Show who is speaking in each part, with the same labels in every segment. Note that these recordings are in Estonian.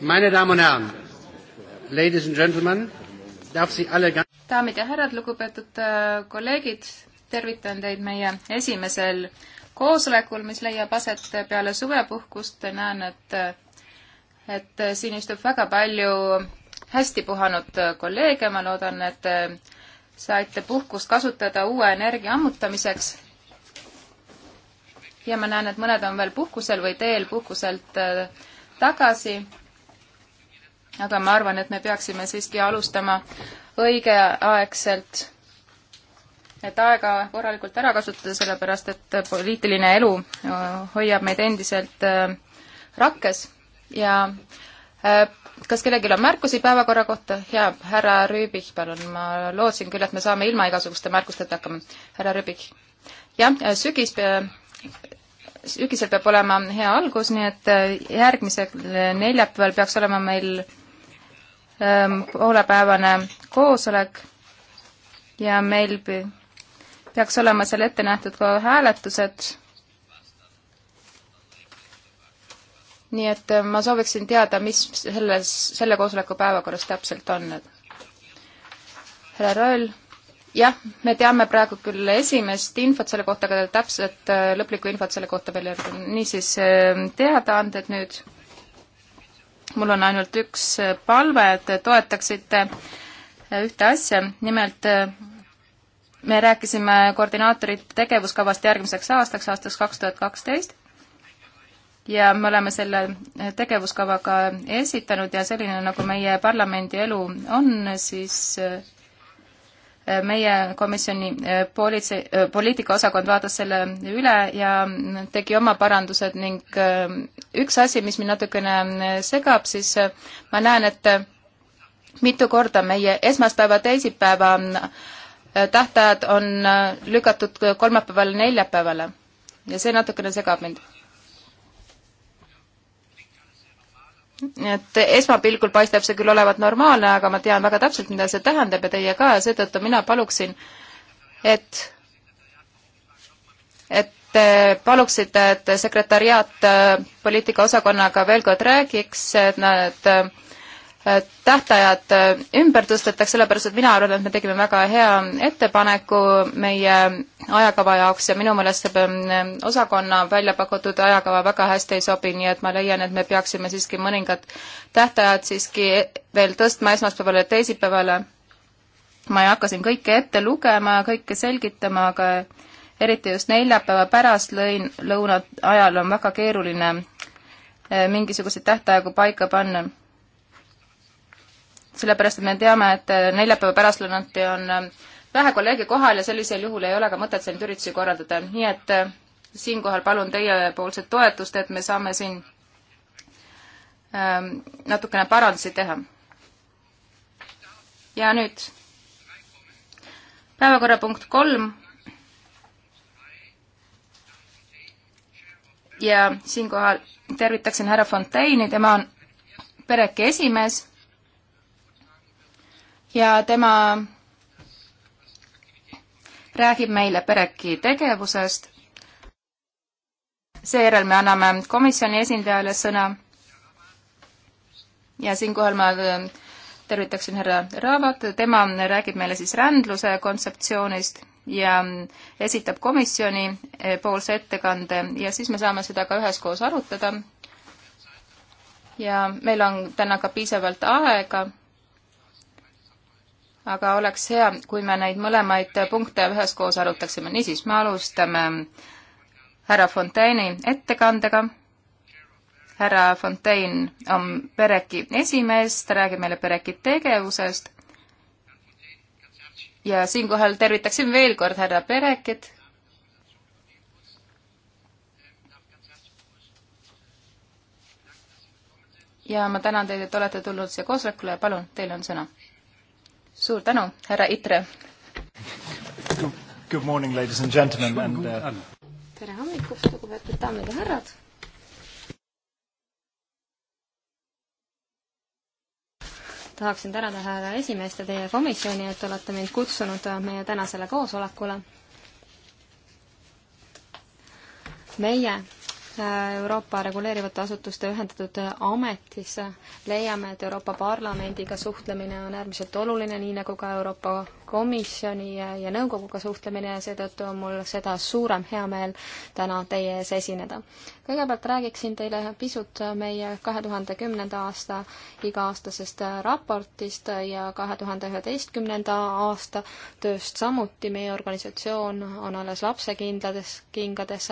Speaker 1: Meine Damen und Herren, Ladies and Gentlemen, darf Sie alle ganz
Speaker 2: daamid ja härrad, lugupeetud äh, kolleegid, tervitan teid meie esimesel koosolekul, mis leiab aset peale suvepuhkust. näen, et, et siin istub väga palju hästi puhanud kolleege, ma loodan, et äh, saite puhkust kasutada uue energia ammutamiseks. ja ma näen, et mõned on veel puhkusel või teel puhkuselt äh, tagasi, aga ma arvan, et me peaksime siiski alustama õigeaegselt, et aega korralikult ära kasutada, sellepärast et poliitiline elu äh, hoiab meid endiselt äh, rakkes ja äh, kas kellelgi on märkusi päevakorra kohta? jaa, härra Rüübich, palun, ma lootsin küll, et me saame ilma igasuguste märkusteta hakkama. härra Rüübich. jah, sügis, sügisel peab olema hea algus, nii et äh, järgmisel äh, neljapäeval peaks olema meil ähm, poolepäevane koosolek ja meil peaks olema seal ette nähtud ka hääletused. nii et äh, ma sooviksin teada, mis selles, selle koosoleku päevakorras täpselt on. härra Rööl jah, me teame praegu küll esimest infot selle kohta, aga täpset äh, lõplikku infot selle kohta veel ei ole. niisiis, äh, teadaanded nüüd. mul on ainult üks äh, palve, et toetaksite ühte asja, nimelt me rääkisime koordinaatorite tegevuskavast järgmiseks aastaks, aastaks kaks tuhat kaksteist ja me oleme selle tegevuskava ka esitanud ja selline, nagu meie parlamendi elu on, siis meie komisjoni äh, politsei, äh, poliitikaosakond vaatas selle üle ja tegi oma parandused ning äh, üks asi, mis mind natukene segab, siis ma näen, et mitu korda meie esmaspäeva, teisipäeva tähtajad on lükatud kolmapäeval neljapäevale ja see natukene segab mind et esmapilgul paistab see küll olevat normaalne, aga ma tean väga täpselt, mida see tähendab ja teie ka ja seetõttu mina paluksin, et, et te paluksite, et sekretariaat poliitikaosakonnaga veel kord räägiks, et nad äh, Äh, tähtajad äh, ümber tõstetaks, sellepärast et mina arvan, et me tegime väga hea ettepaneku meie ajakava jaoks ja minu meelest see äh, osakonna välja pakutud ajakava väga hästi ei sobi, nii et ma leian, et me peaksime siiski mõningad tähtajad siiski e-, veel tõstma esmaspäevale ja teisipäevale. ma ei hakka siin kõike ette lugema ja kõike selgitama, aga eriti just neljapäeva pärast lõin, lõuna ajal on väga keeruline mingisuguseid tähtaegu paika panna sellepärast et me teame, et äh, neljapäeva pärastlõunati on äh, vähe kolleege kohal ja sellisel juhul ei ole ka mõtet selliseid üritusi korraldada, nii et äh, siinkohal palun teiepoolset toetust, et me saame siin ähm, natukene parandusi teha. ja nüüd päevakorrapunkt kolm. ja siinkohal tervitaksin härra Fontaini, tema on pereke esimees ja tema räägib meile Pereki tegevusest. seejärel me anname komisjoni esindajale sõna. ja siinkohal ma äh, tervitaksin härra Raavat, tema räägib meile siis rändluse kontseptsioonist ja äh, esitab komisjoni äh, poolse ettekande ja siis me saame seda ka üheskoos arutada. ja meil on täna ka piisavalt aega aga oleks hea, kui me neid mõlemaid punkte üheskoos arutaksime. niisiis, me alustame härra Fontaine'i ettekandega. härra Fontaine on Pereki esimees, ta räägib meile Pereki tegevusest. ja siinkohal tervitaksin veel kord härra Perekit. ja ma tänan teid, et olete tulnud siia koosolekule ja palun, teil on sõna suur tänu, härra Itre.
Speaker 1: Good morning, ladies and gentlemen and uh...
Speaker 2: tere hommikust, lugupeetud daamid ja härrad.
Speaker 3: tahaksin tänada härra esimeest ja teie komisjoni, et olete mind kutsunud äh, meie tänasele koosolekule. meie Euroopa reguleerivate asutuste ühendatud ametis leiame, et Euroopa Parlamendiga suhtlemine on äärmiselt oluline, nii nagu ka Euroopa Komisjoni ja, ja nõukoguga suhtlemine ja seetõttu on mul seda suurem heameel täna teie ees esineda. kõigepealt räägiksin teile pisut meie kahe tuhande kümnenda aasta iga-aastasest raportist ja kahe tuhande üheteistkümnenda aasta tööst samuti. meie organisatsioon on alles lapsekindlades, kingades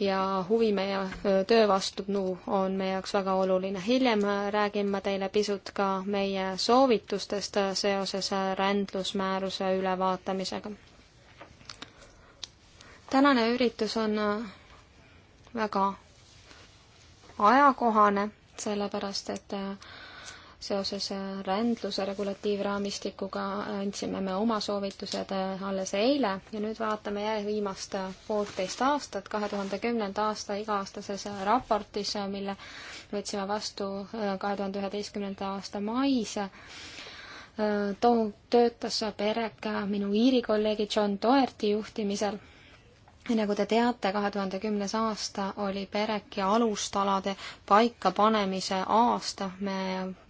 Speaker 3: ja huvi meie töö vastu on meie jaoks väga oluline. hiljem räägin ma teile pisut ka meie soovitustest seoses rändlusmääruse ülevaatamisega. tänane üritus on väga ajakohane, sellepärast et äh, seoses äh, rändluse regulatiivraamistikuga andsime me oma soovitused äh, alles eile ja nüüd vaatame viimast äh, poolteist aastat, kahe tuhande kümnenda aasta iga-aastases raportis, mille võtsime vastu kahe tuhande üheteistkümnenda aasta mais too, töötas PEREK minu Iiri kolleegi John Doerty juhtimisel nagu te teate, kahe tuhande kümnes aasta oli pereki alustalade paikapanemise aasta, me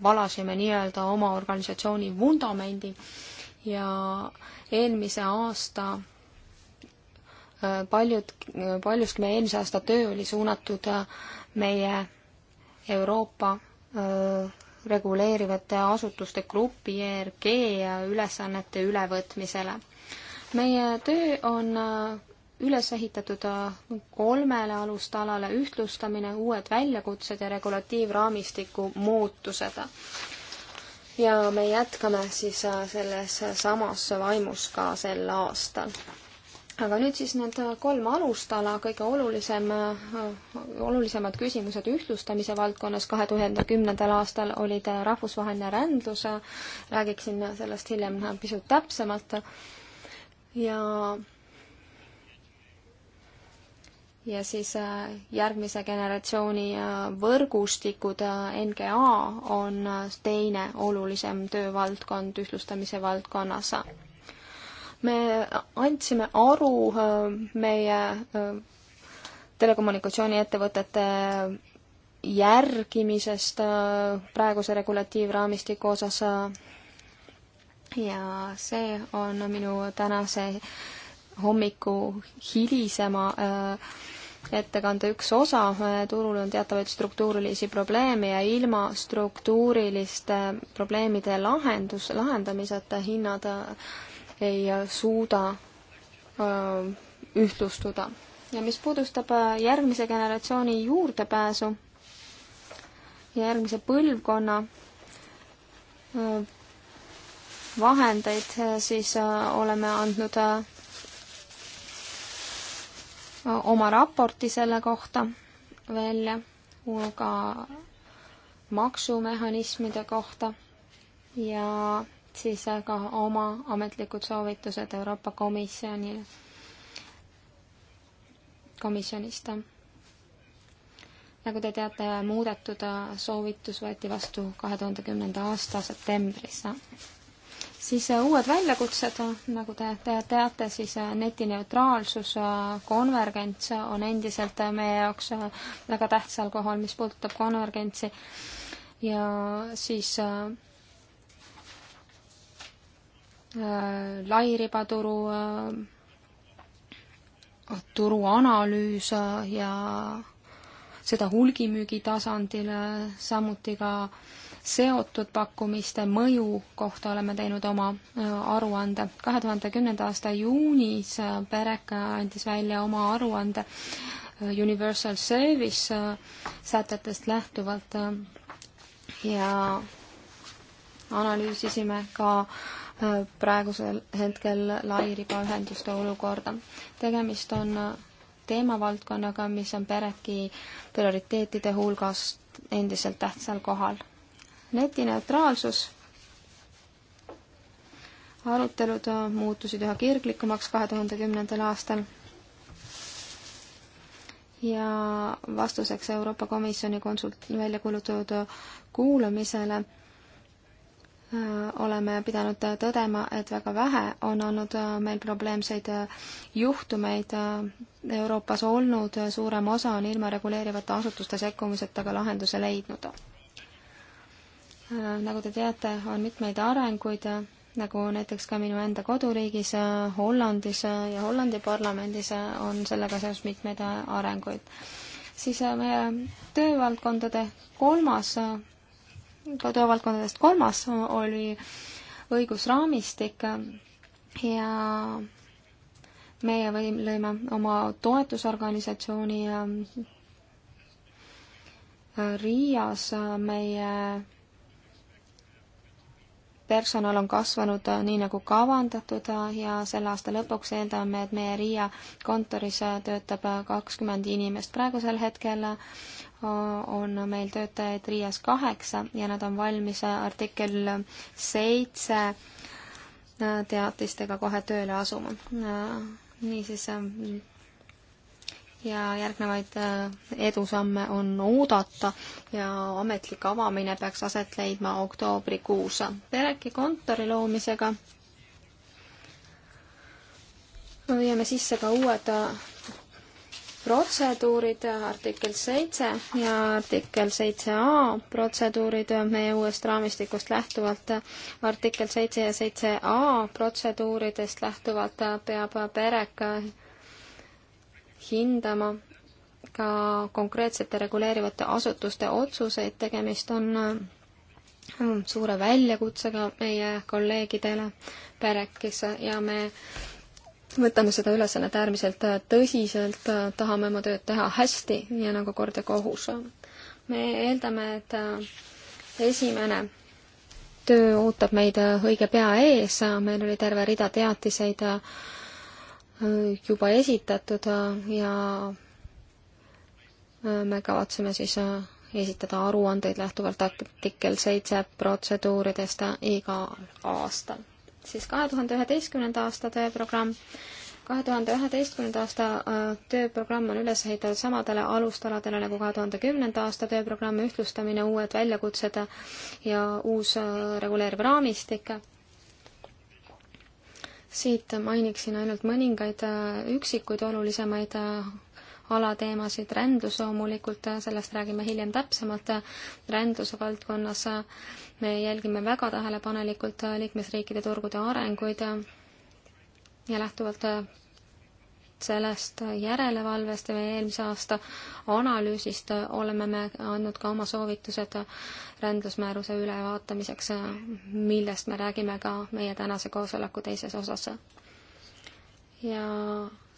Speaker 3: valasime nii-öelda oma organisatsiooni vundamendi ja eelmise aasta äh, paljud, äh, paljuski meie eelmise aasta töö oli suunatud äh, meie Euroopa öö, reguleerivate asutuste grupi ERG ülesannete ülevõtmisele. meie töö on üles ehitatud äh, kolmele alustalale ühtlustamine, uued väljakutsed ja regulatiivraamistiku muutused. ja me jätkame siis äh, selles samas vaimus ka sel aastal. aga nüüd siis need äh, kolm alustala, kõige olulisem, olulisemad küsimused ühtlustamise valdkonnas kahe tuhande kümnendal aastal olid rahvusvaheline rändlus, räägiksin sellest hiljem pisut täpsemalt, ja ja siis äh, järgmise generatsiooni äh, võrgustikud, äh, NGA, on teine olulisem töövaldkond ühtlustamise valdkonnas. me andsime aru meie telekommunikatsiooniettevõtete järgimisest praeguse regulatiivraamistiku osas ja see on minu tänase hommiku hilisema äh, ettekande üks osa, äh, turul on teatavaid struktuurilisi probleeme ja ilma struktuuriliste probleemide lahendus, lahendamiseta hinnad äh, ei suuda ühtlustuda. ja mis puudustab järgmise generatsiooni juurdepääsu ja järgmise põlvkonna vahendeid, siis oleme andnud oma raporti selle kohta välja, ka maksumehhanismide kohta ja siis ka oma ametlikud soovitused Euroopa Komisjonile, komisjonist. nagu te teate, muudetud soovitus võeti vastu kahe tuhande kümnenda aasta septembris siis äh, uued väljakutsed, nagu te, te teate, siis äh, netineutraalsus, äh, konvergents on endiselt meie jaoks väga tähtsal kohal, mis puudutab konvergentsi. ja siis äh, lairibaturu äh,, turuanalüüs ja seda hulgimüügi tasandil, samuti ka äh, seotud pakkumiste mõju kohta oleme teinud oma aruande. kahe tuhande kümnenda aasta juunis Pereka andis välja oma aruande Universal Service sätetest lähtuvalt ja analüüsisime ka praegusel hetkel lairibaühenduste olukorda. tegemist on teemavaldkonnaga, mis on PEREC-i prioriteetide hulgas endiselt tähtsal kohal netineutraalsus. arutelud äh, muutusid üha kirglikumaks kahe tuhande kümnendal aastal. ja vastuseks Euroopa Komisjoni konsult-, välja kuulutatud äh, kuulamisele äh, oleme pidanud tõdema, et väga vähe on olnud meil probleemseid juhtumeid Euroopas olnud, suurem osa on ilma reguleerivate asutuste sekkumiseta ka lahenduse leidnud. Äh, nagu te teate, on mitmeid arenguid, äh, nagu näiteks ka minu enda koduriigis äh, Hollandis ja Hollandi parlamendis on sellega seoses mitmeid arenguid. siis meie töövaldkondade kolmas, töövaldkondadest kolmas oli õigusraamistik ja meie võim-, lõime oma toetusorganisatsiooni Riias meie personal on kasvanud äh, nii nagu kavandatud äh, ja selle aasta lõpuks eeldame, et meie Riia kontoris äh, töötab kakskümmend inimest. praegusel hetkel on meil töötajaid Riias kaheksa ja nad on valmis artikkel seitse teatistega kohe tööle asuma. niisiis ja järgnevaid äh, edusamme on oodata ja ametlik avamine peaks aset leidma oktoobrikuus. Pereki kontori loomisega viime sisse ka uued äh, protseduurid, artikkel seitse ja artikkel seitse A protseduurid meie uuest raamistikust lähtuvalt. artikkel seitse ja seitse A protseduuridest lähtuvalt peab PEREK äh, hindama ka konkreetsete reguleerivate asutuste otsuseid, tegemist on äh, suure väljakutsega meie kolleegidele PEREKis ja me võtame seda ülesannet äärmiselt äh, tõsiselt, äh, tahame oma tööd teha hästi ja nagu kord ja kohus. me eeldame, et esimene töö ootab meid õige pea ees, meil oli terve rida teatiseid juba esitatud äh, ja äh, me kavatseme siis äh, esitada aruandeid lähtuvalt artikkel seitse protseduuridest igal aastal. siis kahe tuhande üheteistkümnenda aasta tööprogramm. kahe tuhande üheteistkümnenda aasta tööprogramm on üles ehitatud samadele alustaladele nagu kahe tuhande kümnenda aasta tööprogramm, ühtlustamine, uued väljakutsed ja uus reguleeriv raamistik siit mainiksin ainult mõningaid äh, üksikuid olulisemaid äh, alateemasid, rändus loomulikult, äh, sellest räägime hiljem täpsemalt, ränduse valdkonnas me jälgime väga tähelepanelikult liikmesriikide turgude arenguid ja lähtuvalt sellest järelevalvest ja meie eelmise aasta analüüsist oleme me andnud ka oma soovitused rändlusmääruse ülevaatamiseks, millest me räägime ka meie tänase koosoleku teises osas. ja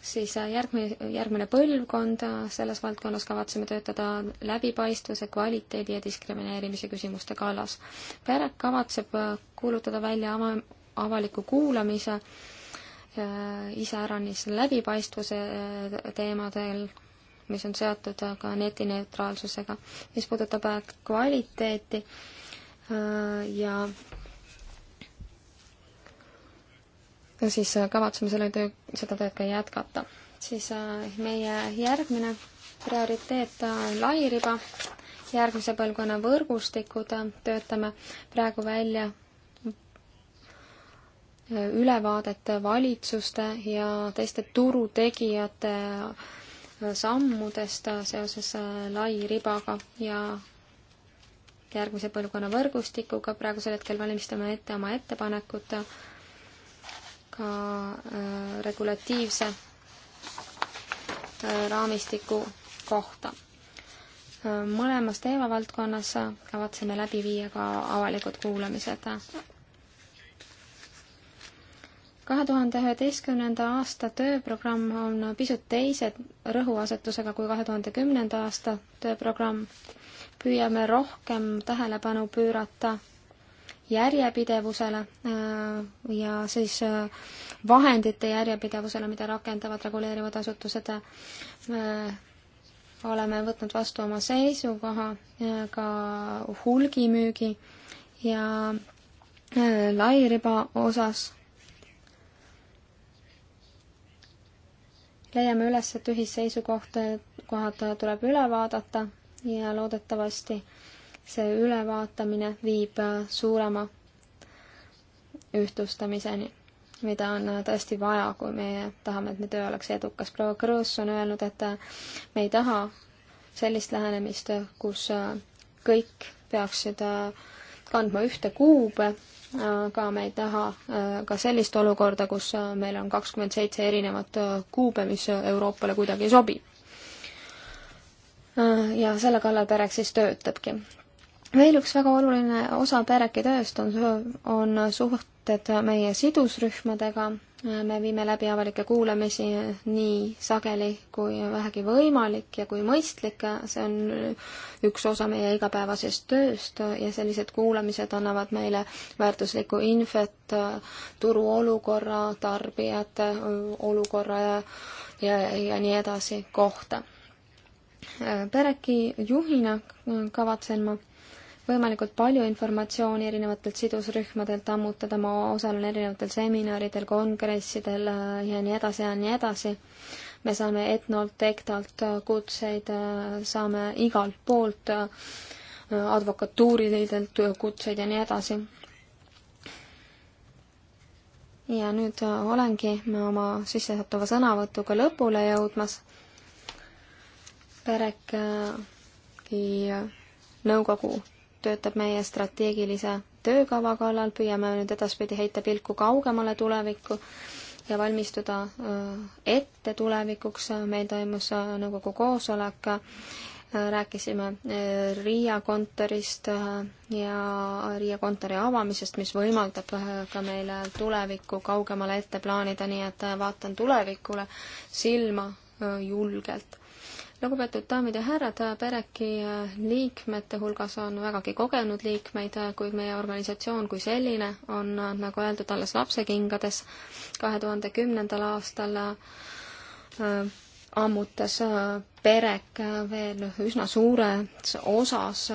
Speaker 3: siis järgmine, järgmine põlvkond, selles valdkonnas kavatseme töötada läbipaistvuse, kvaliteedi ja diskrimineerimise küsimuste kallas. PEREK kavatseb kuulutada välja ava, avaliku kuulamise äh, Äh, iseäranis läbipaistvuse äh, teemadel, mis on seotud äh, ka netineutraalsusega. mis puudutab kvaliteeti ja siis kavatseme selle töö, seda tööd ka jätkata. siis meie järgmine prioriteet on lairiba, järgmise põlvkonna võrgustikud, töötame praegu välja ülevaadet valitsuste ja teiste turutegijate sammudest seoses lairibaga ja järgmise põlvkonna võrgustikuga, praegusel hetkel valmistame ette oma ettepanekut ka äh, regulatiivse äh, raamistiku kohta. Äh, mõlemas teemavaldkonnas kavatseme läbi viia ka avalikud kuulamised kahe tuhande üheteistkümnenda aasta tööprogramm on pisut teise rõhuasetusega kui kahe tuhande kümnenda aasta tööprogramm. püüame rohkem tähelepanu pöörata järjepidevusele äh, ja siis äh, vahendite järjepidevusele, mida rakendavad reguleerivad asutused. oleme võtnud vastu oma seisukoha äh, ka hulgimüügi ja lairiba osas leiame üles, et ühisseisukohad tuleb üle vaadata ja loodetavasti see ülevaatamine viib suurema ühtlustamiseni, mida on tõesti vaja, kui meie tahame, et meie töö oleks edukas. proua Krõõs on öelnud, et me ei taha sellist lähenemist, kus kõik peaksid kandma ühte kuube aga me ei taha äh, ka sellist olukorda, kus äh, meil on kakskümmend seitse erinevat äh, kuube, mis Euroopale kuidagi ei sobi. ja selle kallal perek siis töötabki. veel üks väga oluline osa pereki tööst on, on suhted meie sidusrühmadega me viime läbi avalikke kuulamisi nii sageli kui vähegi võimalik ja kui mõistlik, see on üks osa meie igapäevasest tööst ja sellised kuulamised annavad meile väärtuslikku infot äh, turu olukorra, tarbijate äh, olukorra ja, ja, ja nii edasi kohta. Äh, Pereki juhina kavatsen ma võimalikult palju informatsiooni erinevatelt sidusrühmadelt ammutada, ma osalen erinevatel seminaridel, kongressidel äh, ja nii edasi ja nii edasi. me saame etnolt, ektolt kutseid, äh, saame igalt poolt äh, advokatuuridelt kutseid ja nii edasi. ja nüüd olengi oma sissejuhatava sõnavõtuga lõpule jõudmas. Pereki nõukogu töötab meie strateegilise töökava kallal, püüame nüüd edaspidi heita pilku kaugemale tulevikku ja valmistuda äh, ette tulevikuks. meil toimus äh, nõukogu koosolek, äh, rääkisime Riia kontorist ja Riia kontori avamisest, mis võimaldab ka meile tulevikku kaugemale ette plaanida, nii et vaatan tulevikule silma julgelt lugupeetud daamid ja härrad, PERECi äh, liikmete hulgas on vägagi kogenud liikmeid, äh, kuid meie organisatsioon kui selline on, äh, nagu öeldud, alles lapsekingades. kahe tuhande kümnendal aastal ammutas PEREC veel üsna suures osas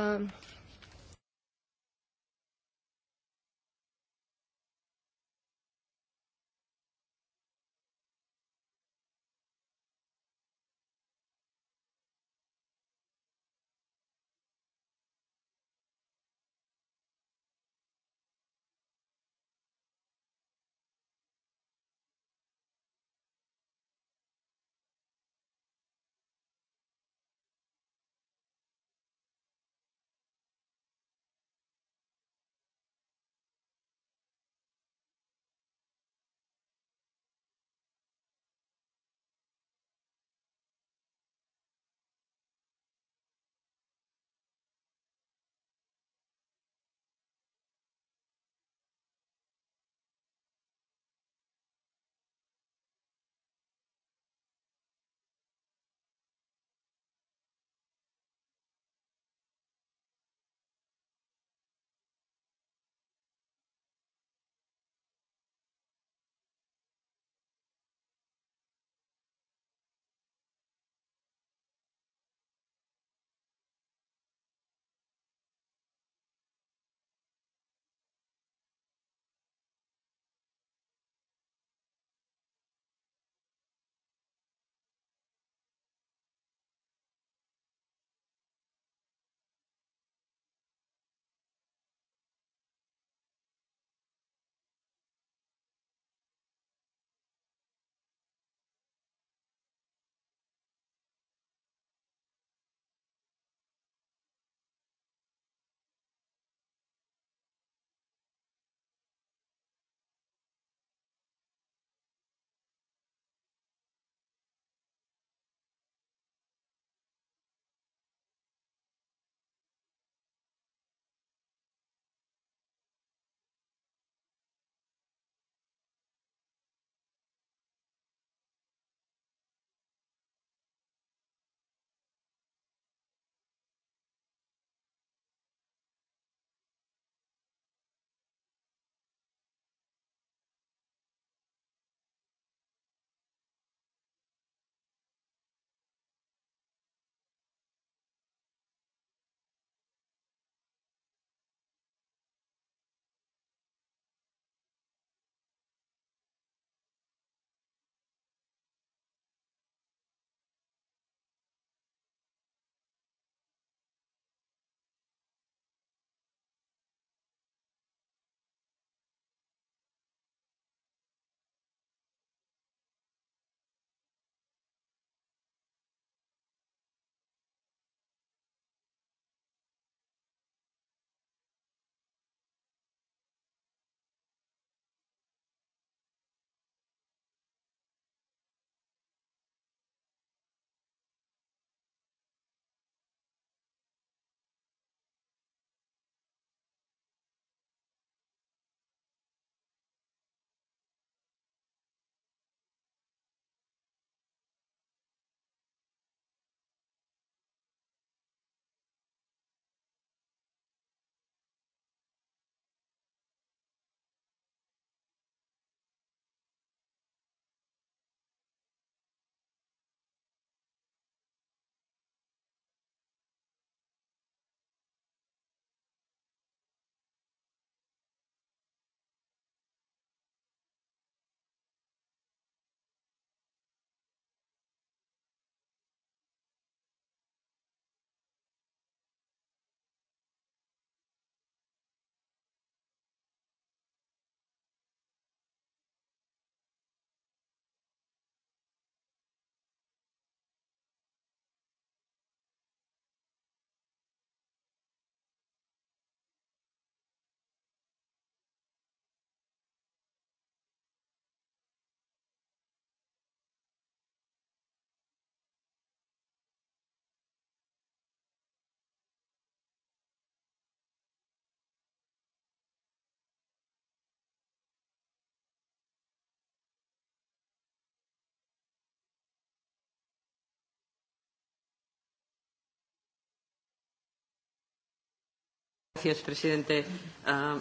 Speaker 3: Ah,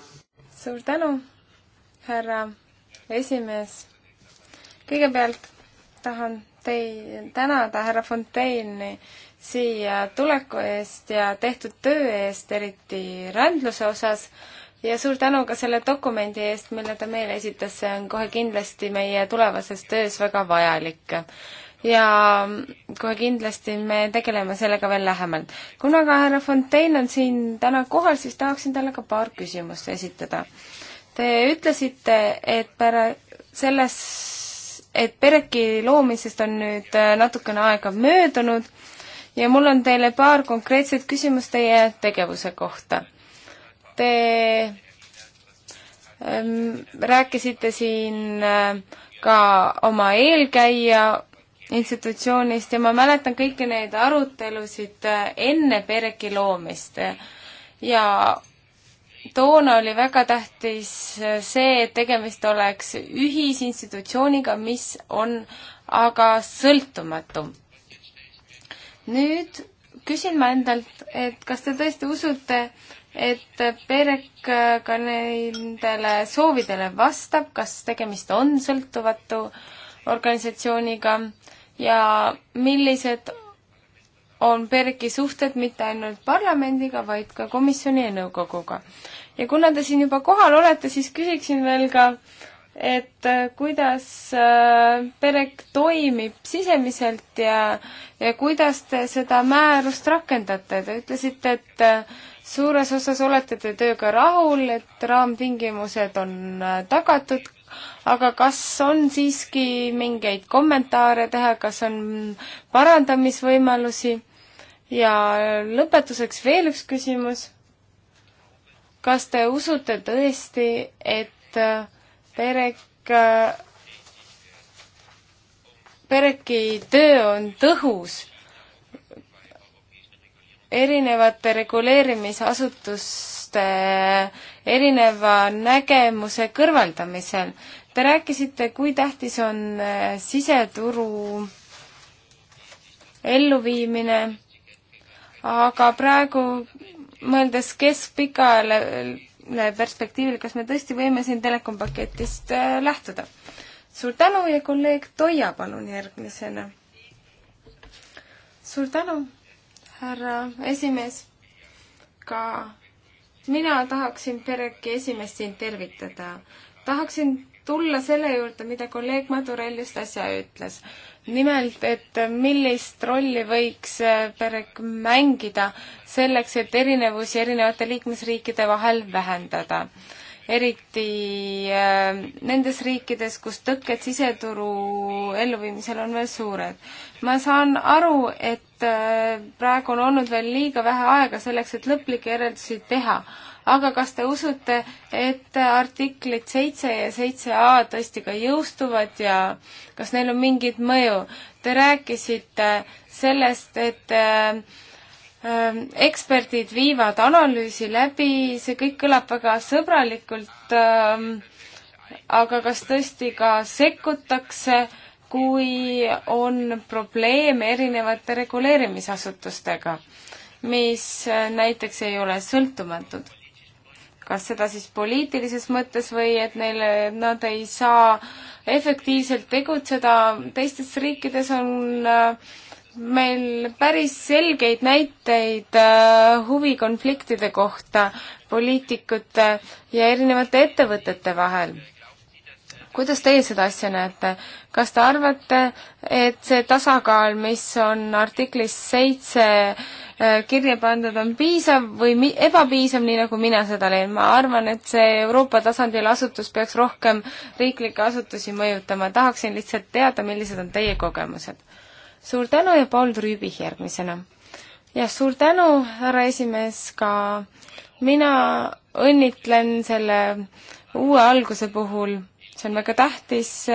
Speaker 3: suur
Speaker 1: tänu, härra esimees. kõigepealt tahan teid tänada, härra Fontaini, siia tuleku eest ja tehtud töö eest, eriti rändluse osas, ja suur tänu ka selle dokumendi eest, mille ta meile esitas, see on kohe kindlasti meie tulevases töös väga vajalik ja kohe kindlasti me tegeleme sellega veel lähemalt. kuna ka härra Fontaine on siin täna kohal, siis tahaksin talle ka paar küsimust esitada. Te ütlesite, et pära-, selles, et pereki loomisest on nüüd äh, natukene aega möödunud ja mul on teile paar konkreetset küsimust teie tegevuse kohta. Te ähm, rääkisite siin äh, ka oma eelkäija institutsioonist ja ma mäletan kõiki neid arutelusid äh, enne Pereki loomist ja toona oli väga tähtis äh, see, et tegemist oleks ühisinstitutsiooniga, mis on aga sõltumatu. nüüd küsin ma endalt, et kas te tõesti usute, et Perek äh, ka nendele soovidele vastab, kas tegemist on sõltumatu organisatsiooniga äh, ja millised on PERK-i suhted mitte ainult parlamendiga, vaid ka komisjoni ja nõukoguga. ja kuna te siin juba kohal olete, siis küsiksin veel ka, et äh, kuidas PERK äh, toimib sisemiselt ja, ja kuidas te seda määrust rakendate, te ütlesite, et äh, suures osas olete te tööga rahul, et raamtingimused on tagatud, aga kas on siiski mingeid kommentaare teha, kas on parandamisvõimalusi? ja lõpetuseks veel üks küsimus. kas te usute tõesti, et äh, perek, äh, pereki töö on tõhus? erinevate reguleerimisasutuste erineva nägemuse kõrvaldamisel. Te rääkisite, kui tähtis on äh, siseturu elluviimine, aga praegu mõeldes keskpikale äh, perspektiivile, kas me tõesti võime siin telekompaketist äh, lähtuda? suur tänu ja kolleeg Toia, palun järgmisena. suur tänu, härra esimees, ka mina tahaksin Pereki esimest siin tervitada. tahaksin tulla selle juurde, mida kolleeg Madurell just äsja ütles. nimelt, et millist rolli võiks äh, Perek mängida selleks, et erinevusi erinevate liikmesriikide vahel vähendada eriti äh, nendes riikides, kus tõkked siseturu elluviimisel on veel suured. ma saan aru, et Äh, praegu on olnud veel liiga vähe aega selleks, et lõplikke järeldusi teha. aga kas te usute, et artiklid seitse ja seitse A tõesti ka jõustuvad ja kas neil on mingit mõju? Te rääkisite sellest, et äh, äh eksperdid viivad analüüsi läbi, see kõik kõlab väga sõbralikult äh,, aga kas tõesti ka sekkutakse äh, kui on probleeme erinevate reguleerimisasutustega, mis näiteks ei ole sõltumatud. kas seda siis poliitilises mõttes või et neile, nad ei saa efektiivselt tegutseda, teistes riikides on äh, meil päris selgeid näiteid äh, huvikonfliktide kohta poliitikute ja erinevate ettevõtete vahel kuidas teie seda asja näete? kas te arvate, et see tasakaal, mis on artiklis seitse äh, kirja pandud, on piisav või mi-, ebapiisav, nii nagu mina seda leian? ma arvan, et see Euroopa tasandil asutus peaks rohkem riiklikke asutusi mõjutama, tahaksin lihtsalt teada, millised on teie kogemused. suur tänu ja Paul Trüübich järgmisena. jah, suur tänu, härra esimees, ka mina õnnitlen selle uue alguse puhul see on väga tähtis.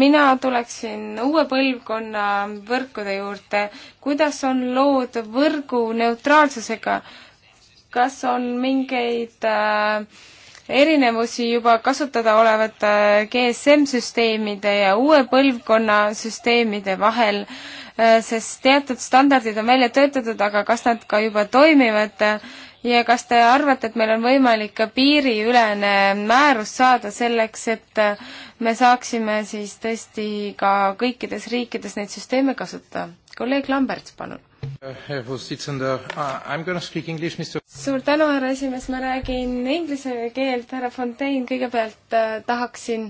Speaker 1: mina tuleksin uue põlvkonna võrkude juurde. kuidas on lood võrgu neutraalsusega? kas on mingeid äh, erinevusi juba kasutada olevate äh, GSM-süsteemide ja uue põlvkonna süsteemide vahel, äh, sest teatud standardid on välja töötatud, aga kas nad ka juba toimivad ja kas te arvate, et meil on võimalik ka piiriülene määrus saada selleks, et me saaksime siis tõesti ka kõikides riikides neid süsteeme kasutada? kolleeg Lamberts, palun. suur tänu, härra esimees, ma räägin inglise keelt, härra Fontaine, kõigepealt äh, tahaksin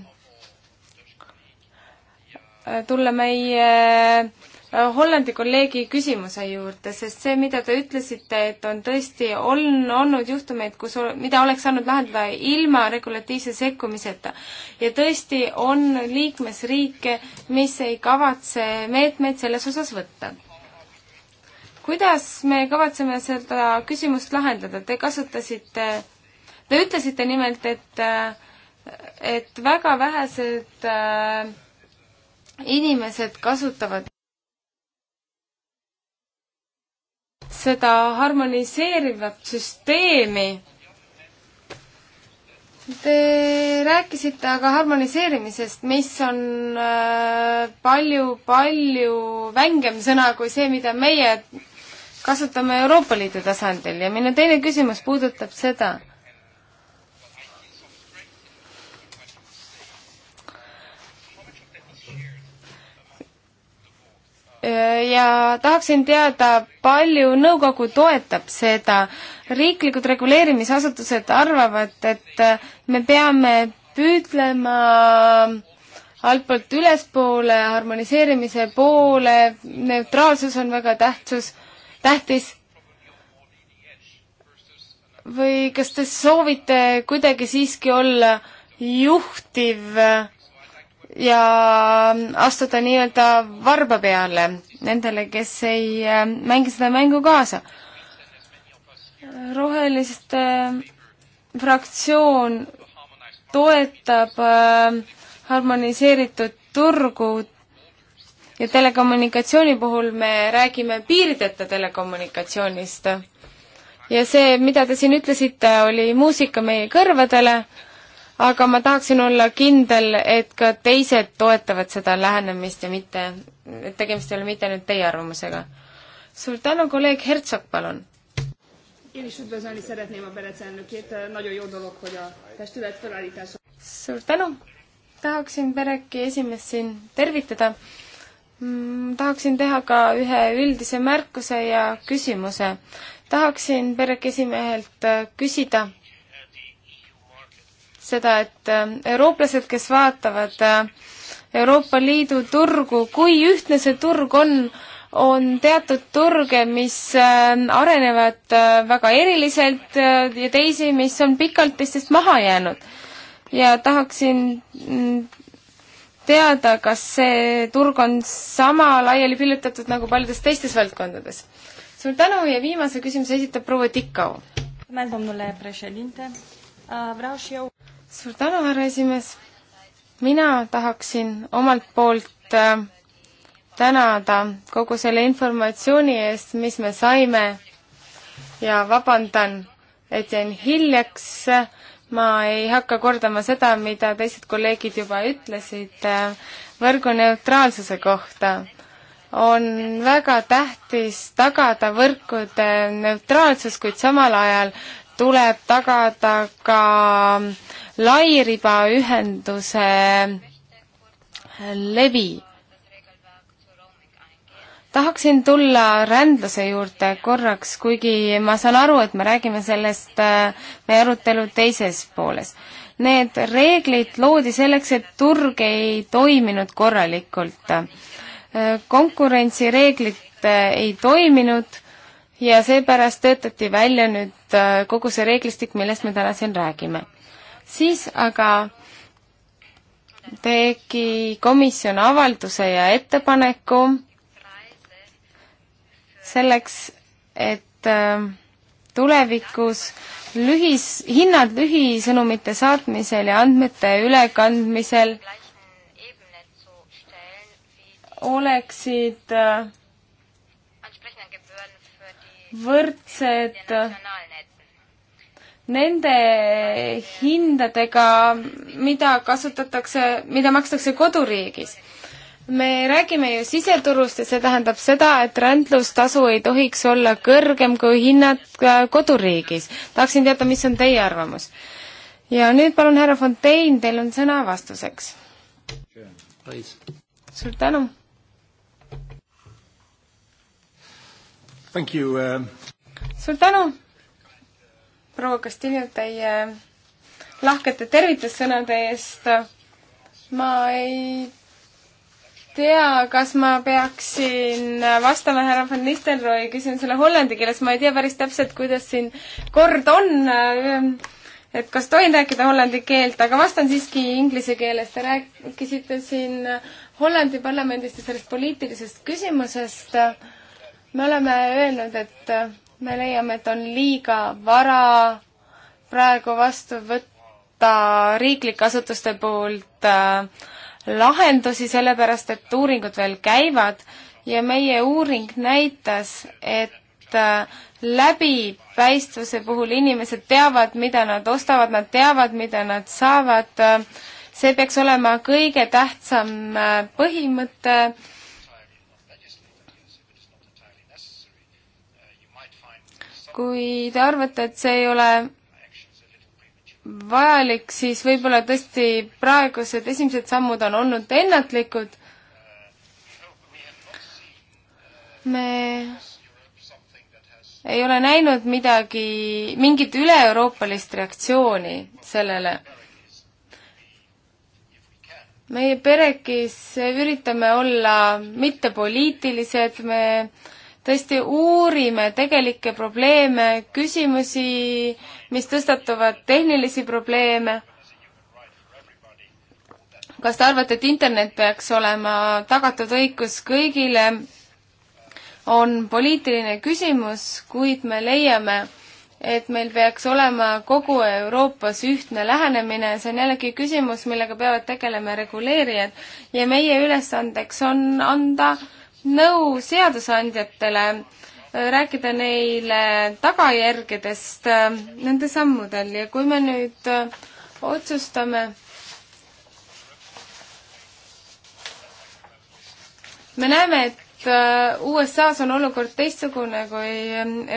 Speaker 1: äh, tulla meie Hollandi kolleegi küsimuse juurde, sest see, mida te ütlesite, et on tõesti, on olnud juhtumeid, kus, mida oleks saanud lahendada ilma regulatiivse sekkumiseta. ja tõesti on liikmesriike, mis ei kavatse meetmeid selles osas võtta. kuidas me kavatseme seda küsimust lahendada, te kasutasite, te ütlesite nimelt, et et väga vähesed äh, inimesed kasutavad seda harmoniseerivat süsteemi. Te rääkisite aga harmoniseerimisest, mis on palju-palju äh, vängem sõna kui see, mida meie kasutame Euroopa Liidu tasandil ja minu teine küsimus puudutab seda, ja tahaksin teada, palju nõukogu toetab seda. riiklikud reguleerimisasutused arvavad, et me peame püüdlema altpoolt ülespoole, harmoniseerimise poole, neutraalsus on väga tähtsus, tähtis. või kas te soovite kuidagi siiski olla juhtiv äh, ja astuda nii-öelda varba peale nendele, kes ei äh, mängi seda mängu kaasa. roheliste äh, fraktsioon toetab äh, harmoniseeritud turgu ja telekommunikatsiooni puhul me räägime piirideta telekommunikatsioonist. ja see, mida te siin ütlesite, oli muusika meie kõrvadele aga ma tahaksin olla kindel, et ka teised toetavad seda lähenemist ja mitte, et tegemist ei ole mitte ainult teie arvamusega. suur tänu, kolleeg Hertsog, palun! Én is üdvözölni szeretném a Berec elnökét. Nagyon jó dolog, hogy a testület felállítása. Suur tänu! Tahaksin Bereki esimest siin tervitada. Mm, tahaksin teha ka ühe üldise märkuse ja küsimuse. Tahaksin Bereki esimehelt äh, küsida, seda, et äh, eurooplased, kes vaatavad äh, Euroopa Liidu turgu, kui ühtne see turg on, on teatud turge, mis äh, arenevad väga eriliselt ja teisi, mis on pikalt teistest maha jäänud. ja tahaksin mm, teada, kas see turg on sama laiali pillutatud nagu paljudes teistes valdkondades. suur tänu ja viimase küsimuse esitab proua Tikau suur tänu, härra esimees. mina tahaksin omalt poolt äh, tänada kogu selle informatsiooni eest, mis me saime ja vabandan, et jäin hiljaks. ma ei hakka kordama seda, mida teised kolleegid juba ütlesid äh, võrguneutraalsuse kohta on väga tähtis tagada võrkude neutraalsus, kuid samal ajal tuleb tagada ka äh, lairibaühenduse levi. tahaksin tulla rändluse juurde korraks, kuigi ma saan aru, et me räägime sellest äh, meie arutelu teises pooles. Need reeglid loodi selleks, et turg ei toiminud korralikult. Äh, konkurentsireeglid äh, ei toiminud ja seepärast töötati välja nüüd kogu see reeglistik, millest me täna siin räägime siis aga tegi komisjon avalduse ja ettepaneku selleks, et ähm, tulevikus lühis, hinnad lühisõnumite saatmisel ja andmete ülekandmisel oleksid äh, võrdsed nende hindadega, mida kasutatakse, mida makstakse koduriigis. me räägime ju siseturust ja see tähendab seda, et rändlustasu ei tohiks olla kõrgem kui hinnad äh, koduriigis. tahaksin teada, mis on teie arvamus? ja nüüd palun, härra Fontaine, teil on sõna vastuseks. suur tänu. Uh, suur tänu proua Castillo, teie lahkete tervitussõnade eest. ma ei tea, kas ma peaksin vastama härra Van Nistelrooy küsimusele hollandi keeles, ma ei tea päris täpselt, kuidas siin kord on, ähm, et kas tohin rääkida hollandi keelt, aga vastan siiski inglise keeles. Te rääkisite siin Hollandi parlamendist ja sellest poliitilisest küsimusest. me oleme öelnud, et me leiame, et on liiga vara praegu vastu võtta riiklike asutuste poolt äh, lahendusi, sellepärast et uuringud veel käivad ja meie uuring näitas, et äh, läbipäistvuse puhul inimesed teavad, mida nad ostavad, nad teavad, mida nad saavad. Äh, see peaks olema kõige tähtsam põhimõte kui te arvate, et see ei ole vajalik, siis võib-olla tõesti praegused esimesed sammud on olnud ennatlikud. me ei ole näinud midagi, mingit üle-euroopalist reaktsiooni sellele. meie perekis üritame olla mittepoliitilised, me äh, tõesti uurime tegelikke probleeme, küsimusi, mis tõstatuvad, tehnilisi probleeme. kas te arvate, et internet peaks olema tagatud õigus kõigile? on poliitiline küsimus, kuid me leiame, et meil peaks olema kogu Euroopas ühtne lähenemine, see on jällegi küsimus, millega peavad tegelema reguleerijad ja meie ülesandeks on anda äh, nõu seadusandjatele, rääkida neile tagajärgedest äh, nende sammudel ja kui me nüüd äh, otsustame, me näeme, et äh, USA-s on olukord teistsugune kui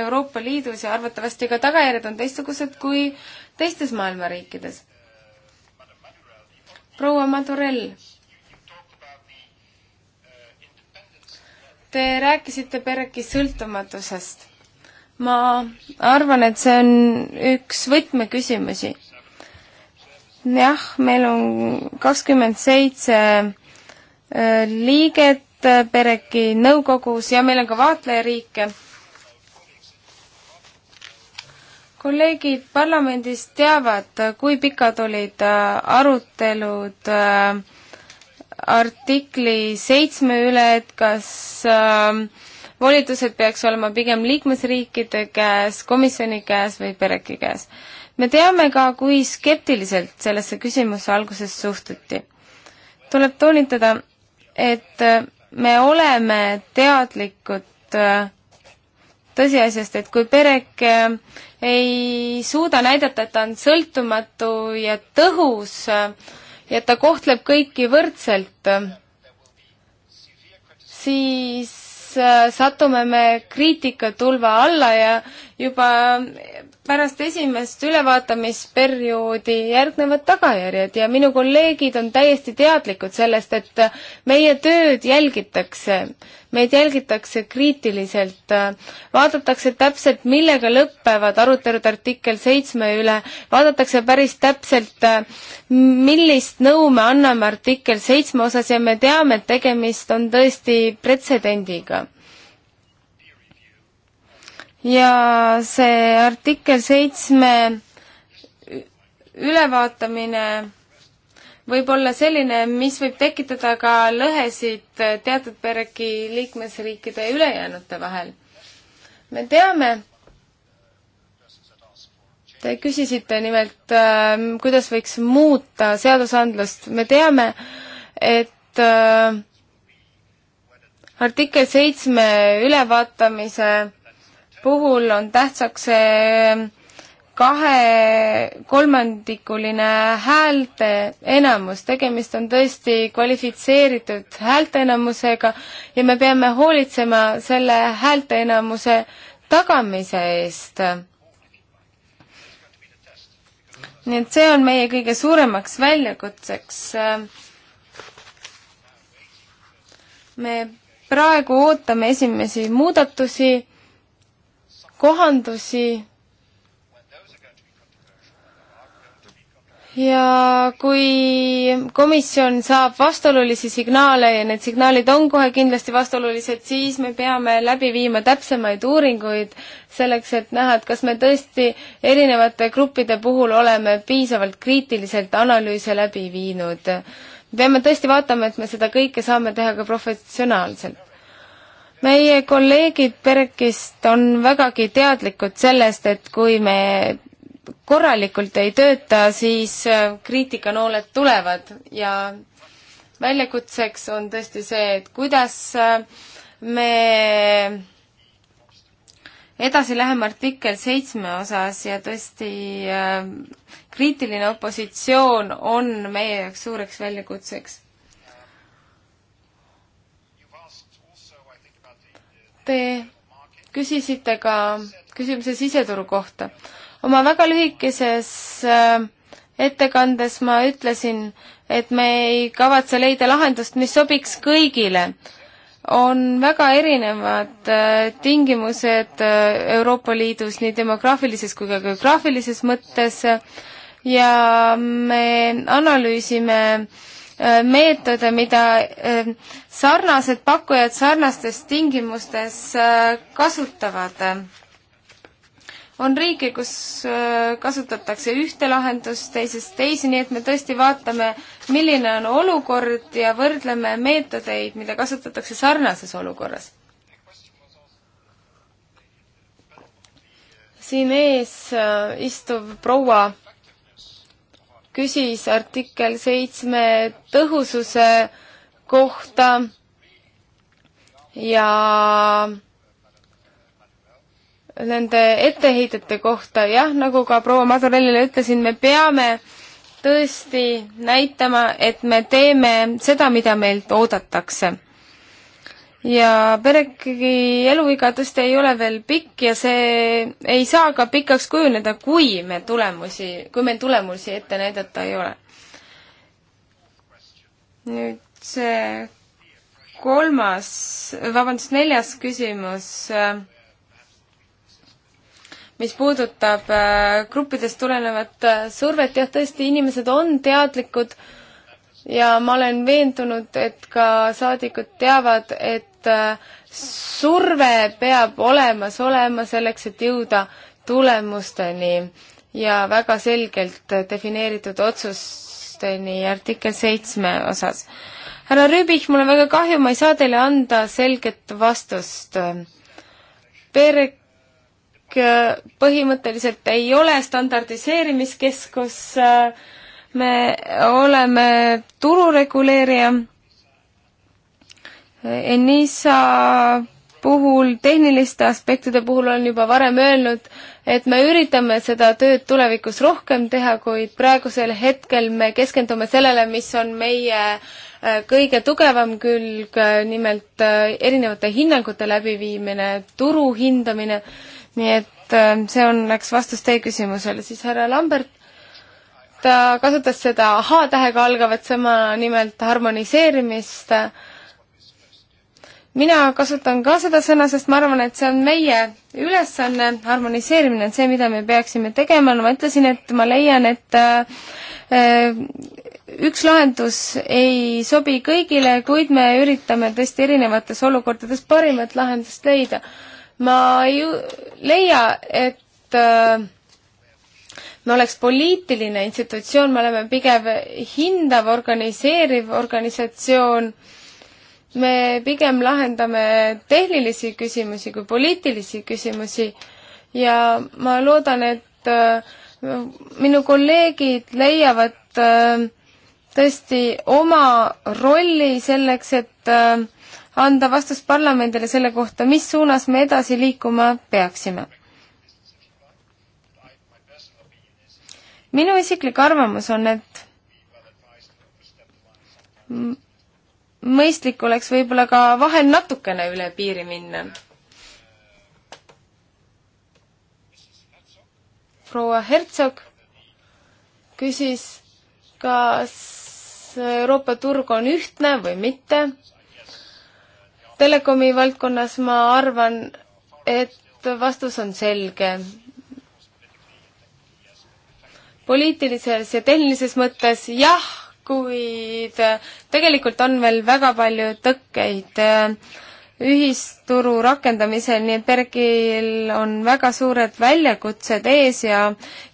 Speaker 1: Euroopa Liidus ja arvatavasti ka tagajärjed on teistsugused kui teistes maailma riikides. proua Madurell Te rääkisite Pereki sõltumatusest. ma arvan, et see on üks võtmeküsimusi. jah, meil on kakskümmend seitse äh, liiget äh, Pereki nõukogus ja meil on ka vaatlejariike. kolleegid parlamendis teavad, kui pikad olid äh, arutelud äh, artikli seitsme üle, et kas äh, volitused peaks olema pigem liikmesriikide käes, komisjoni käes või pereki käes. me teame ka, kui skeptiliselt sellesse küsimusse alguses suhtuti. tuleb toonitada, et äh, me oleme teadlikud äh, tõsiasjast, et kui perek äh, ei suuda näidata, et ta on sõltumatu ja tõhus äh, ja et ta kohtleb kõiki võrdselt, siis äh, satume me kriitikatulva alla ja, juba pärast esimest ülevaatamisperioodi järgnevad tagajärjed ja minu kolleegid on täiesti teadlikud sellest, et meie tööd jälgitakse, meid jälgitakse kriitiliselt, vaadatakse täpselt, millega lõpevad arutelud artikkel seitsme üle, vaadatakse päris täpselt, millist nõu me anname artikkel seitsme osas ja me teame, et tegemist on tõesti pretsedendiga ja see artikkel seitsme ülevaatamine võib olla selline, mis võib tekitada ka lõhesid teatud pereki liikmesriikide ja ülejäänute vahel. me teame, te küsisite nimelt, ähm, kuidas võiks muuta seadusandlust, me teame, et äh, artikkel seitsme ülevaatamise puhul on tähtsaks see kahe kolmandikuline häälte enamus, tegemist on tõesti kvalifitseeritud häälteenamusega ja me peame hoolitsema selle häälteenamuse tagamise eest. nii et see on meie kõige suuremaks väljakutseks. me praegu ootame esimesi muudatusi kohandusi ja kui komisjon saab vastuolulisi signaale ja need signaalid on kohe kindlasti vastuolulised, siis me peame läbi viima täpsemaid uuringuid selleks, et näha, et kas me tõesti erinevate gruppide puhul oleme piisavalt kriitiliselt analüüse läbi viinud. me peame tõesti vaatama, et me seda kõike saame teha ka professionaalselt meie kolleegid Berkist on vägagi teadlikud sellest, et kui me korralikult ei tööta, siis äh, kriitikanooled tulevad ja väljakutseks on tõesti see, et kuidas äh, me edasi läheme artikkel seitsme osas ja tõesti äh, kriitiline opositsioon on meie jaoks suureks väljakutseks Te küsisite ka küsimuse siseturu kohta. oma väga lühikeses äh, ettekandes ma ütlesin, et me ei kavatse leida lahendust, mis sobiks kõigile. on väga erinevad äh, tingimused äh, Euroopa Liidus nii demograafilises kui ka geograafilises mõttes ja me analüüsime äh, Äh, meetod, mida äh, sarnased pakkujad sarnastes tingimustes äh, kasutavad. on riike, kus kasutatakse ühte lahendust, teises teisi, nii et me tõesti vaatame, milline on olukord ja võrdleme meetodeid, mida kasutatakse sarnases olukorras. siin ees istuv proua küsis artikkel seitsme tõhususe kohta ja nende etteheidete kohta, jah, nagu ka proua Madurellile ütlesin, me peame tõesti näitama, et me teeme seda, mida meilt oodatakse ja peregi eluiga tõesti ei ole veel pikk ja see ei saa ka pikaks kujuneda, kui me tulemusi, kui meil tulemusi ette näidata ei ole. nüüd see kolmas, vabandust, neljas küsimus, mis puudutab äh, gruppidest tulenevat äh, survet, jah, tõesti, inimesed on teadlikud äh, ja ma olen veendunud, et ka saadikud teavad, et äh, surve peab olemas olema selleks, et jõuda tulemusteni ja väga selgelt defineeritud otsusteni artikkel seitsme osas. härra Rüübich, mul on väga kahju, ma ei saa teile anda selget vastust. PERK põhimõtteliselt ei ole standardiseerimiskeskus äh, me oleme turureguleerija. Enisa puhul, tehniliste aspektide puhul olen juba varem öelnud, et me üritame seda tööd tulevikus rohkem teha, kuid praegusel hetkel me keskendume sellele, mis on meie äh, kõige tugevam külg, nimelt äh, erinevate hinnangute läbiviimine, turu hindamine, nii et äh, see on, läks vastus teie küsimusele, siis härra Lambert ta kasutas seda H-tähega algavat sõna, nimelt harmoniseerimist. mina kasutan ka seda sõna, sest ma arvan, et see on meie ülesanne, harmoniseerimine on see, mida me peaksime tegema, no ma ütlesin, et ma leian, et äh, üks lahendus ei sobi kõigile, kuid me üritame tõesti erinevates olukordades parimat lahendust leida. ma ju leia, et äh, me oleks poliitiline institutsioon, me oleme pigem hindav, organiseeriv organisatsioon, me pigem lahendame tehnilisi küsimusi kui poliitilisi küsimusi ja ma loodan, et äh, minu kolleegid leiavad äh, tõesti oma rolli selleks, et äh, anda vastus parlamendile selle kohta, mis suunas me edasi liikuma peaksime minu isiklik arvamus on, et mõistlik oleks võib-olla ka vahel natukene üle piiri minna. proua Hertsog küsis, kas Euroopa turg on ühtne või mitte. Telekomi valdkonnas ma arvan, et vastus on selge poliitilises ja tehnilises mõttes jah, kuid äh, tegelikult on veel väga palju tõkkeid äh, ühisturu rakendamisel, nii et PERK-il on väga suured väljakutsed ees ja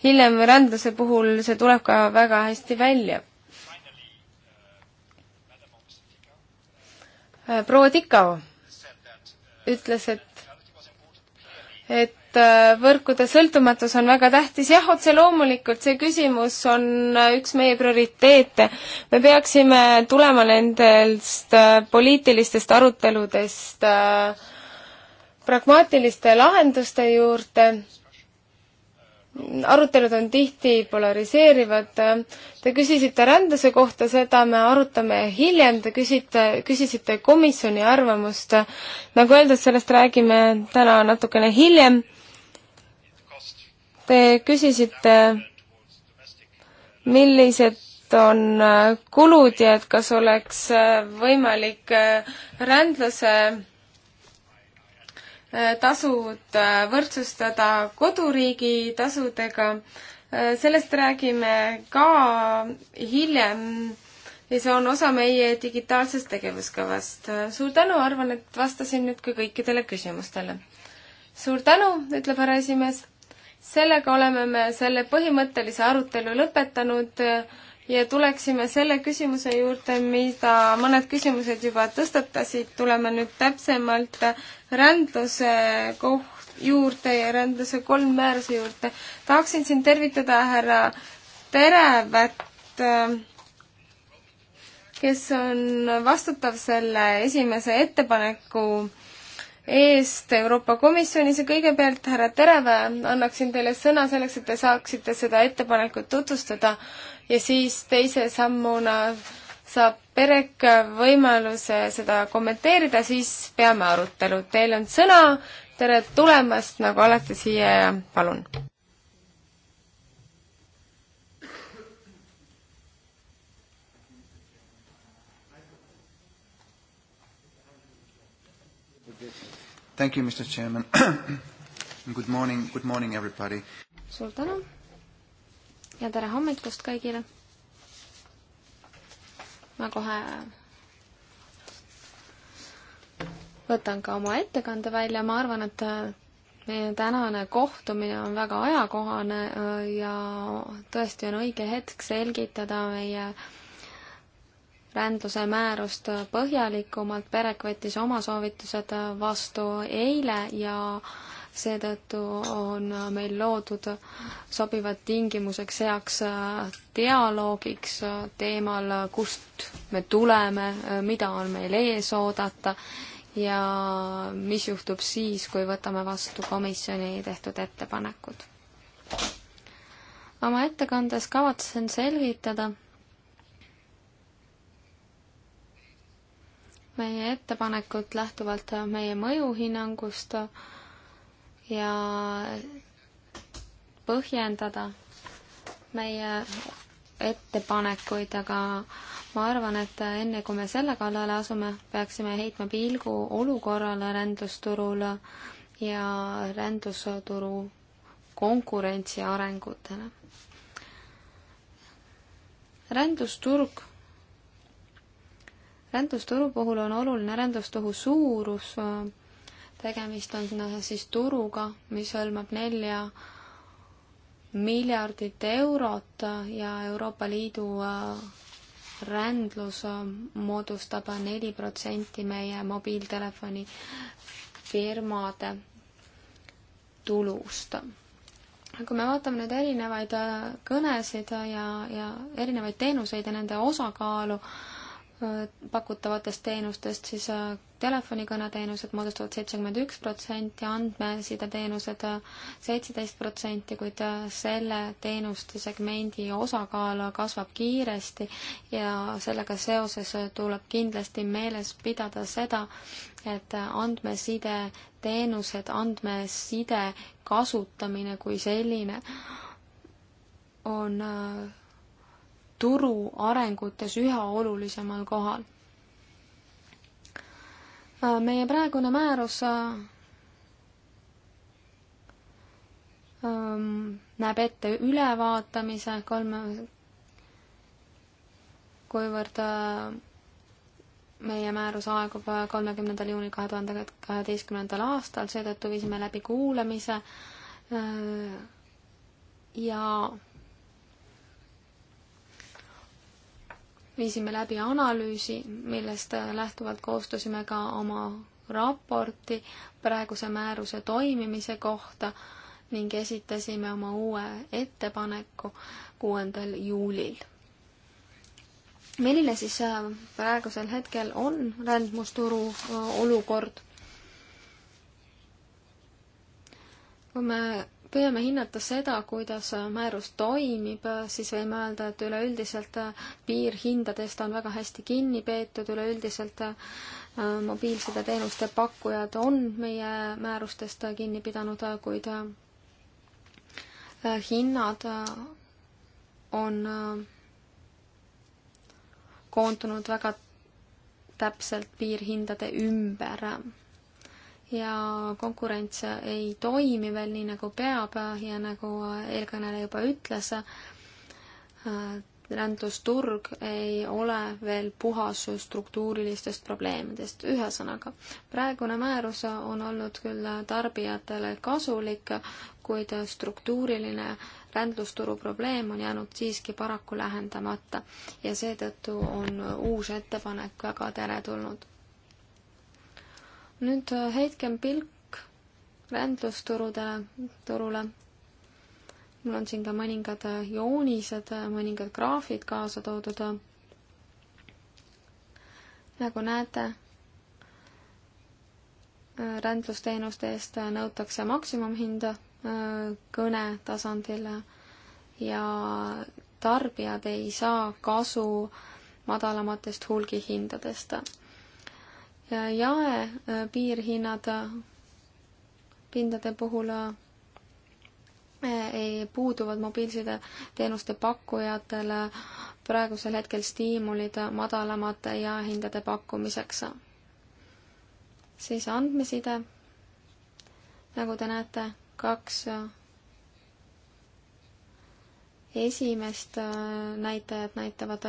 Speaker 1: hiljem rändluse puhul see tuleb ka väga hästi välja. Äh, proua Tikao ütles, et, et et äh, võrkude sõltumatus on väga tähtis, jah, otse loomulikult see küsimus on äh, üks meie prioriteete. me peaksime tulema nendest äh, poliitilistest aruteludest pragmaatiliste lahenduste juurde arutelud on tihti polariseerivad. Te küsisite ränduse kohta, seda me arutame hiljem, te küsite, küsisite komisjoni arvamust. nagu öeldud, sellest räägime täna natukene hiljem. Te küsisite, millised on äh, kulud ja et kas oleks äh, võimalik äh, rändlase tasud võrdsustada koduriigi tasudega. sellest räägime ka hiljem ja see on osa meie digitaalsest tegevuskavast. suur tänu, arvan, et vastasin nüüd ka kõikidele küsimustele. suur tänu, ütleb härra esimees sellega oleme me selle põhimõttelise arutelu lõpetanud ja tuleksime selle küsimuse juurde, mida mõned küsimused juba tõstatasid, tuleme nüüd täpsemalt rändluse koht juurde ja rändluse kolm määruse juurde. tahaksin siin tervitada härra Terevet, kes on vastutav selle esimese ettepaneku eest Euroopa Komisjonis ja kõigepealt, härra Tereve, annaksin teile sõna selleks, et te saaksite seda ettepanekut tutvustada ja siis teise sammuna saab Perek võimaluse seda kommenteerida, siis peame arutelu. Teil on sõna, tere tulemast nagu alati siia ja palun!
Speaker 2: Thank you, Mr Chairman Good morning, good morning everybody.
Speaker 3: suur tänu ja tere hommikust kõigile. ma kohe võtan ka oma ettekande välja, ma arvan, et meie tänane kohtumine on väga ajakohane ja tõesti on õige hetk selgitada meie äh, rändluse määrust põhjalikumalt, Perek võttis oma soovitused vastu eile ja seetõttu on meil loodud sobivad tingimuseks heaks dialoogiks teemal, kust me tuleme, mida on meil ees oodata ja mis juhtub siis, kui võtame vastu komisjoni tehtud ettepanekud. oma ettekandes kavatsen selgitada meie ettepanekut lähtuvalt meie mõjuhinnangust ja põhjendada meie ettepanekuid, aga ma arvan, et enne kui me selle kallale asume, peaksime heitma pilgu olukorrale rändusturul ja rändusturu konkurentsi arengutele. rändusturg rändusturu puhul on oluline rändustohu suurus, tegemist on siis turuga, mis hõlmab nelja miljardit eurot ja Euroopa Liidu äh, rändlus äh, moodustab neli protsenti meie mobiiltelefoni firmade tulust. kui me vaatame nüüd erinevaid äh, kõnesid ja, ja erinevaid teenuseid ja nende osakaalu, Äh, pakutavatest teenustest, siis äh, telefonikõneteenused moodustavad seitsekümmend üks protsenti, andmesideteenused äh, seitseteist protsenti, kuid selle teenuste segmendi osakaal kasvab kiiresti ja sellega seoses tuleb kindlasti meeles pidada seda, et andmesideteenused, andmeside kasutamine kui selline on turu arengutes üha olulisemal kohal. meie praegune määrus ähm, näeb ette ülevaatamise kolme, kuivõrd äh, meie määrus aegub äh, kolmekümnendal juunil kahe tuhande kaheteistkümnendal aastal, seetõttu viisime läbi kuulamise äh, ja viisime läbi analüüsi, millest lähtuvalt koostasime ka oma raporti praeguse määruse toimimise kohta ning esitasime oma uue ettepaneku kuuendal juulil. milline siis äh, praegusel hetkel on rändmusturu äh, olukord? kui me püüame hinnata seda, kuidas määrus toimib, siis võime öelda, et üleüldiselt äh, piirhindadest on väga hästi kinni peetud, üleüldiselt äh, mobiilside teenuste pakkujad on meie määrustest kinni pidanud, äh, kuid hinnad on koondunud väga täpselt piirhindade ümber ja konkurents ei toimi veel nii, nagu peab ja nagu eelkõneleja juba ütles, äh, rändlusturg ei ole veel puhas struktuurilistest probleemidest. ühesõnaga, praegune määrus on olnud küll tarbijatele kasulik, kuid struktuuriline rändlusturu probleem on jäänud siiski paraku lähendamata ja seetõttu on uus ettepanek väga teretulnud nüüd äh, heitkem pilk rändlusturudele, turule. mul on siin ka mõningad äh, joonised, äh, mõningad graafid kaasa toodud. nagu näete, rändlusteenuste eest nõutakse maksimumhinda kõne tasandil ja tarbijad ei saa kasu madalamatest hulgihindadest jae äh, piirhinnad pindade puhul äh, ei, puuduvad mobiilsideteenuste pakkujatele praegusel hetkel stiimulid madalamate jaehindade pakkumiseks. siis andmeside, nagu te näete, kaks äh, esimest näitajat näitavad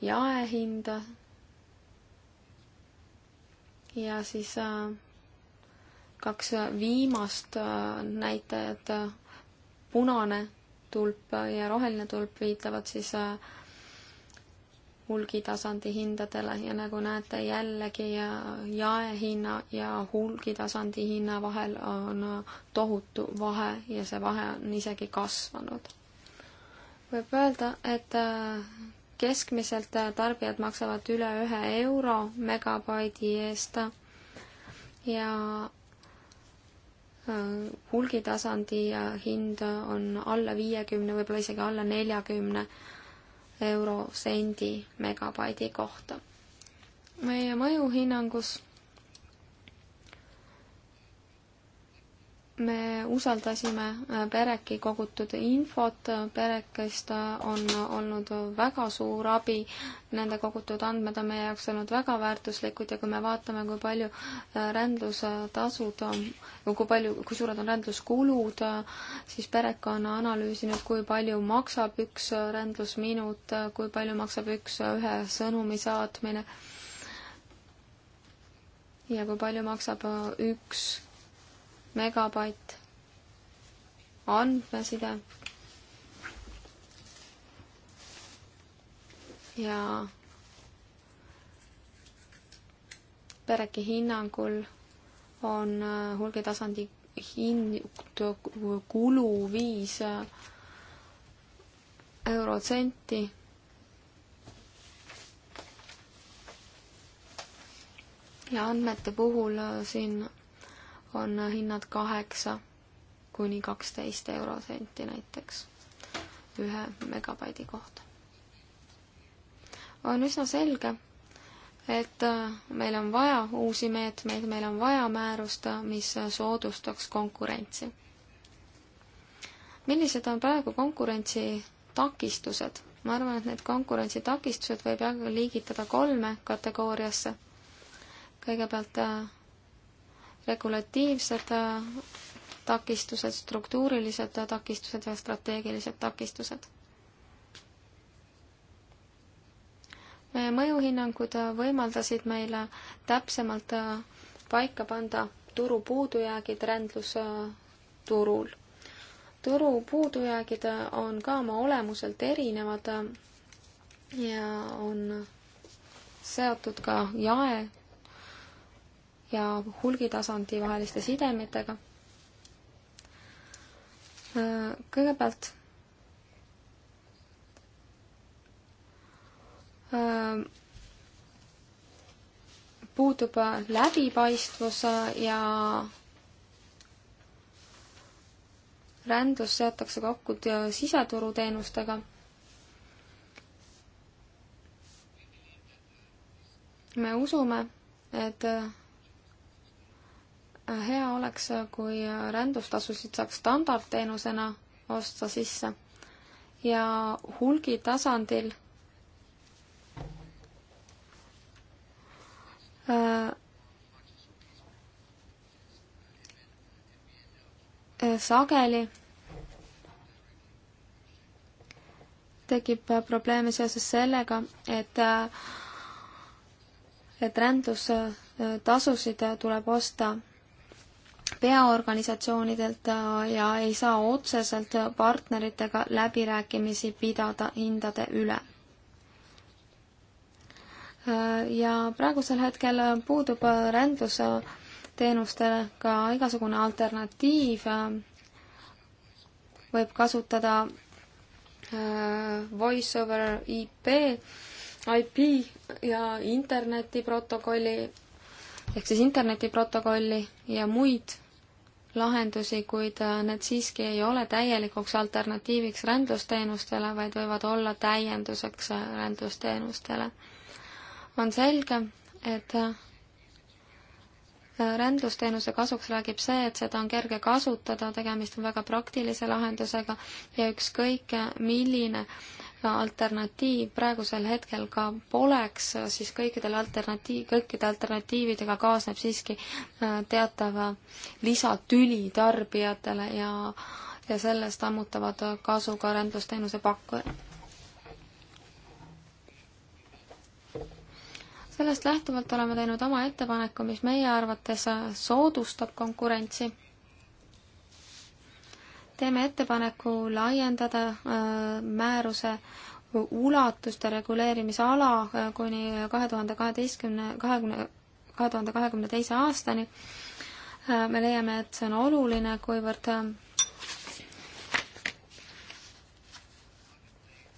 Speaker 3: jaehinda ja siis äh, kaks äh, viimast äh, näitajat, punane tulp ja roheline tulp viitavad siis hulgitasandi hindadele ja nagu näete, jällegi jaehinna ja hulgitasandi hinna vahel on tohutu vahe ja see vahe on isegi kasvanud. võib öelda, et keskmiselt äh, tarbijad maksavad üle ühe euro megabaidi eest ja äh, hulgitasandi äh, hind on alla viiekümne, võib-olla isegi alla neljakümne euro sendi megabaidi kohta. meie mõjuhinnangus me usaldasime äh, Pereki kogutud infot, Perekist äh, on olnud väga suur abi, nende kogutud andmed on meie jaoks olnud väga väärtuslikud ja kui me vaatame, kui palju äh, rändlustasud, kui palju, kui suured on rändluskulud, siis Perek on analüüsinud, kui palju maksab üks rändlusminut, kui palju maksab üks ühe sõnumi saatmine ja kui palju maksab üks megabait andmeside. ja pereki hinnangul on äh, hulgitasandi hind, kulu viis äh, eurotsenti ja andmete puhul äh, siin on hinnad kaheksa kuni kaksteist eurosenti näiteks ühe megabaidi kohta. on üsna selge, et äh, meil on vaja uusi meetmeid, meil on vaja määrust, äh, mis soodustaks konkurentsi. millised on praegu konkurentsi takistused? ma arvan, et need konkurentsi takistused võib liigitada kolme kategooriasse. kõigepealt äh, regulatiivsed äh, takistused, struktuurilised takistused ja strateegilised takistused. meie mõjuhinnangud äh, võimaldasid meile täpsemalt äh, paika panda turu puudujäägid rändlusturul. turu puudujäägid on ka oma olemuselt erinevad ja on seotud ka jae ja hulgitasandi vaheliste sidemetega. kõigepealt puudub läbipaistvus ja rändlus seotakse kokku siseturuteenustega. me usume, et hea oleks, kui rändustasusid saaks standardteenusena osta sisse ja hulgi tasandil äh, äh sageli tekib probleeme seoses sellega, et äh, et rändustasusid tuleb osta peaorganisatsioonidelt äh, ja ei saa otseselt partneritega läbirääkimisi pidada hindade üle. Äh, ja praegusel hetkel puudub rändlusteenustele ka igasugune alternatiiv, võib kasutada äh, voice over IP, IP ja internetiprotokolli ehk siis internetiprotokolli ja muid lahendusi, kuid äh, need siiski ei ole täielikuks alternatiiviks rändlusteenustele, vaid võivad olla täienduseks äh, rändlusteenustele. on selge, et äh, rändlusteenuse kasuks räägib see, et seda on kerge kasutada, tegemist on väga praktilise lahendusega ja ükskõik, milline alternatiiv praegusel hetkel ka poleks, siis kõikidel alternatiiv, kõikide alternatiividega kaasneb siiski äh, teatav lisatüli tarbijatele ja, ja sellest ammutavad kasu ka arendusteenuse pakkujad. sellest lähtuvalt oleme teinud oma ettepaneku, mis meie arvates soodustab konkurentsi teeme ettepaneku laiendada äh, määruse ulatuste reguleerimisala äh, kuni kahe tuhande kaheteistkümne, kahekümne, kahe tuhande kahekümne teise aastani. Äh, me leiame, et see on oluline, kuivõrd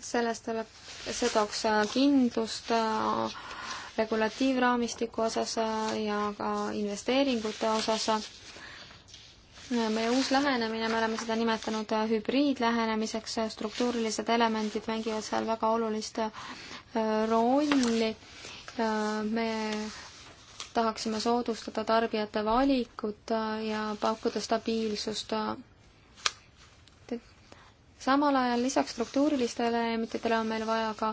Speaker 3: sellest tuleb, see tooks kindlust regulatiivraamistiku osas ja ka investeeringute osas meie uus lähenemine, me oleme seda nimetanud äh, hübriidlähenemiseks, struktuurilised elemendid mängivad seal väga olulist äh, rolli. Äh, me tahaksime soodustada tarbijate valikut ja pakkuda stabiilsust. samal ajal lisaks struktuurilistele elementidele on meil vaja ka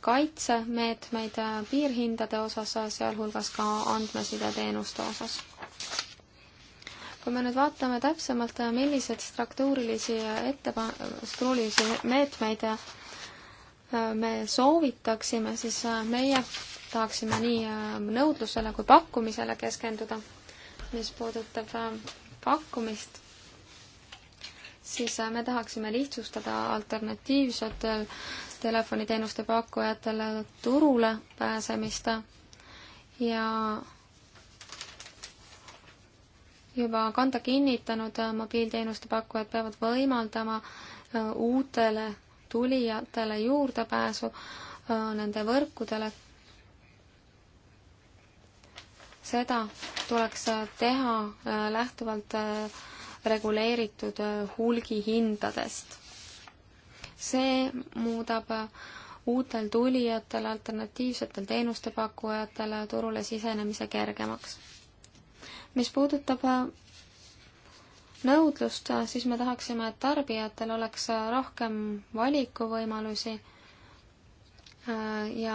Speaker 3: kaitsemeetmeid piirhindade osas, sealhulgas ka andmesideteenuste osas kui me nüüd vaatame täpsemalt, millised struktuurilisi ettepa-, struktuurilisi meetmeid äh, me soovitaksime, siis äh, meie tahaksime nii äh, nõudlusele kui pakkumisele keskenduda. mis puudutab pakkumist, siis me tahaksime lihtsustada alternatiivsetel telefoniteenuste pakkujatele turule pääsemist ja juba kanda kinnitanud äh, mobiilteenuste pakkujad peavad võimaldama äh, uutele tulijatele juurdepääsu äh, nende võrkudele. seda tuleks teha lähtuvalt reguleeritud hulgihindadest. see muudab uutel tulijatel, alternatiivsetel teenustepakkujatel turule sisenemise kergemaks mis puudutab äh, nõudlust, äh, siis me tahaksime, et tarbijatel oleks äh, rohkem valikuvõimalusi ja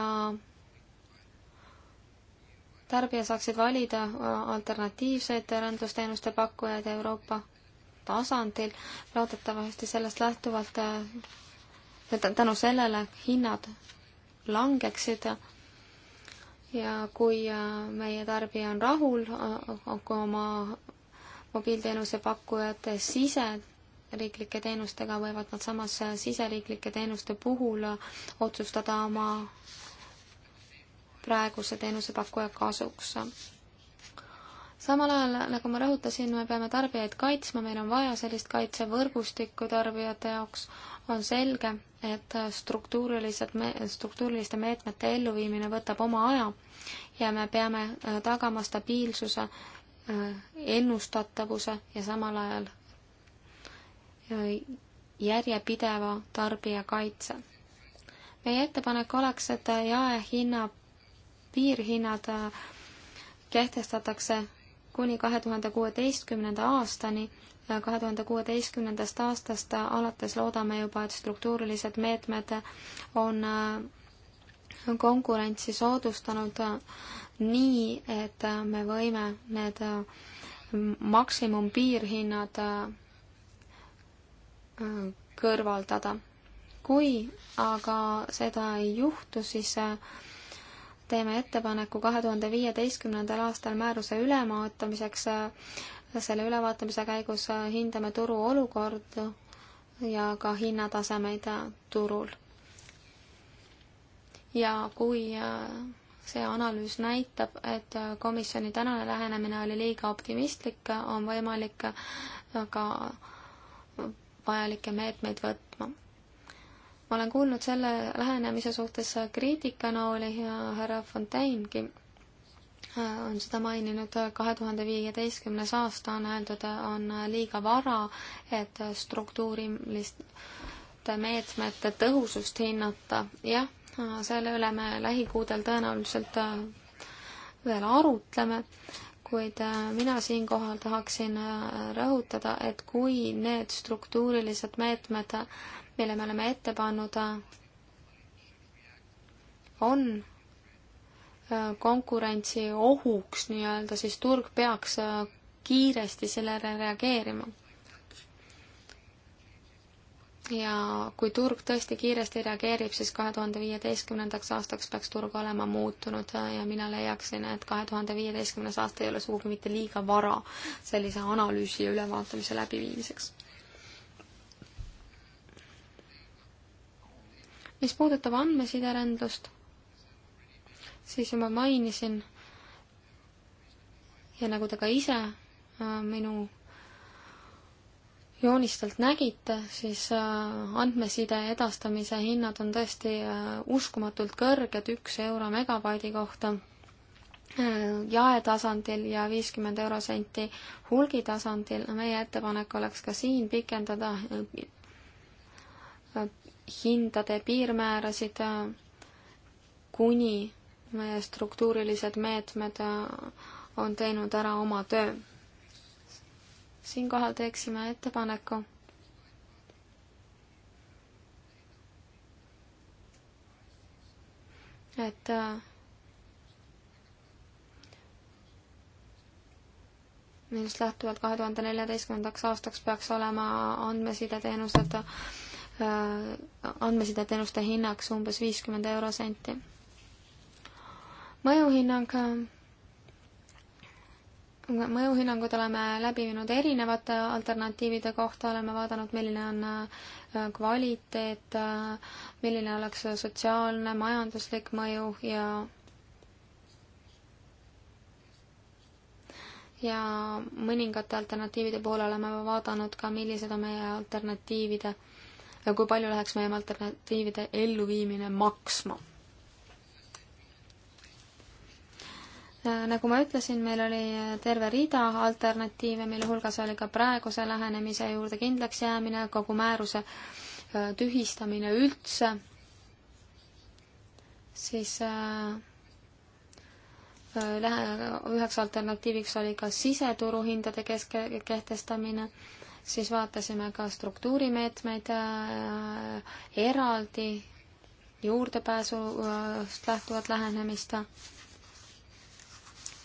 Speaker 3: tarbija saaksid valida alternatiivseid rändlusteenuste pakkujaid Euroopa tasandil, loodetavasti sellest lähtuvalt tänu sellele hinnad langeksid ja kui äh, meie tarbija on rahul äh, oma mobiilteenuse pakkujate siseriiklike teenustega, võivad nad samas äh, siseriiklike teenuste puhul otsustada oma praeguse teenusepakkuja kasuks. samal ajal, nagu ma rõhutasin, me peame tarbijaid kaitsma, meil on vaja sellist kaitsevõrgustikku tarbijate jaoks, on selge, et struktuurilised me-, struktuuriliste meetmete elluviimine võtab oma aja ja me peame äh, tagama stabiilsuse, äh, ennustatavuse ja samal ajal äh, järjepideva tarbijakaitse. meie ettepanek oleks, et jaehinna piirhinnad kehtestatakse kuni kahe tuhande kuueteistkümnenda aastani kahe tuhande kuueteistkümnendast aastast alates loodame juba, et struktuurilised meetmed on äh, konkurentsi soodustanud nii, et me võime need äh, maksimumpiirhinnad äh, kõrvaldada. kui aga seda ei juhtu, siis teeme ettepaneku kahe tuhande viieteistkümnendal aastal määruse ülemaatamiseks selle ülevaatamise käigus äh, hindame turu olukorda ja ka hinnatasemeid äh, turul. ja kui äh, see analüüs näitab, et komisjoni tänane lähenemine oli liiga optimistlik, on võimalik ka vajalikke meetmeid võtma. ma olen kuulnud selle lähenemise suhtes kriitikanooli ja härra Fontaine'gi Äh, on seda maininud, äh, kahe tuhande viieteistkümnes aasta on öeldud, äh, on liiga vara, et struktuuriliste meetmete tõhusust hinnata. jah, selle üle me lähikuudel tõenäoliselt veel arutleme, kuid mina siinkohal tahaksin rõhutada, et kui need struktuurilised meetmed, mille me oleme ette pannud, on konkurentsi ohuks nii-öelda, siis turg peaks äh, kiiresti sellele reageerima. ja kui turg tõesti kiiresti reageerib, siis kahe tuhande viieteistkümnendaks aastaks peaks turg olema muutunud äh, ja mina leiaksin, et kahe tuhande viieteistkümnes aasta ei ole sugugi mitte liiga vara sellise analüüsi ja ülevaatamise läbiviimiseks mis puudutab andmesiderändlust, siis ma mainisin ja nagu te ka ise äh, minu joonistelt nägite, siis äh, andmeside edastamise hinnad on tõesti äh, uskumatult kõrged, üks euro megabaidi kohta jaetasandil ja viiskümmend eurosenti hulgitasandil. meie ettepanek oleks ka siin pikendada hindade piirmäärasid kuni meie struktuurilised meetmed äh, on teinud ära oma töö. siinkohal teeksime ettepaneku et äh, millest lähtuvalt kahe tuhande neljateistkümnendaks aastaks peaks olema andmesideteenused, äh, andmesideteenuste hinnaks umbes viiskümmend eurosenti mõjuhinnang mõjuhinnangud oleme läbi viinud erinevate alternatiivide kohta, oleme vaadanud, milline on äh, kvaliteet, äh, milline oleks sotsiaalne, majanduslik mõju ja ja mõningate alternatiivide puhul oleme vaadanud ka, millised on meie alternatiivide ja kui palju läheks meie alternatiivide elluviimine maksma Äh, nagu ma ütlesin, meil oli äh, terve rida alternatiive, mille hulgas oli ka praeguse lähenemise juurde kindlaks jäämine, kogu määruse äh, tühistamine üldse, siis üheks alternatiiviks oli ka siseturuhindade keske, kehtestamine, siis vaatasime ka struktuurimeetmeid eraldi juurdepääsust lähtuvat lähenemist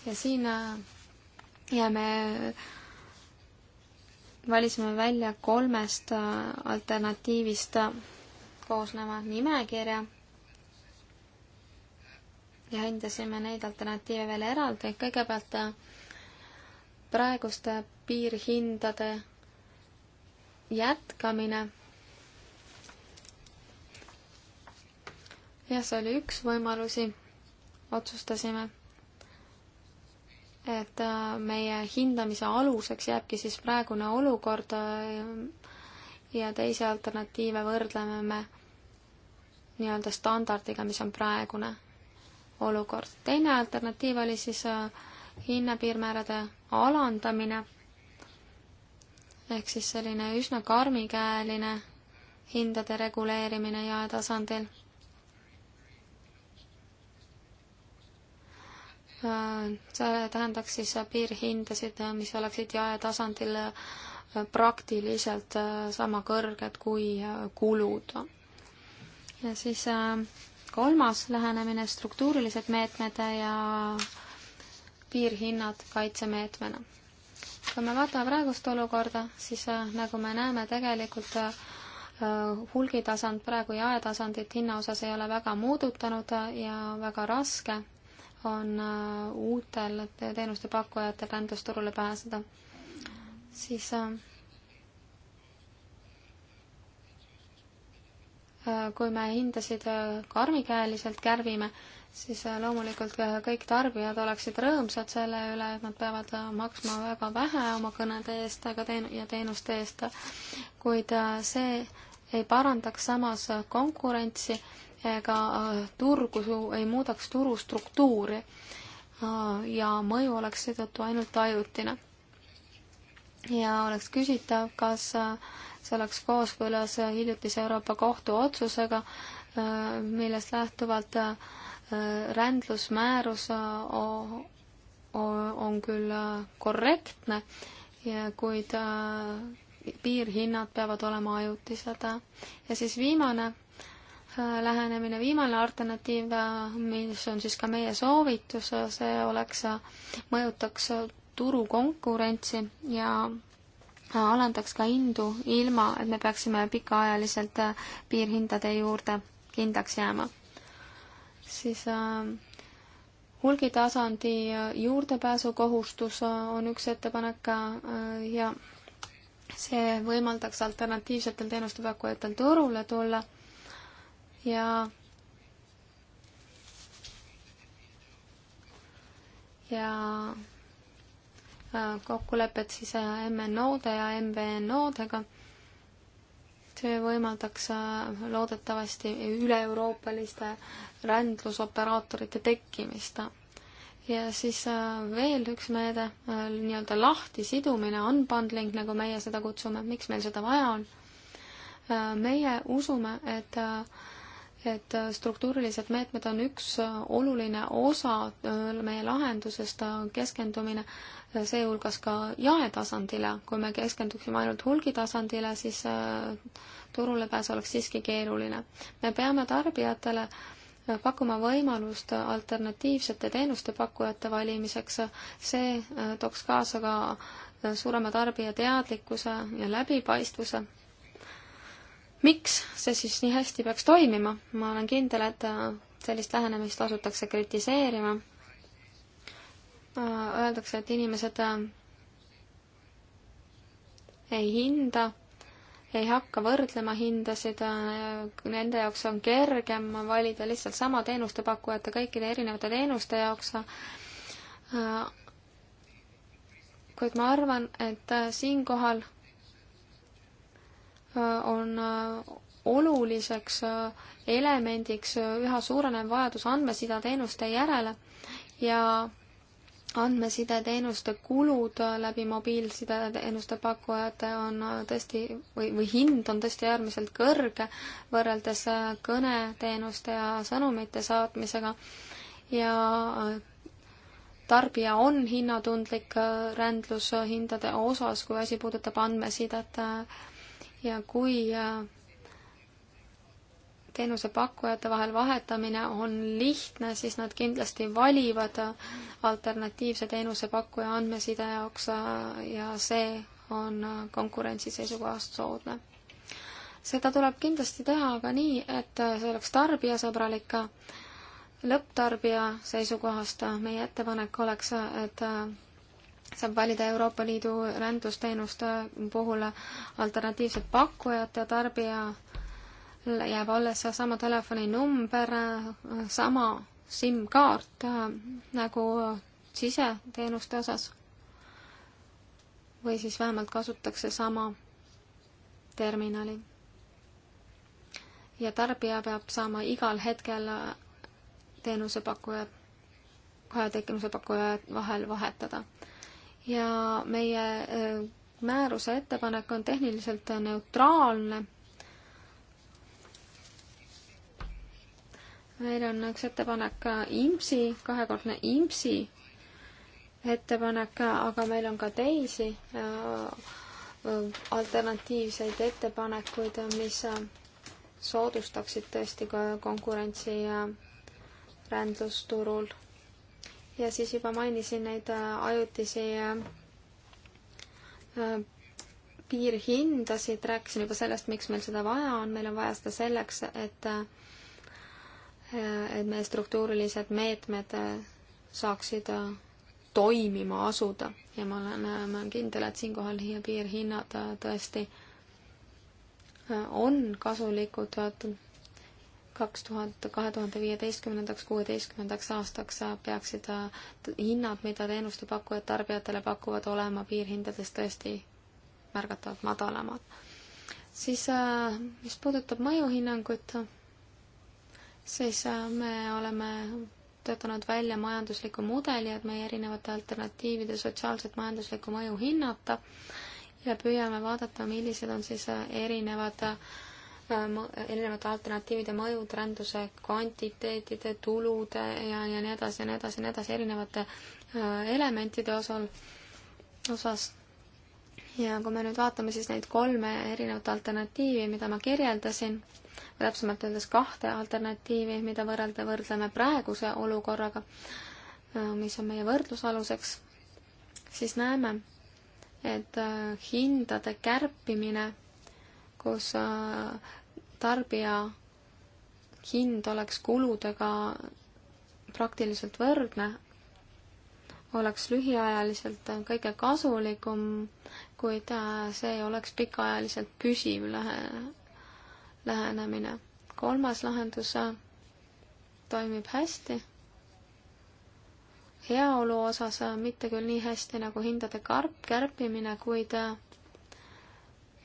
Speaker 3: ja siin äh, ja me valisime välja kolmest äh, alternatiivist äh, koosneva nimekirja ja hindasime neid alternatiive veel eraldi. kõigepealt praeguste piirhindade jätkamine. jah, see oli üks võimalusi, otsustasime et äh, meie hindamise aluseks jääbki siis praegune olukord äh, ja teise alternatiive võrdleme me nii-öelda standardiga, mis on praegune olukord. teine alternatiiv oli siis äh, hinnapiirmäärade alandamine ehk siis selline üsna karmikäeline hindade reguleerimine jaetasandil Äh, see tähendaks siis piirhindasid, mis oleksid jaetasandil äh, praktiliselt äh, sama kõrged kui kulud. ja siis kolmas lähenemine, struktuurilised meetmed ja piirhinnad kaitsemeetmena. kui me vaatame praegust olukorda, siis nagu me näeme, tegelikult hulgitasand praegu jaetasandit hinna osas ei ole väga muudutanud ja väga raske on äh, uutel teenuste pakkujatel rändusturule pääseda, siis äh, äh, kui me hindasid karmikäeliselt kärvime, siis loomulikult kõik tarbijad oleksid rõõmsad selle üle, et nad peavad maksma väga vähe oma kõnede eest, aga teen- ja teenuste eest, kuid see ei parandaks samas konkurentsi ega äh, turgu ei muudaks turustruktuuri äh, ja mõju oleks seetõttu ainult ajutine. ja oleks küsitav, kas äh, see oleks kooskõlas hiljutise Euroopa Kohtu otsusega, millest lähtuvalt rändlusmäärus on küll korrektne, kuid piirhinnad peavad olema ajutised. ja siis viimane lähenemine, viimane alternatiiv, mis on siis ka meie soovitus, see oleks, mõjutaks turukonkurentsi ja alandaks ka hindu, ilma et me peaksime pikaajaliselt piirhindade juurde kindlaks jääma. siis äh, hulgitasandi juurdepääsukohustus on üks ettepanek äh, ja see võimaldaks alternatiivsetel teenustepakkujatel turule tulla ja ja äh, kokkulepet siis äh, MNO-de ja MVNO-dega. see võimaldaks äh, loodetavasti üle-euroopaliste rändlusoperaatorite tekkimist. ja siis veel üks meede, nii-öelda lahtisidumine, unbundling, nagu meie seda kutsume, miks meil seda vaja on? meie usume, et äh, et äh, struktuurilised meetmed on üks äh, oluline osa äh, meie lahendusest, keskendumine seehulgas ka jaetasandile. kui me keskenduksime ainult hulgitasandile, siis turulepääs oleks siiski keeruline. me peame tarbijatele pakkuma võimalust alternatiivsete teenuste pakkujate valimiseks, see tooks kaasa ka suurema tarbija teadlikkuse ja läbipaistvuse miks see siis nii hästi peaks toimima? ma olen kindel, et äh, sellist lähenemist asutakse kritiseerima. Äh, öeldakse, et inimesed äh, ei hinda, ei hakka võrdlema hindasid, nende jaoks on kergem valida lihtsalt sama teenustepakkujate kõikide erinevate teenuste jaoks. kuid ma arvan, et siinkohal on äh, oluliseks äh, elemendiks äh, üha suurenev vajadus andmesideteenuste järele ja andmesideteenuste kulud läbi mobiilsideteenuste pakkujate on tõesti või, või hind on tõesti äärmiselt kõrge võrreldes kõneteenuste ja sõnumite saatmisega ja tarbija on hinnatundlik rändlushindade osas, kui asi puudutab andmesidet ja kui äh, teenusepakkujate vahel vahetamine on lihtne, siis nad kindlasti valivad äh, alternatiivse teenusepakkuja andmeside jaoks äh, ja see on konkurentsi seisukohast soodne. seda tuleb kindlasti teha aga nii, et see oleks tarbijasõbralik ka lõpptarbija seisukohast. meie ettepanek oleks, et saab valida Euroopa Liidu rändlusteenuste puhul alternatiivsed pakkujad ja tarbija jääb alles sama telefoninumber, sama SIM-kaart nagu siseteenuste osas. või siis vähemalt kasutatakse sama terminali. ja tarbija peab saama igal hetkel teenusepakkuja, kahe teenusepakkuja vahel vahetada ja meie äh, määruse ettepanek on tehniliselt neutraalne. meil on üks ettepanek IMSI, kahekordne IMSI ettepanek, aga meil on ka teisi äh, äh, alternatiivseid ettepanekuid, mis soodustaksid tõesti ka konkurentsi rändlusturul ja siis juba mainisin neid äh, ajutisi äh, äh, piirhindasid, rääkisin juba sellest, miks meil seda vaja on, meil on vaja seda selleks, et et meie struktuurilised meetmed saaksid toimima asuda ja ma olen, ma olen kindel, et siinkohal piirhinnad tõesti on kasulikud kaks tuhat, kahe tuhande viieteistkümnendaks, kuueteistkümnendaks aastaks peaksid äh, hinnad, mida teenustepakkujad tarbijatele pakuvad, olema piirhindadest tõesti märgatavalt madalamad. siis äh, mis puudutab mõjuhinnangut, siis äh, me oleme töötanud välja majandusliku mudeli, et meie erinevate alternatiivide sotsiaalset majanduslikku mõju hinnata ja püüame vaadata, millised on siis erinevad äh, Äh, erinevate alternatiivide mõjud, ränduse kvantiteetide, tulude ja, ja nii edasi ja nii edasi ja nii edasi erinevate äh, elementide osal, osas. ja kui me nüüd vaatame siis neid kolme erinevat alternatiivi, mida ma kirjeldasin, või täpsemalt öeldes kahte alternatiivi, mida võrrelda, võrdleme praeguse olukorraga, äh, mis on meie võrdlusaluseks, siis näeme, et hindade kärpimine kus äh, tarbija hind oleks kuludega praktiliselt võrdne, oleks lühiajaliselt kõige kasulikum, kuid äh, see ei oleks pikaajaliselt püsiv lähe-, lähenemine. kolmas lahendus äh, toimib hästi, heaolu osas mitte küll nii hästi nagu hindade karp, kärpimine, kuid ta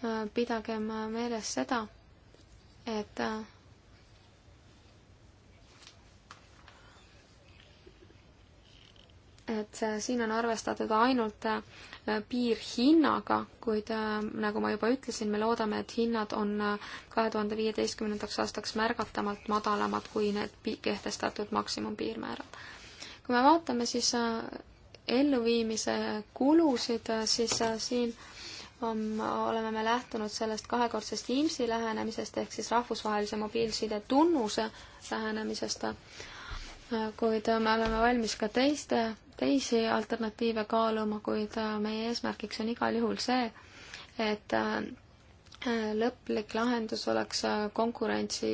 Speaker 3: Äh, pidagem äh, meeles seda, et äh, et siin on arvestatud ainult piirhinnaga, kuid nagu ma juba ütlesin, me loodame, et hinnad on kahe tuhande viieteistkümnendaks aastaks märgatavalt madalamad kui need kehtestatud maksimumpiirmäärad. kui me vaatame siis elluviimise kulusid, siis siin äh, on, oleme me lähtunud sellest kahekordsest IMSI lähenemisest ehk siis rahvusvahelise mobiilside tunnuse lähenemisest, kuid me oleme valmis ka teiste, teisi alternatiive kaaluma, kuid meie eesmärgiks on igal juhul see, et äh, lõplik lahendus oleks äh, konkurentsi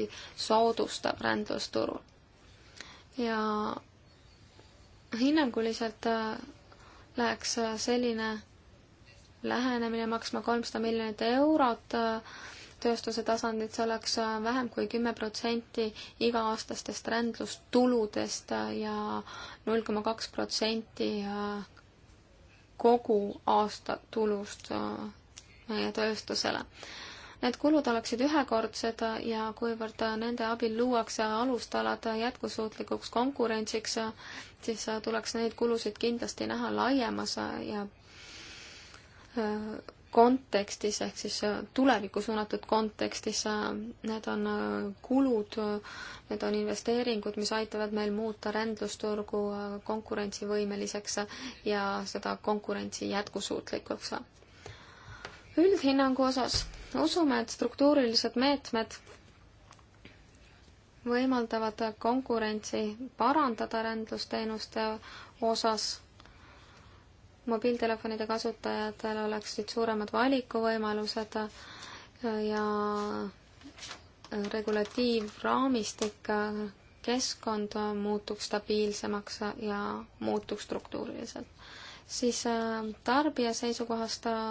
Speaker 3: soodustav rändlusturul. ja hinnanguliselt äh, läheks selline lähenemine maksma kolmsada miljonit eurot tööstuse tasandit, see oleks vähem kui kümme protsenti iga-aastastest rändlustuludest ja null koma kaks protsenti kogu aastatulust meie tööstusele. Need kulud oleksid ühekordsed ja kuivõrd nende abil luuakse alustalad jätkusuutlikuks konkurentsiks, siis tuleks neid kulusid kindlasti näha laiemas ja kontekstis ehk siis äh, tulevikku suunatud kontekstis, äh, need on äh, kulud, need on investeeringud, mis aitavad meil muuta rändlusturgu konkurentsivõimeliseks ja seda konkurentsi jätkusuutlikuks. üldhinnangu osas usume, et struktuurilised meetmed võimaldavad konkurentsi parandada rändlusteenuste osas mobiiltelefonide kasutajatel oleksid suuremad valikuvõimalused ja regulatiivraamistik, keskkond muutuks stabiilsemaks ja muutuks struktuuriliselt. siis äh, tarbija seisukohast äh,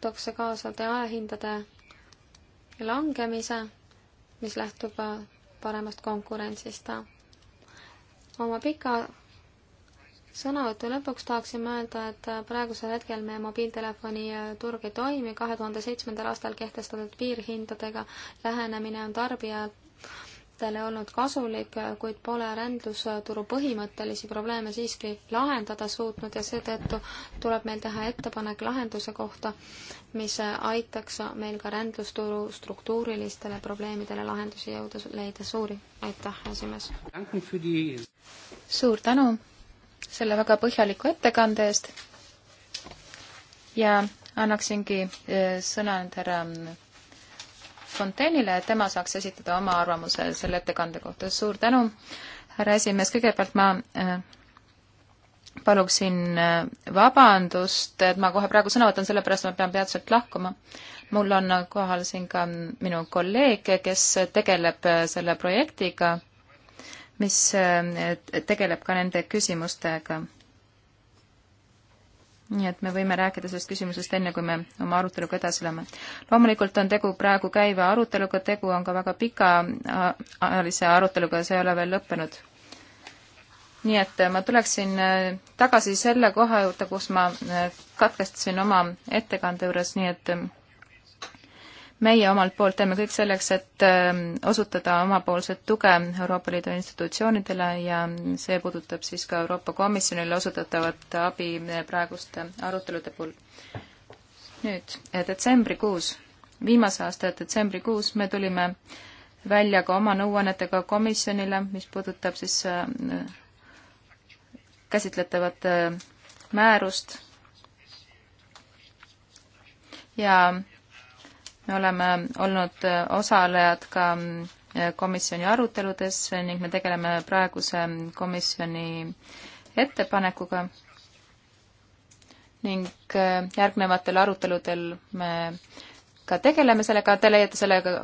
Speaker 3: tooks see kaasa jaehindade langemise, mis lähtub äh, paremast konkurentsist. oma pika sõnavõtu lõpuks tahaksin öelda, et äh, praegusel hetkel meie mobiiltelefoni äh, turg ei toimi, kahe tuhande seitsmendal aastal kehtestatud piirhindadega lähenemine on tarbijatele olnud kasulik, äh, kuid pole arendusturu põhimõttelisi probleeme siiski lahendada suutnud ja seetõttu tuleb meil teha ettepanek lahenduse kohta, mis aitaks meil ka arendusturu struktuurilistele probleemidele lahendusi jõuda leida. suuri aitäh, esimees!
Speaker 2: suur tänu! selle väga põhjaliku ettekande eest ja annaksingi e, sõna nüüd härra Fontenile, et tema saaks esitada oma arvamuse selle ettekande kohta. suur tänu, härra esimees, kõigepealt ma e, paluksin e, vabandust, et ma kohe praegu sõna võtan, sellepärast ma pean peatselt lahkuma. mul on kohal siin ka minu kolleeg, kes tegeleb selle projektiga mis äh, tegeleb ka nende küsimustega. nii et me võime rääkida sellest küsimusest enne, kui me oma aruteluga edasi läheme. loomulikult on tegu praegu käiva aruteluga, tegu on ka väga pikaajalise aruteluga ja see ei ole veel lõppenud. nii et äh, ma tuleksin äh, tagasi selle koha juurde, kus ma katkestasin oma ettekande juures, nii et meie omalt poolt teeme kõik selleks, et ähm, osutada omapoolset tuge Euroopa Liidu institutsioonidele ja see puudutab siis ka Euroopa Komisjonile osutatavat abi äh, praeguste arutelude puhul. nüüd, äh, detsembrikuus, viimase aasta detsembrikuus me tulime välja ka oma nõuannetega komisjonile, mis puudutab siis äh, käsitletavat määrust ja me oleme olnud osalejad ka eh, komisjoni aruteludes ning me tegeleme praeguse komisjoni ettepanekuga ning eh, järgnevatel aruteludel me ka tegeleme sellega, te leiate sellega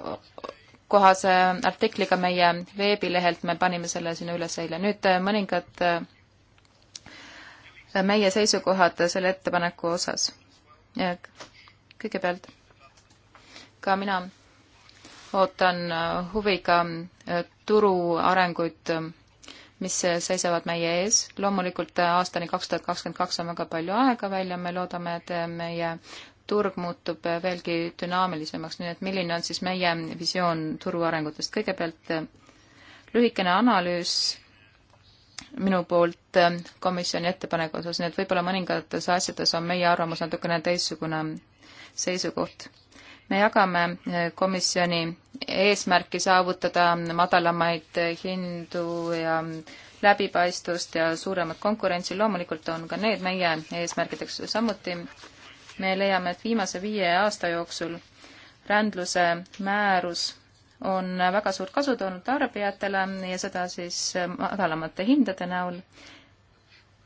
Speaker 2: kohase artikliga meie veebilehelt, me panime selle sinna üles eile. nüüd eh, mõningad meie seisukohad selle ettepaneku osas. kõigepealt ka mina ootan äh, huviga äh, turu arenguid, äh, mis seisavad meie ees. loomulikult aastani kaks tuhat kakskümmend kaks on väga palju aega välja, me loodame, et meie turg muutub veelgi dünaamilisemaks, nii et milline on siis meie visioon turu arengutest? kõigepealt lühikene analüüs minu poolt komisjoni ettepaneku osas, nii et võib-olla mõningates asjades on meie arvamus natukene teistsugune seisukoht me jagame eh, komisjoni eesmärki saavutada madalamaid eh, hindu ja mm, läbipaistvust ja suuremat konkurentsi, loomulikult on ka need meie eesmärgideks samuti. me leiame, et viimase viie aasta jooksul rändluse määrus on väga suurt kasu toonud tarbijatele ja seda siis eh, madalamate hindade näol.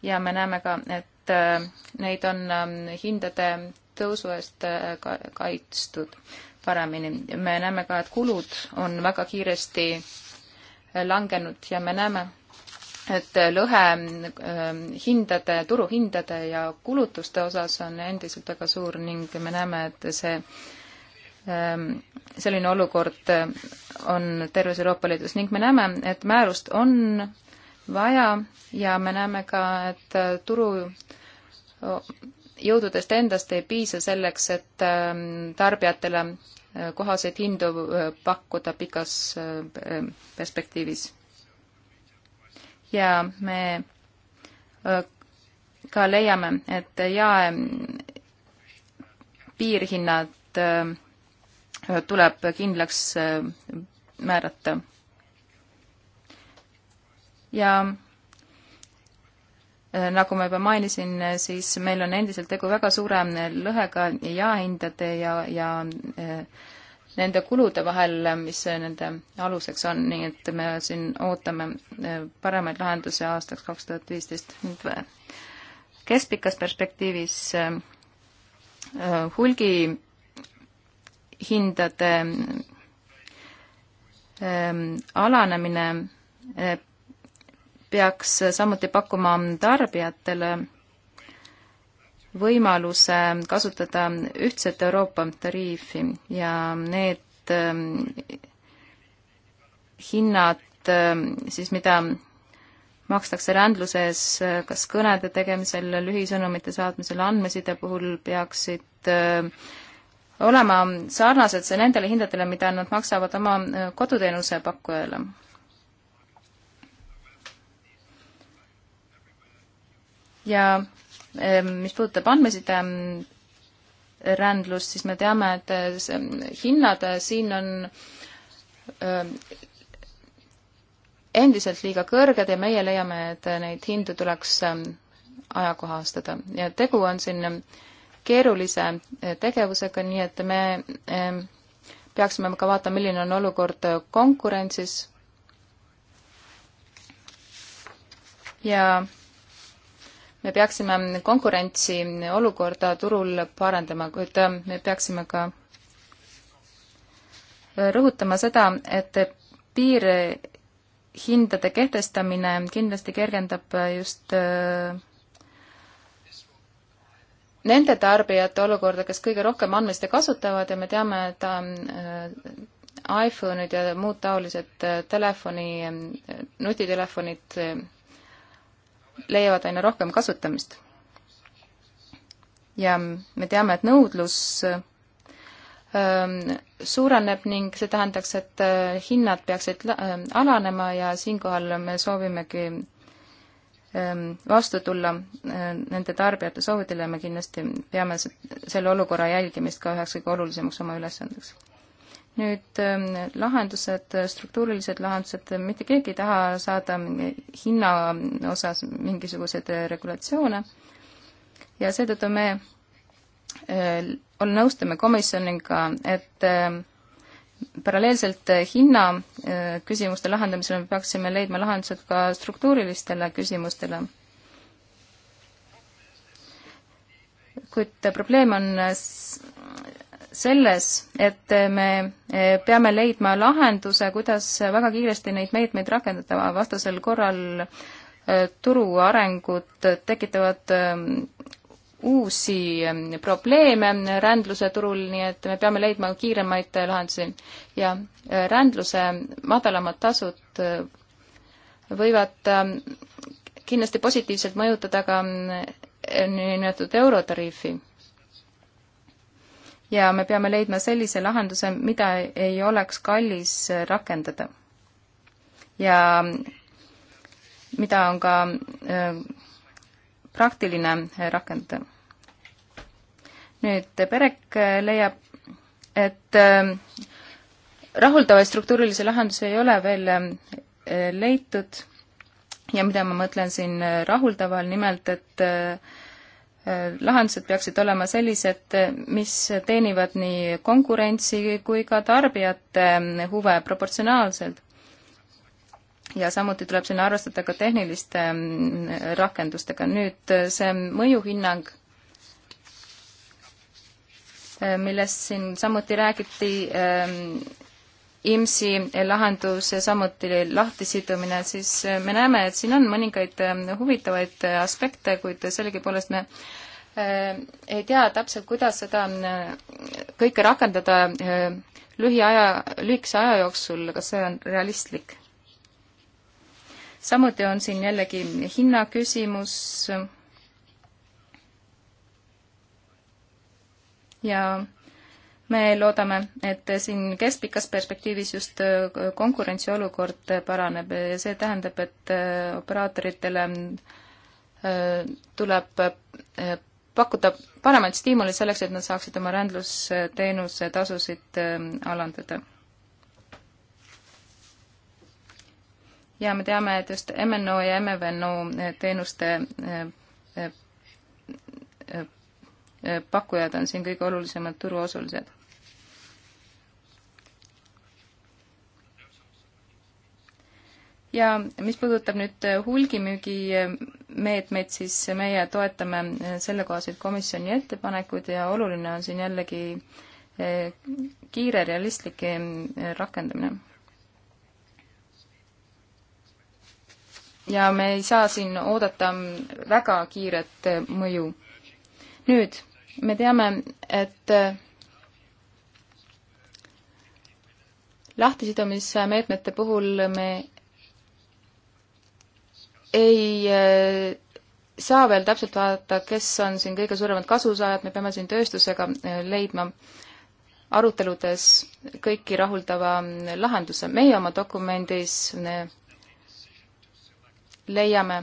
Speaker 2: ja me näeme ka, et neid on mm, hindade tõusu eest äh, kaitstud paremini. me näeme ka, et kulud on väga kiiresti äh, langenud ja me näeme, et lõhe ähm, hindade, turuhindade ja kulutuste osas on endiselt väga suur ning me näeme, et see ähm, selline olukord äh, on terves Euroopa Liidus ning me näeme, et määrust on vaja ja me näeme ka, et turu jõududest endast ei piisa selleks, et ähm, tarbijatele äh, kohaseid hindu äh, pakkuda pikas äh, perspektiivis. ja me ka leiame, et jae piirhinnad tuleb kindlaks määrata. ja Äh, nagu ma juba mainisin, äh, siis meil on endiselt tegu väga suure äh, lõhega jaehindade ja, ja nende kulude vahel, mis nende aluseks on, nii et me siin ootame paremaid lahendusi aastaks kaks tuhat viisteist. keskpikas perspektiivis hulgihindade alanemine peaks samuti pakkuma tarbijatele võimaluse kasutada ühtset Euroopa tariifi ja need ähm, hinnad ähm, siis, mida makstakse rändluses äh, kas kõnede tegemisel, lühisõnumite saatmisel, andmeside puhul peaksid ähm, olema sarnased nendele hindadele, mida nad maksavad oma äh, koduteenuse pakkujale ja mis puudutab andmeside rändlust, siis me teame, et eh, hinnad eh, siin on endiselt liiga kõrged ja meie leiame, et eh, neid hindu tuleks ajakohastada ja tegu on siin keerulise tegevusega, nii et me peaksime ka vaatama, milline on olukord konkurentsis ja me peaksime konkurentsi olukorda turul parandama, kuid äh, me peaksime ka rõhutama seda, et piirhindade kehtestamine kindlasti kergendab äh, just äh, nende tarbijate olukorda, kes kõige rohkem andmeste kasutavad ja me teame, et iPhone'id ja muud taolised telefoni, nutitelefonid leiavad aina rohkem kasutamist. ja me teame, et nõudlus ähm, suureneb ning see tähendaks, et äh, hinnad peaksid äh, alanema ja siinkohal me soovimegi ähm, vastu tulla äh, nende tarbijate soovidele ja me kindlasti peame selle olukorra jälgimist ka üheks kõige olulisemaks oma ülesandeks nüüd ähm, lahendused, struktuurilised lahendused, mitte keegi ei taha saada hinna osas mingisuguseid regulatsioone ja seetõttu me äh, on, nõustume komisjoniga, et ähm, paralleelselt hinna äh, küsimuste lahendamisele me peaksime leidma lahendused ka struktuurilistele küsimustele kuid probleem on selles, et me peame leidma lahenduse, kuidas väga kiiresti neid meetmeid rakendada, vastasel korral turu arengud tekitavad uusi probleeme rändluse turul, nii et me peame leidma kiiremaid lahendusi. ja rändluse madalamad tasud võivad kindlasti positiivselt mõjutada ka niinimetatud eurotariifi ja me peame leidma sellise lahenduse, mida ei oleks kallis rakendada. ja mida on ka praktiline rakendada. nüüd Perek leiab, et rahuldavaid struktuurilisi lahendusi ei ole veel leitud ja mida ma mõtlen siin rahuldaval, nimelt et lahendused peaksid olema sellised, mis teenivad nii konkurentsi kui ka tarbijate huve proportsionaalselt. ja samuti tuleb sinna arvestada ka tehniliste mm, rakendustega. nüüd äh, see mõjuhinnang, äh, millest siin samuti räägiti, ähm, IMSI lahendus ja samuti lahtisidumine, siis me näeme, et siin on mõningaid äh, huvitavaid äh, aspekte, kuid sellegipoolest me äh, ei tea täpselt, kuidas seda kõike rakendada lühiaja, lühikese aja jooksul, kas see on realistlik? samuti on siin jällegi hinna küsimus ja me loodame, et siin keskpikas perspektiivis just äh, konkurentsiolukord paraneb ja see tähendab, et äh, operaatoritele äh, tuleb pakkuda paremaid stiimuleid selleks, et nad saaksid oma rändlusteenuse tasusid alandada. ja me teame, et just MNO ja MVNO teenuste pakkujad on siin kõige olulisemad turuosalised ja mis puudutab nüüd äh, hulgimüügimeetmeid, äh, siis meie toetame äh, sellekohaseid komisjoni ettepanekuid ja oluline on siin jällegi kiire realistlik rakendamine. ja me ei saa siin oodata mm, väga kiiret mõju. nüüd, me teame, et lahtisidumismeetmete puhul me ei äh, saa veel täpselt vaadata, kes on siin kõige suuremad kasusaajad, me peame siin tööstusega äh, leidma aruteludes kõiki rahuldava äh, lahenduse. meie oma dokumendis leiame,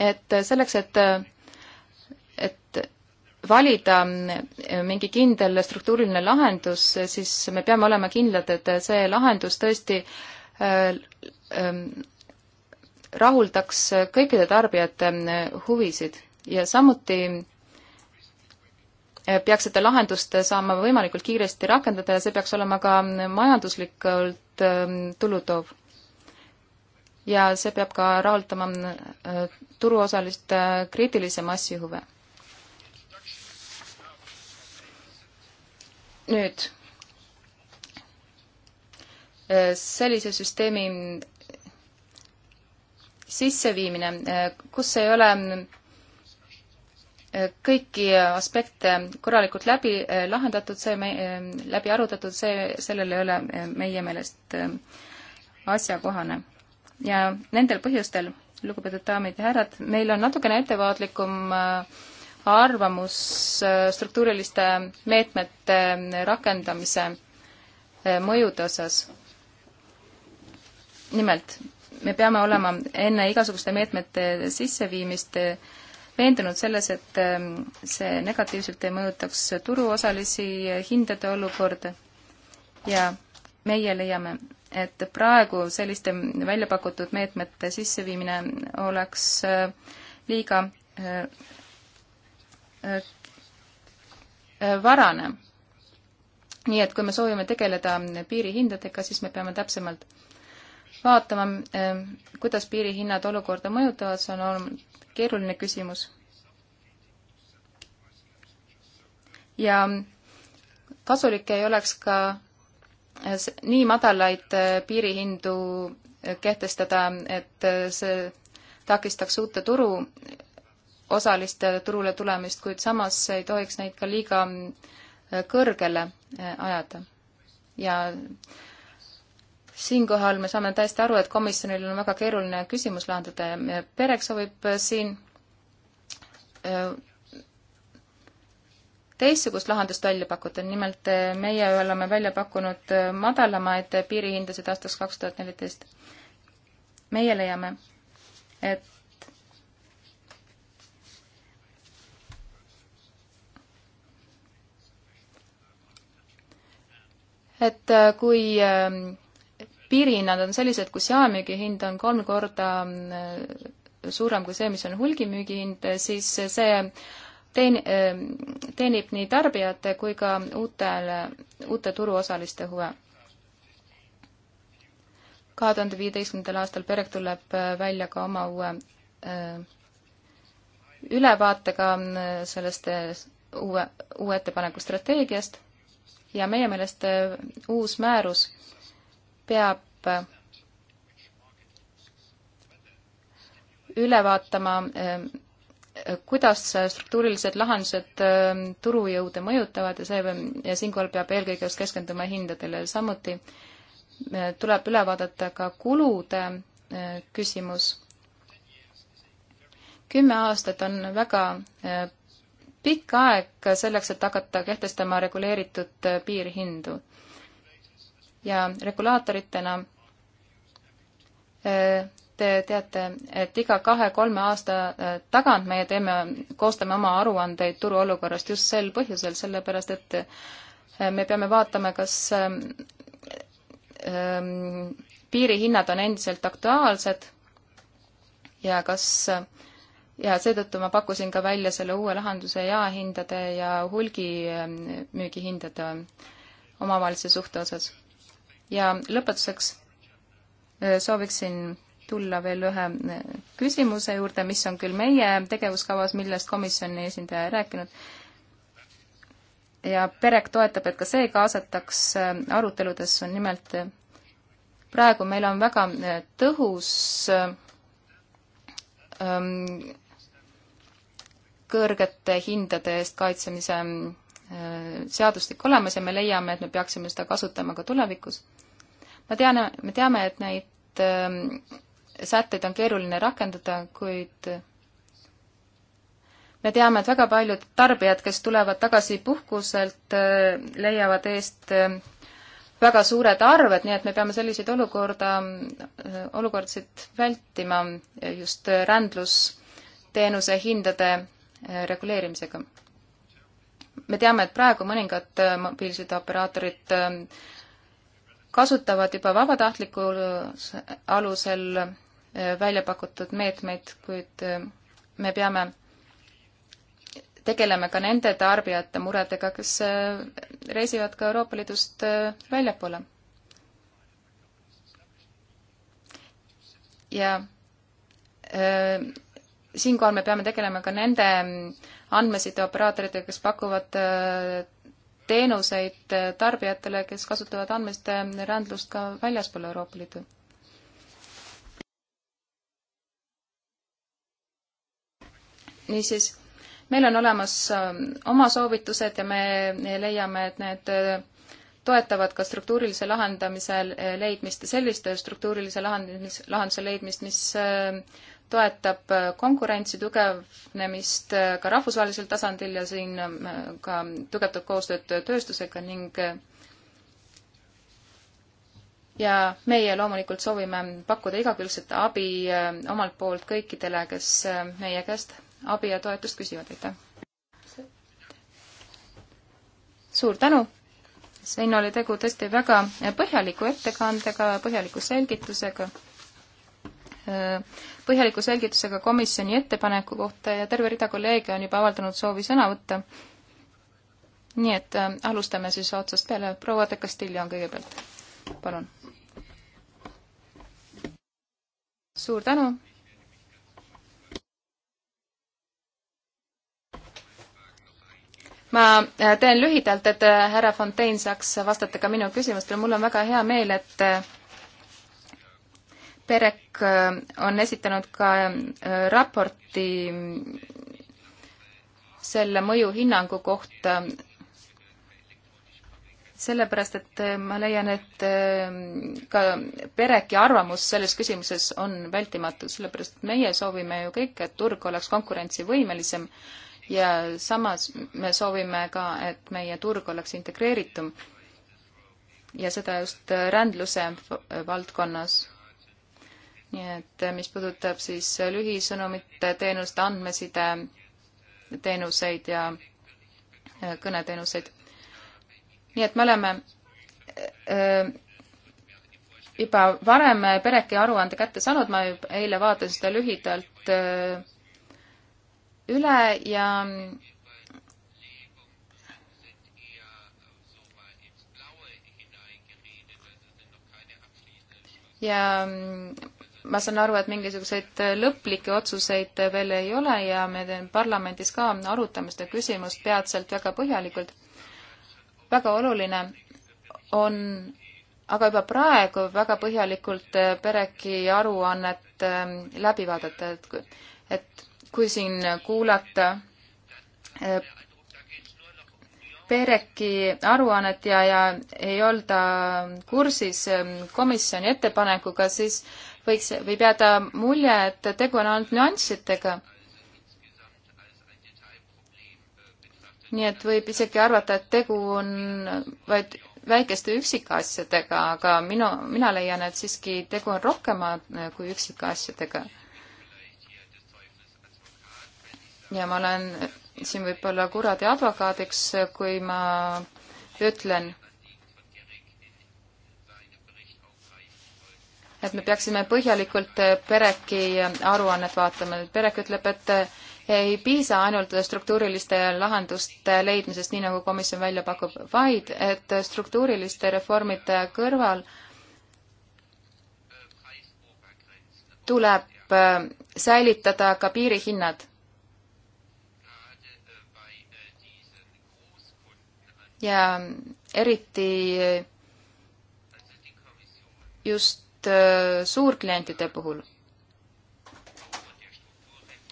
Speaker 2: et selleks, et, et valida mingi kindel struktuuriline lahendus, siis me peame olema kindlad, et see lahendus tõesti ähm, rahuldaks kõikide tarbijate huvisid ja samuti eh, peaks seda lahendust saama võimalikult kiiresti rakendada ja see peaks olema ka majanduslikult eh, tulutoov. ja see peab ka rahuldama eh, turuosaliste kriitilise massi huve. nüüd, sellise süsteemi sisseviimine, kus ei ole eh, kõiki aspekte korralikult läbi eh, lahendatud, see me, eh, läbi arutatud, see, sellel ei ole meie meelest asjakohane. ja nendel põhjustel, lugupeetud daamid ja härrad, meil on natukene ettevaatlikum arvamus struktuuriliste meetmete rakendamise mõjude osas. nimelt, me peame olema enne igasuguste meetmete sisseviimist veendunud selles, et ähm, see negatiivselt ei mõjutaks turuosalisi hindade olukorda ja meie leiame, et praegu selliste välja pakutud meetmete sisseviimine oleks äh, liiga äh, äh, varane. nii et kui me soovime tegeleda piirihindadega, siis me peame täpsemalt vaatama, ehm, kuidas piirihinnad olukorda mõjutavad, see on olnud keeruline küsimus. ja kasulik ei oleks ka eh, nii madalaid eh, piirihindu eh, kehtestada, et see takistaks uute turu, osaliste turule tulemist, kuid samas ei tohiks neid ka liiga kõrgele ajada. ja siinkohal me saame täiesti aru, et komisjonil on väga keeruline küsimus lahendada ja pereks soovib äh, siin äh, teistsugust lahendust välja pakkuda, nimelt äh, meie oleme välja pakkunud madalamaid piirihindasid aastaks kaks tuhat neliteist. meie leiame, et et kui piirihinnad on sellised, kus jaemüügi hind on kolm korda äh, suurem kui see, mis on hulgimüügi hind, siis see teen-, äh, teenib nii tarbijate kui ka uutele, uute turuosaliste huve. kahe tuhande viieteistkümnendal aastal PEREK tuleb äh, välja ka oma uue ülevaatega sellest uue, uue ettepaneku strateegiast ja meie meelest uus määrus peab üle vaatama, eh, kuidas struktuurilised lahendused eh, turujõude mõjutavad ja see, ja siinkohal peab eelkõige just keskenduma hindadele, samuti eh, tuleb üle vaadata ka kulude küsimus. kümme aastat on väga pikk aeg selleks, et hakata kehtestama reguleeritud piirhindu ja regulaatoritena äh, te teate, et iga kahe-kolme aasta äh, tagant meie teeme, koostame oma aruandeid turuolukorrast just sel põhjusel, sellepärast et äh, me peame vaatama, kas ähm, ähm, piirihinnad on endiselt aktuaalsed ja kas ja seetõttu ma pakkusin ka välja selle uue lahenduse jaehindade ja hulgimüügihindade omavahelise suhte osas ja lõpetuseks äh, sooviksin tulla veel ühe äh, küsimuse juurde, mis on küll meie tegevuskavas, millest komisjoni esindaja ei rääkinud. ja PEREK toetab, et ka see kaasataks äh, aruteludesse, on nimelt praegu meil on väga tõhus ähm, kõrgete hindade eest kaitsemise mm, seadustik olemas ja me leiame, et me peaksime seda kasutama ka tulevikus. ma tean, me teame, et neid ähm, sätteid on keeruline rakendada, kuid me teame, et väga paljud tarbijad, kes tulevad tagasi puhkuselt, äh, leiavad eest ähm, väga suured arved, nii et me peame selliseid olukorda, äh, olukordasid vältima just rändlusteenuse hindade äh, reguleerimisega me teame, et praegu mõningad äh, mobiilsideoperaatorid äh, kasutavad juba vabatahtlikul äh, alusel välja pakutud meetmeid, kuid me peame tegeleme ka nende tarbijate muredega, kes reisivad ka Euroopa Liidust väljapoole. ja siinkohal me peame tegelema ka nende andmesideoperaatoritega, kes pakuvad äh, teenuseid äh, tarbijatele, kes kasutavad andmeste äh, rändlust ka väljaspool Euroopa Liitu. niisiis, meil on olemas oma soovitused ja me leiame, et need toetavad ka struktuurilise lahendamise leidmist ja selliste struktuurilise lahendamis, lahenduse leidmist, mis toetab äh, konkurentsi tugevnemist äh, ka rahvusvahelisel tasandil ja siin äh, ka tugevdab koostööd tööstusega ning ja meie loomulikult soovime pakkuda igakülgset abi omalt poolt kõikidele, kes meie käest abi ja toetust küsivad, aitäh! suur tänu! Svein oli tegu tõesti väga põhjaliku ettekandega, põhjaliku selgitusega Äh, põhjaliku selgitusega komisjoni ettepaneku kohta ja terve rida kolleege on juba avaldanud soovi sõna võtta. nii et äh, alustame siis otsast peale, proua de Castillo on kõigepealt, palun. suur tänu. ma äh, teen lühidalt, et äh, härra Fontaine saaks vastata ka minu küsimustele, mul on väga hea meel, et Perek äh, on esitanud ka äh, raporti selle mõjuhinnangu kohta, sellepärast et äh, ma leian, et ka Pereki arvamus selles küsimuses on vältimatu, sellepärast et meie soovime ju kõik, et turg oleks konkurentsivõimelisem ja samas me soovime ka, et meie turg oleks integreeritum ja seda just rändluse valdkonnas nii et eh, mis puudutab siis eh, lühisõnumite teenust, andmeside teenuseid ja eh, kõneteenuseid. nii et me oleme juba varem Pereki aruande kätte saanud, ma eile vaatasin seda lühidalt üle ja ja mm, ma saan aru, et mingisuguseid lõplikke otsuseid veel ei ole ja me parlamendis ka arutame seda küsimust peatselt väga põhjalikult. väga oluline on aga juba praegu väga põhjalikult pereki aruannet ähm, läbi vaadata, et, et kui siin kuulata äh, Pereki aruannet ja, ja ei olda kursis ähm, komisjoni ettepanekuga, siis võiks, võib jääda mulje, et tegu on ainult nüanssidega. nii et võib isegi arvata, et tegu on vaid väikeste üksikasjadega, aga minu, mina leian, et siiski tegu on rohkema äh, kui üksikasjadega. ja ma olen siin võib-olla kuradi advokaadiks, kui ma ütlen, et me peaksime põhjalikult eh, Pereki eh, aruannet vaatama. Perek ütleb, et eh, ei piisa ainult struktuuriliste lahenduste leidmisest, nii nagu komisjon välja pakub, vaid et struktuuriliste reformide kõrval tuleb säilitada ka piirihinnad. ja eriti just just äh, suurklientide puhul.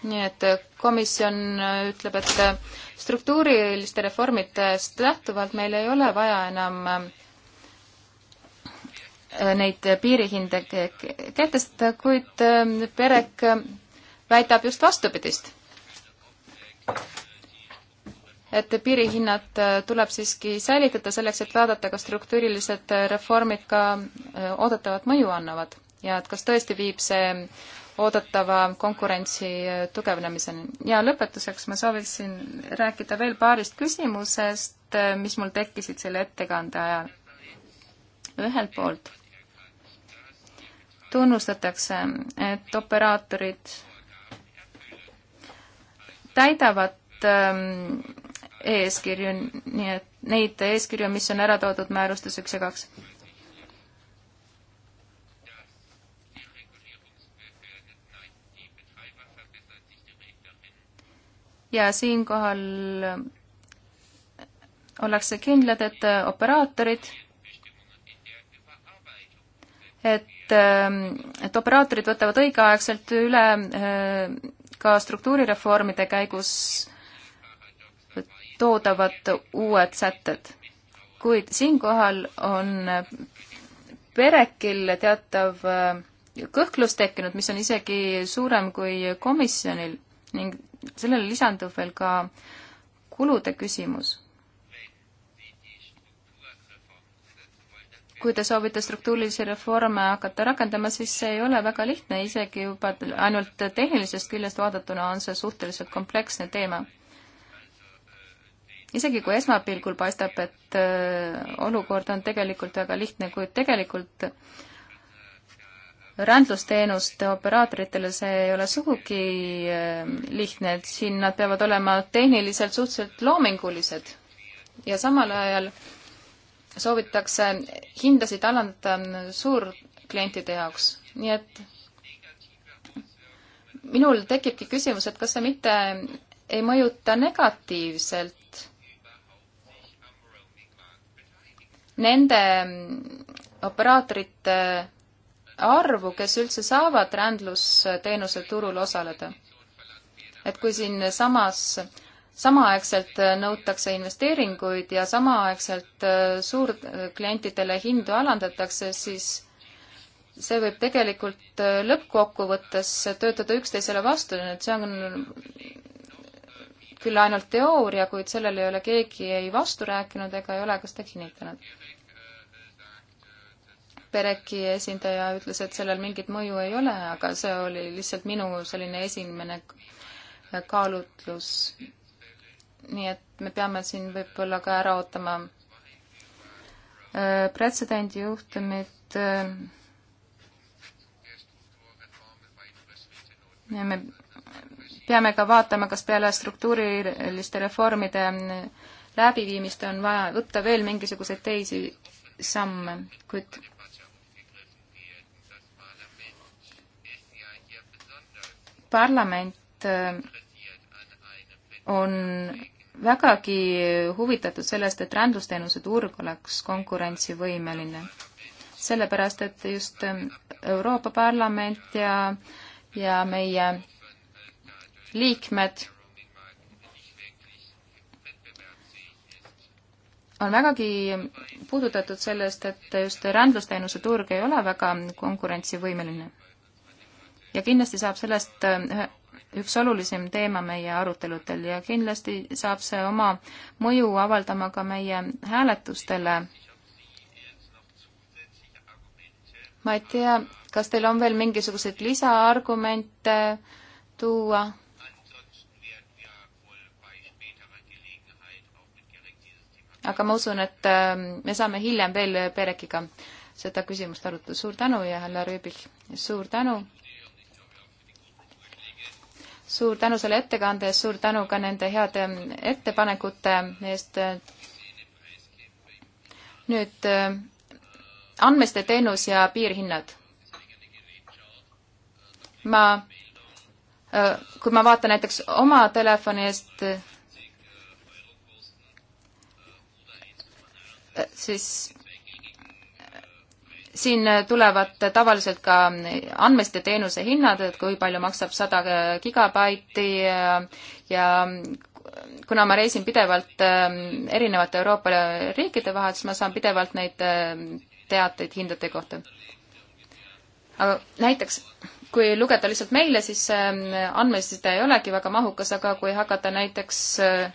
Speaker 2: nii et äh, komisjon äh, ütleb, et struktuuriliste reformidest lähtuvalt meil ei ole vaja enam neid piirihinde kehtestada, kuid Perek väidab just vastupidist et piirihinnad äh, tuleb siiski säilitada selleks, et vaadata, kas struktuurilised äh, reformid ka äh, oodatavat mõju annavad ja et kas tõesti viib see oodatava konkurentsi tugevnemiseni. ja lõpetuseks ma sooviksin rääkida veel paarist küsimusest, mis mul tekkisid selle ettekande ajal. ühelt poolt tunnustatakse, et operaatorid täidavad ähm, eeskirju, nii et neid eeskirju, mis on ära toodud määrustes üks ja kaks. ja siinkohal ollakse kindlad, et operaatorid et, et operaatorid võtavad õigeaegselt üle äh, ka struktuurireformide käigus toodavad uued sätted. kuid siinkohal on Perekil teatav äh, kõhklus tekkinud, mis on isegi suurem kui komisjonil ning sellele lisandub veel ka kulude küsimus. kui te soovite struktuurilisi reforme hakata rakendama, siis see ei ole väga lihtne, isegi juba ainult tehnilisest küljest vaadatuna on see suhteliselt kompleksne teema isegi kui esmapilgul paistab, et äh, olukord on tegelikult väga lihtne, kuid tegelikult rändlusteenuste operaatoritele see ei ole sugugi äh, lihtne, et siin nad peavad olema tehniliselt suhteliselt loomingulised ja samal ajal soovitakse hindasid alandada suurklientide jaoks, nii et minul tekibki küsimus, et kas see mitte ei mõjuta negatiivselt nende mm, operaatorite äh, arvu, kes üldse saavad rändlusteenuse turul osaleda. et kui siinsamas samaaegselt äh, nõutakse investeeringuid ja samaaegselt äh, suurklientidele hindu alandatakse, siis see võib tegelikult lõppkokkuvõttes töötada üksteisele vastu, nii et see on küll ainult teooria, kuid sellele ei ole keegi ei vastu rääkinud ega ei ole ka seda kinnitanud. Pereki esindaja ütles, et sellel mingit mõju ei ole, aga see oli lihtsalt minu selline esimene kaalutlus. nii et me peame siin võib-olla ka ära ootama äh, pretsedendi juhtumit äh, ja me peame ka vaatama, kas peale struktuuriliste reformide läbiviimist on vaja võtta veel mingisuguseid teisi samme, kuid parlament äh, on vägagi huvitatud sellest, et rändusteenuse turg oleks konkurentsivõimeline. sellepärast, et just äh, Euroopa Parlament ja, ja meie liikmed on vägagi puudutatud sellest, et just rändlusteenuse turg ei ole väga konkurentsivõimeline. ja kindlasti saab sellest äh, üks olulisem teema meie aruteludel ja kindlasti saab see oma mõju avaldama ka meie hääletustele. ma ei tea, kas teil on veel mingisuguseid lisaargumente tuua aga ma usun, et ähm, me saame hiljem veel Perekiga seda küsimust arutada. suur tänu ja härra Rüübil, suur tänu! suur tänu selle ettekande eest, suur tänu ka nende heade ähm, ettepanekute eest. nüüd ähm, andmeste teenus ja piirhinnad. ma, äh, kui ma vaatan näiteks oma telefoni eest siis siin tulevad tavaliselt ka andmeste teenuse hinnad, et kui palju maksab sada gigabaiti ja, ja kuna ma reisin pidevalt ähm, erinevate Euroopa riikide vahel, siis ma saan pidevalt neid ähm, teateid hindade kohta. aga näiteks, kui lugeda lihtsalt meile, siis ähm, andmesiside ei olegi väga mahukas, aga kui hakata näiteks äh,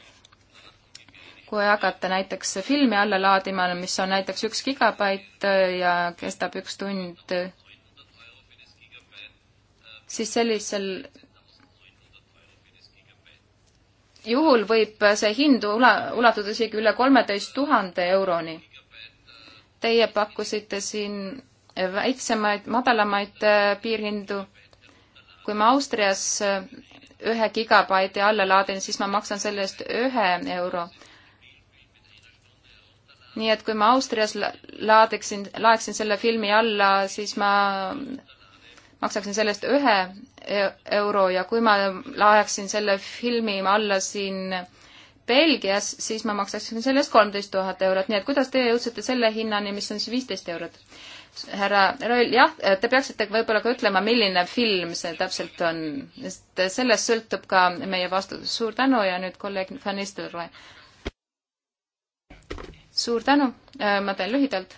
Speaker 2: kui hakata näiteks filmi alla laadima, mis on näiteks üks gigabait ja kestab üks tund, siis sellisel juhul võib see hind ula-, ulatuda isegi üle kolmeteist tuhande euroni. Teie pakkusite siin väiksemaid, madalamaid äh, piirhindu. kui ma Austrias äh, ühe gigabaiti alla laadin, siis ma maksan selle eest ühe euro, nii et kui ma Austrias laadiksin, laeksin selle filmi alla, siis ma maksaksin sellest ühe e-, euro ja kui ma laeksin selle filmi alla siin Belgias, siis ma maksaksin selle eest kolmteist tuhat eurot, nii et kuidas teie jõudsite selle hinnani, mis on siis viisteist eurot? härra Roll, jah, te peaksite võib-olla ka ütlema, milline film see täpselt on, sest sellest sõltub ka meie vastus. suur tänu ja nüüd kolleeg Van Nistelrooy suur tänu, äh, ma teen lühidalt.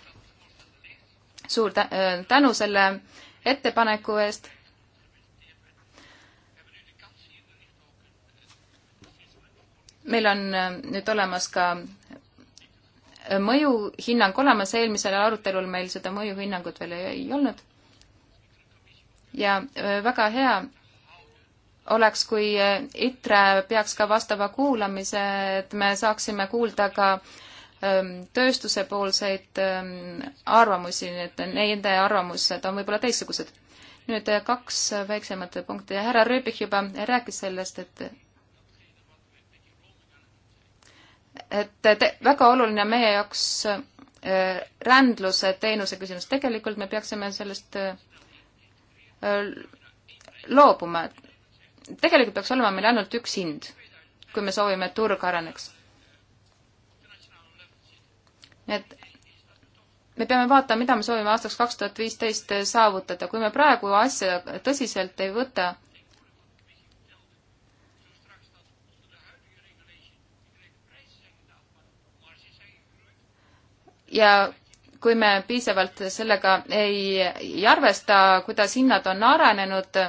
Speaker 2: suur äh, tänu selle ettepaneku eest. meil on äh, nüüd olemas ka mõjuhinnang olemas, eelmisel arutelul meil seda mõjuhinnangut veel ei, ei olnud. ja väga hea oleks, kui ITRE peaks ka vastava kuulamise, et me saaksime kuulda ka äh, Ähm, tööstuse poolseid ähm, arvamusi, nii et nende arvamused on võib-olla teistsugused. nüüd äh, kaks väiksemat punkti, härra Rüübik juba rääkis sellest, et et te, väga oluline on meie jaoks äh, rändluse teenuse küsimus, tegelikult me peaksime sellest äh, loobuma, et tegelikult peaks olema meil ainult üks hind, kui me soovime, et turg areneks nii et me peame vaatama, mida me soovime aastaks kaks tuhat viisteist saavutada, kui me praegu asja tõsiselt ei võta, ja kui me piisavalt sellega ei, ei arvesta, kuidas hinnad on arenenud,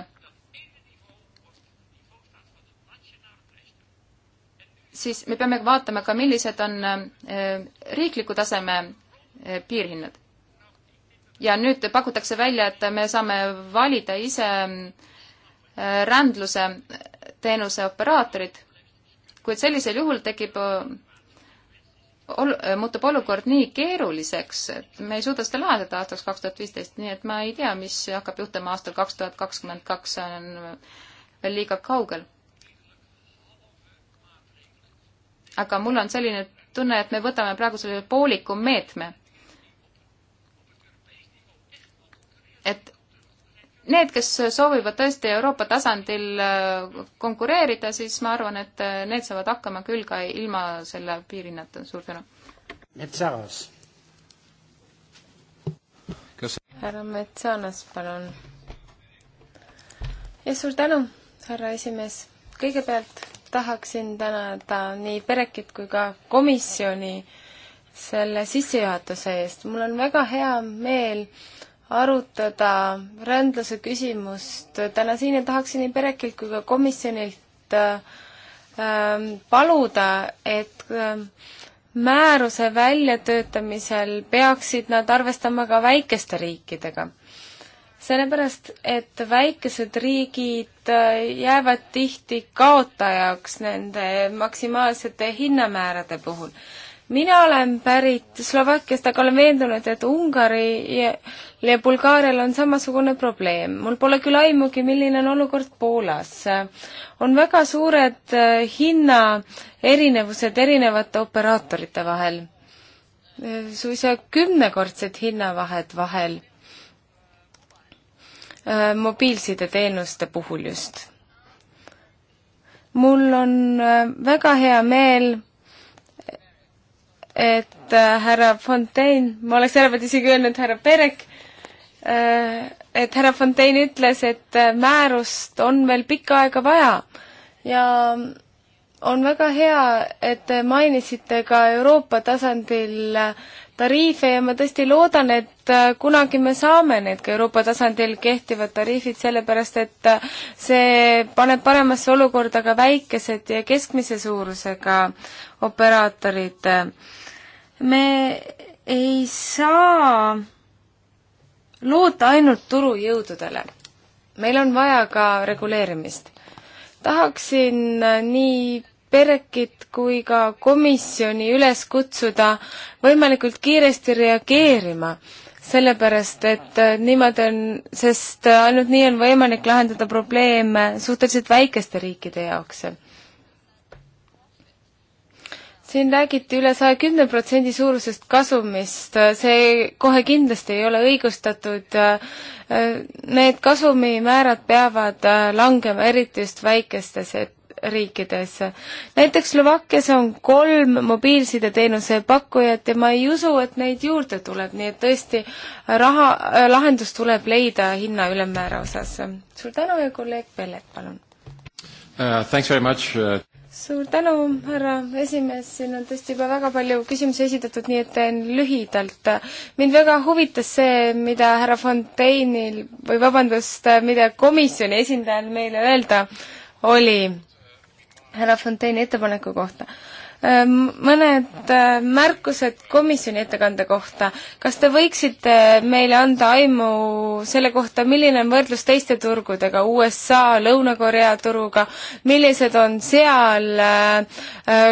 Speaker 2: siis me peame vaatama ka, millised on äh, riikliku taseme äh, piirhinnad. ja nüüd pakutakse välja, et me saame valida ise äh, rändluse teenuse operaatorid, kuid sellisel juhul tekib ol-, muutub olukord nii keeruliseks, et me ei suuda seda lahendada aastaks kaks tuhat viisteist, nii et ma ei tea, mis hakkab juhtuma aastal kaks tuhat kakskümmend kaks, see on veel liiga kaugel aga mul on selline tunne, et me võtame praegu selle pooliku meetme. et need, kes soovivad tõesti Euroopa tasandil äh, konkureerida, siis ma arvan, et äh, need saavad hakkama küll ka ilma selle piirhinnata, suur tänu.
Speaker 1: Metsaos.
Speaker 2: härra Metsanas, palun.
Speaker 1: jah, suur tänu, härra esimees. kõigepealt tahaksin tänada nii Perekit kui ka komisjoni selle sissejuhatuse eest. mul on väga hea meel arutada rändluse küsimust täna siin ja tahaksin nii Perekilt kui ka komisjonilt äh, paluda, et äh, määruse väljatöötamisel peaksid nad arvestama ka väikeste riikidega sellepärast, et väikesed riigid äh, jäävad tihti kaotajaks nende maksimaalsete hinnamäärade puhul. mina olen pärit Slovakkiast, aga olen veendunud, et Ungari ja, ja Bulgaarial on samasugune probleem. mul pole küll aimugi, milline on olukord Poolas. on väga suured äh, hinnaerinevused erinevate operaatorite vahel, äh, suisa kümnekordsed hinnavahed vahel Äh, mobiilsideteenuste puhul just. mul on äh, väga hea meel, et äh, härra Fontaine, ma oleks ära pealt isegi öelnud härra Perek, et härra Fontaine ütles, et määrust on veel pikka aega vaja ja on väga hea, et te mainisite ka Euroopa tasandil tariife ja ma tõesti loodan, et äh, kunagi me saame need ka Euroopa tasandil kehtivad tariifid, sellepärast et äh, see paneb paremasse olukorda ka väikesed ja keskmise suurusega operaatorid. me ei saa loota ainult turujõududele. meil on vaja ka reguleerimist. tahaksin äh, nii Berekit kui ka komisjoni üles kutsuda võimalikult kiiresti reageerima, sellepärast et äh, niimoodi on, sest äh, ainult nii on võimalik lahendada probleeme suhteliselt väikeste riikide jaoks. siin räägiti üle saja kümne protsendi suurusest kasumist, äh, see kohe kindlasti ei ole õigustatud. Need kasumimäärad peavad langema eriti just väikestes et riikides. näiteks Slovakkias on kolm mobiilsideteenuse pakkujat ja ma ei usu, et neid juurde tuleb, nii et tõesti raha, lahendus tuleb leida hinna ülemmäära osas. suur tänu ja kolleeg Pellet, palun uh,! Thanks very much uh...! suur tänu, härra esimees, siin on tõesti juba väga palju küsimusi esitatud, nii et teen lühidalt. mind väga huvitas see, mida härra Fonteinil või vabandust, mida komisjoni esindajal meile öelda oli härra Fontaine ettepaneku kohta. Ehm, mõned ehm, märkused komisjoni ettekande kohta. kas te võiksite meile anda aimu selle kohta, milline on võrdlus teiste turgudega, USA, Lõuna-Korea turuga, millised on seal ehm,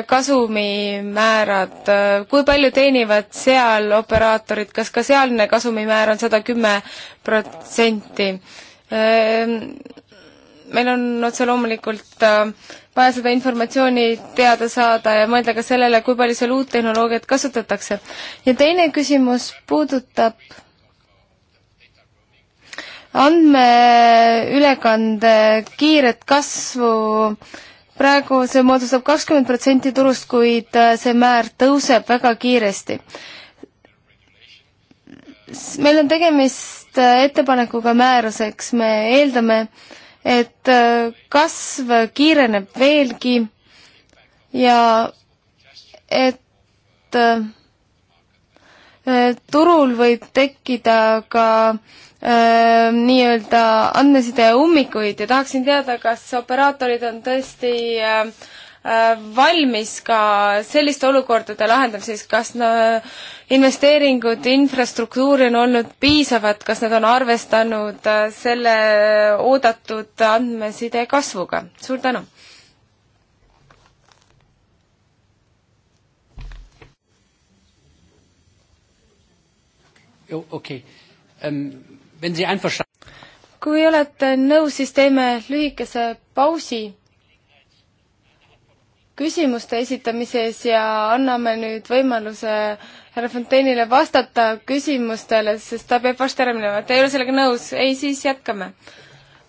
Speaker 1: kasumimäärad, kui palju teenivad seal operaatorid, kas ka sealne kasumimäär on sada kümme protsenti? meil on otse loomulikult äh, vaja seda informatsiooni teada saada ja mõelda ka sellele, kui palju seal uut tehnoloogiat kasutatakse. ja teine küsimus puudutab andmeülekande kiiret kasvu. praegu see moodustab kakskümmend protsenti turust, kuid äh, see määr tõuseb väga kiiresti. meil on tegemist äh, ettepanekuga määruseks, me eeldame, et äh, kasv kiireneb veelgi ja et äh, äh, turul võib tekkida ka äh, nii-öelda andmeside ummikuid ja tahaksin teada, kas operaatorid on tõesti äh, Äh, valmis ka selliste olukordade lahendamiseks, kas investeeringud infrastruktuuri on olnud piisavad, kas nad on arvestanud äh, selle oodatud andmeside kasvuga? suur tänu!
Speaker 3: okei okay., ähm,
Speaker 1: kui olete nõus, siis teeme lühikese pausi küsimuste esitamises ja anname nüüd võimaluse härra Fonteinile vastata küsimustele, sest ta peab varsti ära minema. Te ei ole sellega nõus? ei, siis jätkame.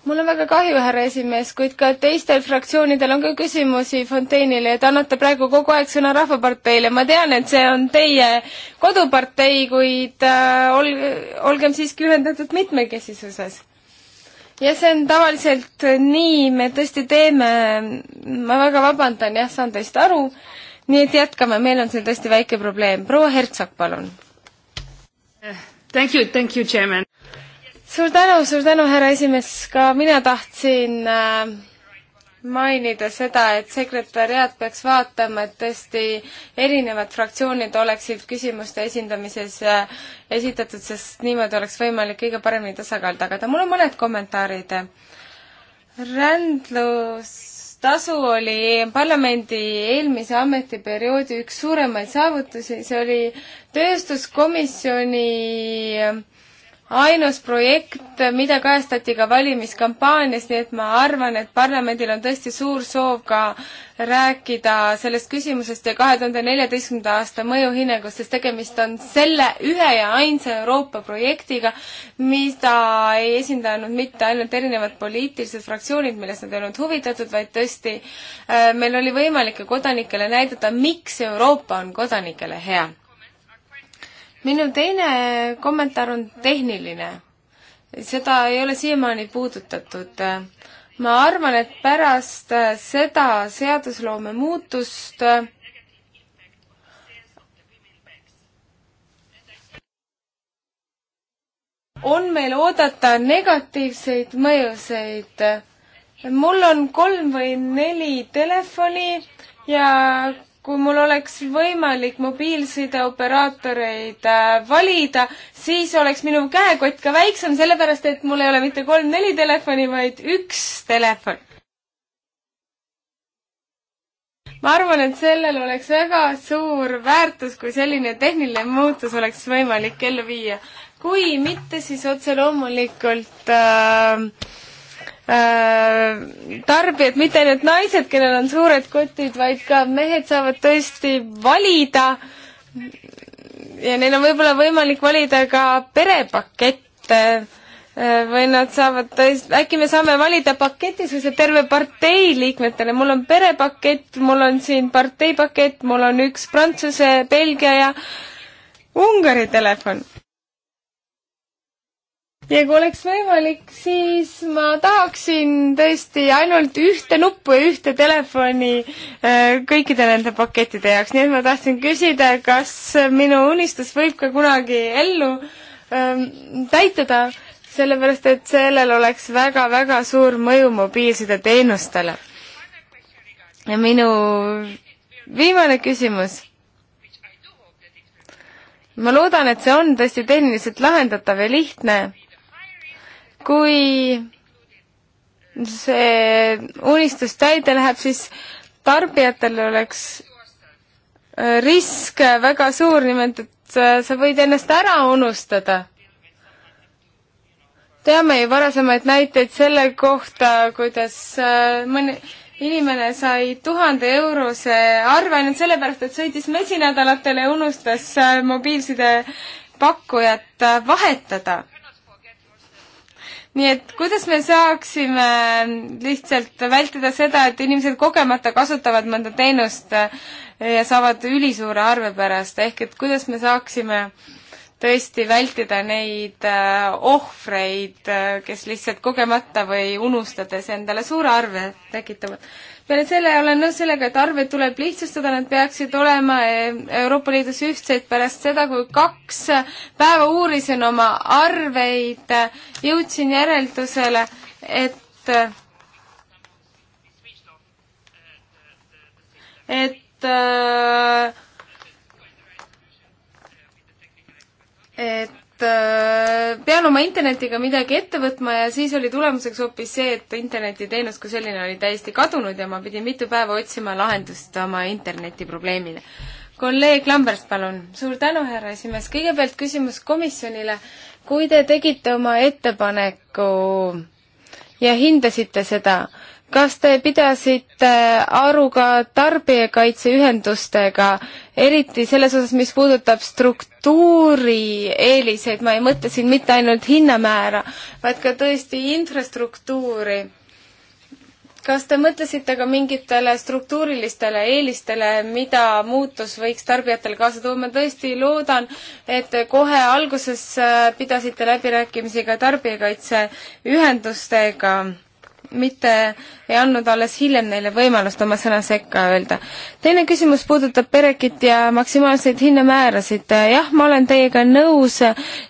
Speaker 1: mul on väga kahju, härra esimees, kuid ka teistel fraktsioonidel on ka küsimusi Fonteinile ja te annate praegu kogu aeg sõna Rahvaparteile. ma tean, et see on teie kodupartei, kuid äh, ol, olgem siiski ühendatud mitmekesisuses ja see on tavaliselt nii, me tõesti teeme, ma väga vabandan, jah, saan teist aru, nii et jätkame, meil on siin tõesti väike probleem. proua Hertsak, palun. Eh, thank you, thank you, chairman. suur tänu, suur tänu, härra esimees, ka mina tahtsin äh, mainida seda, et sekretäriaat peaks vaatama, et tõesti erinevad fraktsioonid oleksid küsimuste esindamises äh, esitatud, sest niimoodi oleks võimalik kõige paremini tasakaal tagada. mul on mõned kommentaarid. rändlustasu oli parlamendi eelmise ametiperioodi üks suuremaid saavutusi, see oli tööstuskomisjoni ainus projekt, mida kajastati ka valimiskampaanias, nii et ma arvan, et parlamendil on tõesti suur soov ka rääkida sellest küsimusest ja kahe tuhande neljateistkümnenda aasta mõjuhinnangust, sest tegemist on selle ühe ja ainsa Euroopa projektiga, mida ei esindanud mitte ainult erinevad poliitilised fraktsioonid, millest nad ei olnud huvitatud, vaid tõesti äh, meil oli võimalik kodanikele näidata, miks Euroopa on kodanikele hea minu teine kommentaar on tehniline. seda ei ole siiamaani puudutatud. ma arvan, et pärast seda seadusloome muutust on meil oodata negatiivseid mõjuseid. mul on kolm või neli telefoni ja kui mul oleks võimalik mobiilsideoperaatoreid äh, valida, siis oleks minu käekott ka väiksem, sellepärast et mul ei ole mitte kolm-neli telefoni, vaid üks telefon. ma arvan, et sellel oleks väga suur väärtus, kui selline tehniline muutus oleks võimalik ellu viia. kui mitte, siis otse loomulikult äh, Äh, tarbijad, mitte ainult naised, kellel on suured kotid, vaid ka mehed saavad tõesti valida ja neil on võib-olla võimalik valida ka perepakette äh, või nad saavad tõesti, äkki me saame valida paketis või see terve partei liikmetele, mul on perepakett, mul on siin parteipakett, mul on üks Prantsuse, Belgia ja Ungari telefon ja kui oleks võimalik, siis ma tahaksin tõesti ainult ühte nuppu ja ühte telefoni äh, kõikide nende pakettide jaoks, nii et ma tahtsin küsida, kas minu unistus võib ka kunagi ellu ähm, täituda, sellepärast et sellel oleks väga-väga suur mõju mobiilside teenustele. ja minu viimane küsimus ma loodan, et see on tõesti tehniliselt lahendatav ja lihtne kui see unistus täide läheb, siis tarbijatel oleks äh, risk väga suur, nimelt et äh, sa võid ennast ära unustada. teame ju varasemaid näiteid selle kohta, kuidas äh, mõni inimene sai tuhande eurose arve ainult sellepärast, et sõitis mesinädalatele ja unustas mobiilside pakkujat vahetada nii et kuidas me saaksime lihtsalt vältida seda, et inimesed kogemata kasutavad mõnda teenust eh, ja saavad ülisuure arve pärast, ehk et kuidas me saaksime tõesti vältida neid eh, ohvreid, eh, kes lihtsalt kogemata või unustades endale suure arve tekitavad peale selle olen nõus sellega, et arved tuleb lihtsustada, nad peaksid olema eh, Euroopa Liidus ühtsed pärast seda, kui kaks päeva uurisin oma arveid, jõudsin järeldusele, et et et Äh, pean oma internetiga midagi ette võtma ja siis oli tulemuseks hoopis see, et internetiteenus kui selline oli täiesti kadunud ja ma pidin mitu päeva otsima lahendust oma internetiprobleemile. kolleeg Lambert, palun. suur tänu, härra esimees. kõigepealt küsimus komisjonile. kui te tegite oma ettepaneku ja hindasite seda, kas te pidasite aru ka tarbijakaitseühendustega, eriti selles osas, mis puudutab struktuuri eeliseid, ma ei mõtle siin mitte ainult hinnamäära, vaid ka tõesti infrastruktuuri kas te mõtlesite ka mingitele struktuurilistele eelistele, mida muutus võiks tarbijatele kaasa tuua, ma tõesti loodan, et kohe alguses pidasite läbirääkimisi ka tarbijakaitseühendustega mitte ei andnud alles hiljem neile võimalust oma sõna sekka öelda. teine küsimus puudutab Berekit ja maksimaalseid hinnamäärasid. jah, ma olen teiega nõus,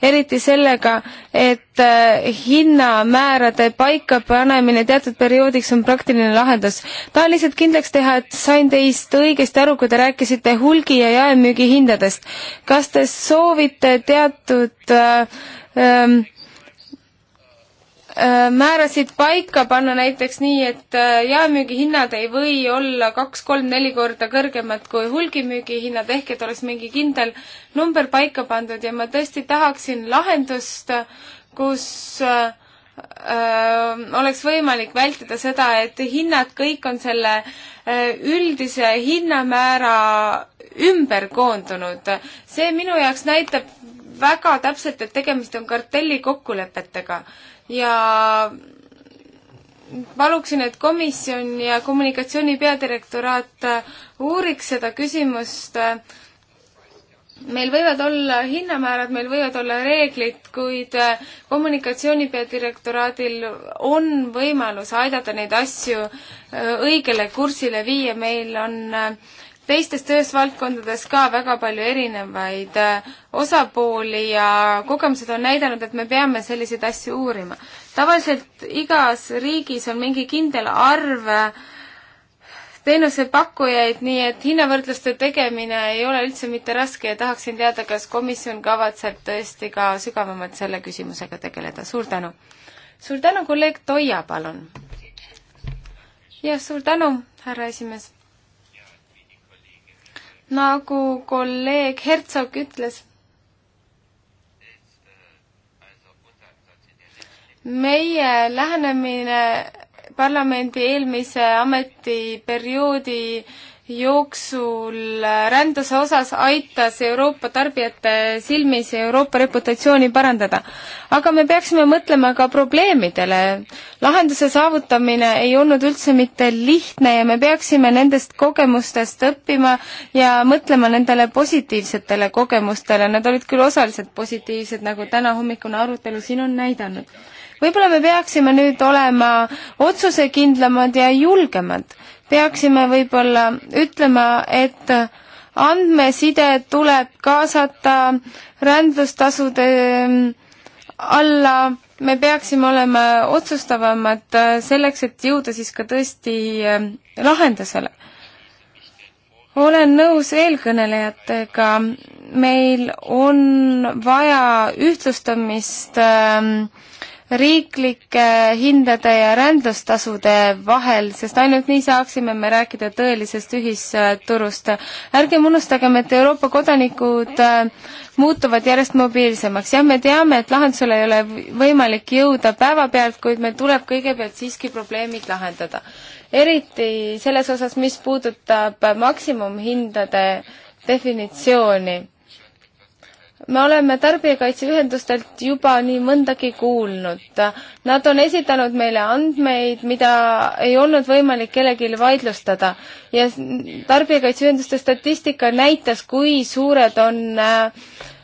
Speaker 1: eriti sellega, et eh, hinnamäärade paikapanemine teatud perioodiks on praktiline lahendus. tahan lihtsalt kindlaks teha, et sain teist õigesti aru, kui te rääkisite hulgi- ja jaemüügi hindadest. kas te soovite teatud äh, ähm, Äh, määrasid paika panna näiteks nii, et äh, jaemüügihinnad ei või olla kaks-kolm-neli korda kõrgemad kui hulgimüügihinnad, ehk et oleks mingi kindel number paika pandud ja ma tõesti tahaksin lahendust, kus öö, äh, oleks võimalik vältida seda, et hinnad kõik on selle üldise hinnamäära ümber koondunud. see minu jaoks näitab väga täpselt, et tegemist on kartellikokkulepetega ja paluksin, et komisjon ja kommunikatsiooni peadirektoraat uuriks seda küsimust. meil võivad olla hinnamäärad, meil võivad olla reeglid, kuid kommunikatsiooni peadirektoraadil on võimalus aidata neid asju õigele kursile viia, meil on äh, teistes töösvaldkondades ka väga palju erinevaid äh, osapooli ja kogemused on näidanud, et me peame selliseid asju uurima. tavaliselt igas riigis on mingi kindel arv äh, teenusepakkujaid, nii et hinnavõrdluste tegemine ei ole üldse mitte raske ja tahaksin teada, kas komisjon kavatseb tõesti ka sügavamalt selle küsimusega tegeleda. suur tänu! suur tänu, kolleeg Toia, palun! jah, suur tänu, härra esimees nagu kolleeg Hertsog ütles. meie lähenemine parlamendi eelmise ametiperioodi jooksul ränduse osas aitas Euroopa tarbijate silmis Euroopa reputatsiooni parandada. aga me peaksime mõtlema ka probleemidele. lahenduse saavutamine ei olnud üldse mitte lihtne ja me peaksime nendest kogemustest õppima ja mõtlema nendele positiivsetele kogemustele. Nad olid küll osaliselt positiivsed, nagu tänahommikune arutelu siin on näidanud. võib-olla me peaksime nüüd olema otsusekindlamad ja julgemad peaksime võib-olla ütlema, et andmeside tuleb kaasata rändlustasude ähm, alla, me peaksime olema otsustavamad äh, selleks, et jõuda siis ka tõesti ähm, lahendusele. olen nõus eelkõnelejatega, meil on vaja ühtlustamist äh, riiklike hindade ja rändlustasude vahel, sest ainult nii saaksime me rääkida tõelisest ühisturust. ärgem unustagem, et Euroopa kodanikud äh, muutuvad järjest mobiilsemaks. jah, me teame, et lahendusele ei ole võimalik jõuda päevapealt, kuid meil tuleb kõigepealt siiski probleemid lahendada. eriti selles osas, mis puudutab maksimumhindade definitsiooni me oleme tarbijakaitseühendustelt juba nii mõndagi kuulnud. Nad on esitanud meile andmeid, mida ei olnud võimalik kellelgi vaidlustada ja tarbijakaitseühenduste statistika näitas, kui suured on äh,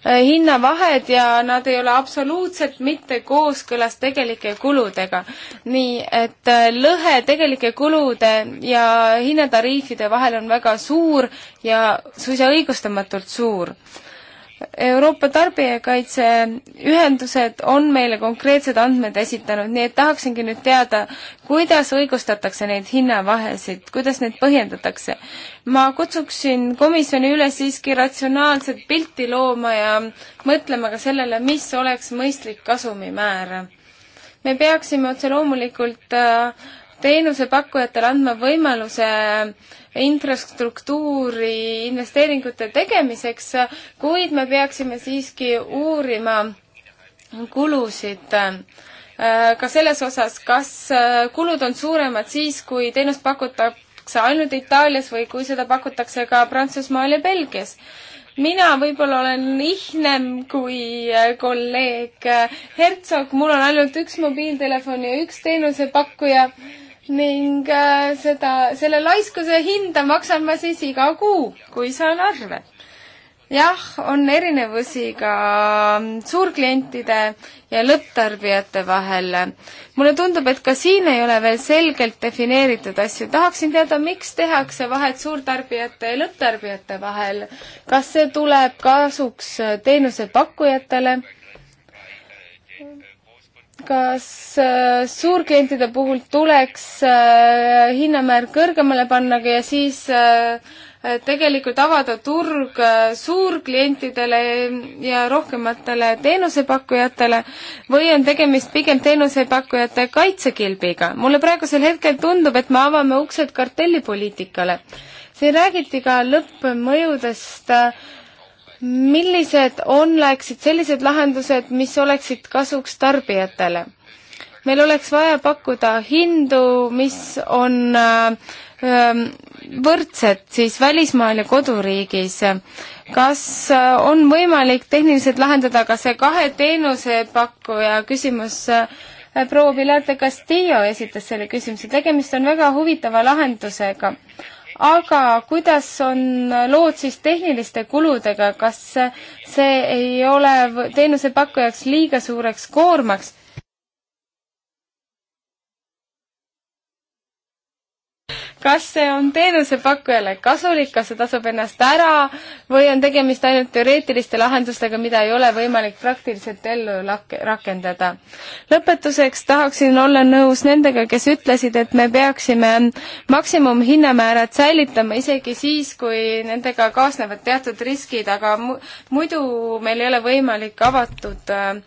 Speaker 1: hinnavahed ja nad ei ole absoluutselt mitte kooskõlas tegelike kuludega. nii et äh, lõhe tegelike kulude ja hinnatariifide vahel on väga suur ja suisa õigustamatult suur Euroopa Tarbijakaitseühendused on meile konkreetsed andmed esitanud, nii et tahaksingi nüüd teada, kuidas õigustatakse neid hinnavahesid, kuidas neid põhjendatakse. ma kutsuksin komisjoni üles siiski ratsionaalset pilti looma ja mõtlema ka sellele, mis oleks mõistlik kasumimäär. me peaksime otse loomulikult äh, teenusepakkujatele andma võimaluse äh, infrastruktuuri investeeringute tegemiseks, kuid me peaksime siiski uurima kulusid äh, ka selles osas, kas äh, kulud on suuremad siis, kui teenust pakutakse ainult Itaalias või kui seda pakutakse ka Prantsusmaal ja Belgias mina võib-olla olen ihnem kui äh, kolleeg Hertsog, mul on ainult üks mobiiltelefon ja üks teenusepakkuja ning äh, seda, selle laiskuse hinda maksan ma siis iga kuu, kui saan arve. jah, on erinevusi ka mm, suurklientide ja lõpptarbijate vahel. mulle tundub, et ka siin ei ole veel selgelt defineeritud asju. tahaksin teada, miks tehakse vahet suurtarbijate ja lõpptarbijate vahel. kas see tuleb kasuks teenusepakkujatele? kas äh, suurklientide puhul tuleks äh, hinnamäär kõrgemale panna ja siis äh, tegelikult avada turg suurklientidele ja rohkematele teenusepakkujatele või on tegemist pigem teenusepakkujate kaitsekilbiga? mulle praegusel hetkel tundub, et me avame uksed kartellipoliitikale. siin räägiti ka lõppmõjudest äh, millised on, oleksid sellised lahendused, mis oleksid kasuks tarbijatele? meil oleks vaja pakkuda hindu, mis on ähm, võrdsed siis välismaal ja koduriigis. kas äh, on võimalik tehniliselt lahendada ka see kahe teenusepakkuja küsimus? Äh, proua Pilar de Castillo esitas selle küsimuse, tegemist on väga huvitava lahendusega aga kuidas on lood siis tehniliste kuludega, kas see ei ole teenusepakkujaks liiga suureks koormaks? kas see on teenusepakkujale kasulik, kas see tasub ennast ära või on tegemist ainult teoreetiliste lahendustega, mida ei ole võimalik praktiliselt ellu rakendada. lõpetuseks tahaksin olla nõus nendega, kes ütlesid, et me peaksime maksimumhinnamäärad säilitama isegi siis, kui nendega kaasnevad teatud riskid, aga muidu meil ei ole võimalik avatud äh,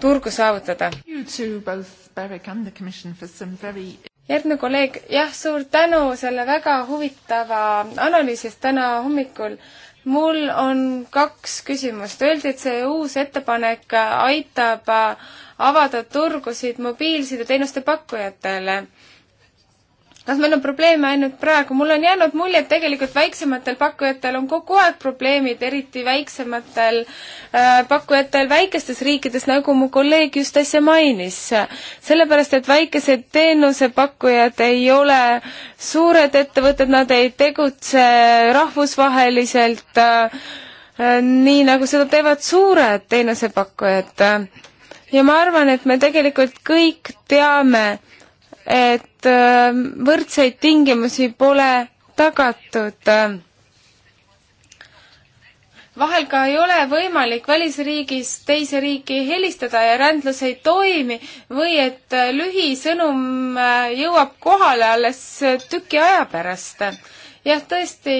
Speaker 1: turgu saavutada. You to both Berwick and the Commission for some very järgmine kolleeg, jah, suur tänu selle väga huvitava analüüsi eest täna hommikul. mul on kaks küsimust. Öeldi, et see uus ettepanek aitab avada turgusid mobiilside teenuste pakkujatele kas meil on probleeme ainult praegu? mul on jäänud mulje, et tegelikult väiksematel pakkujatel on kogu aeg probleemid, eriti väiksematel äh, pakkujatel väikestes riikides, nagu mu kolleeg just äsja mainis. sellepärast, et väikesed teenusepakkujad ei ole suured ettevõtted, nad ei tegutse rahvusvaheliselt äh, nii, nagu seda teevad suured teenusepakkujad. ja ma arvan, et me tegelikult kõik teame, et Äh, võrdseid tingimusi pole tagatud. vahel ka ei ole võimalik välisriigis teise riiki helistada ja rändlus ei toimi või et äh, lühisõnum äh, jõuab kohale alles tüki aja pärast. jah, tõesti,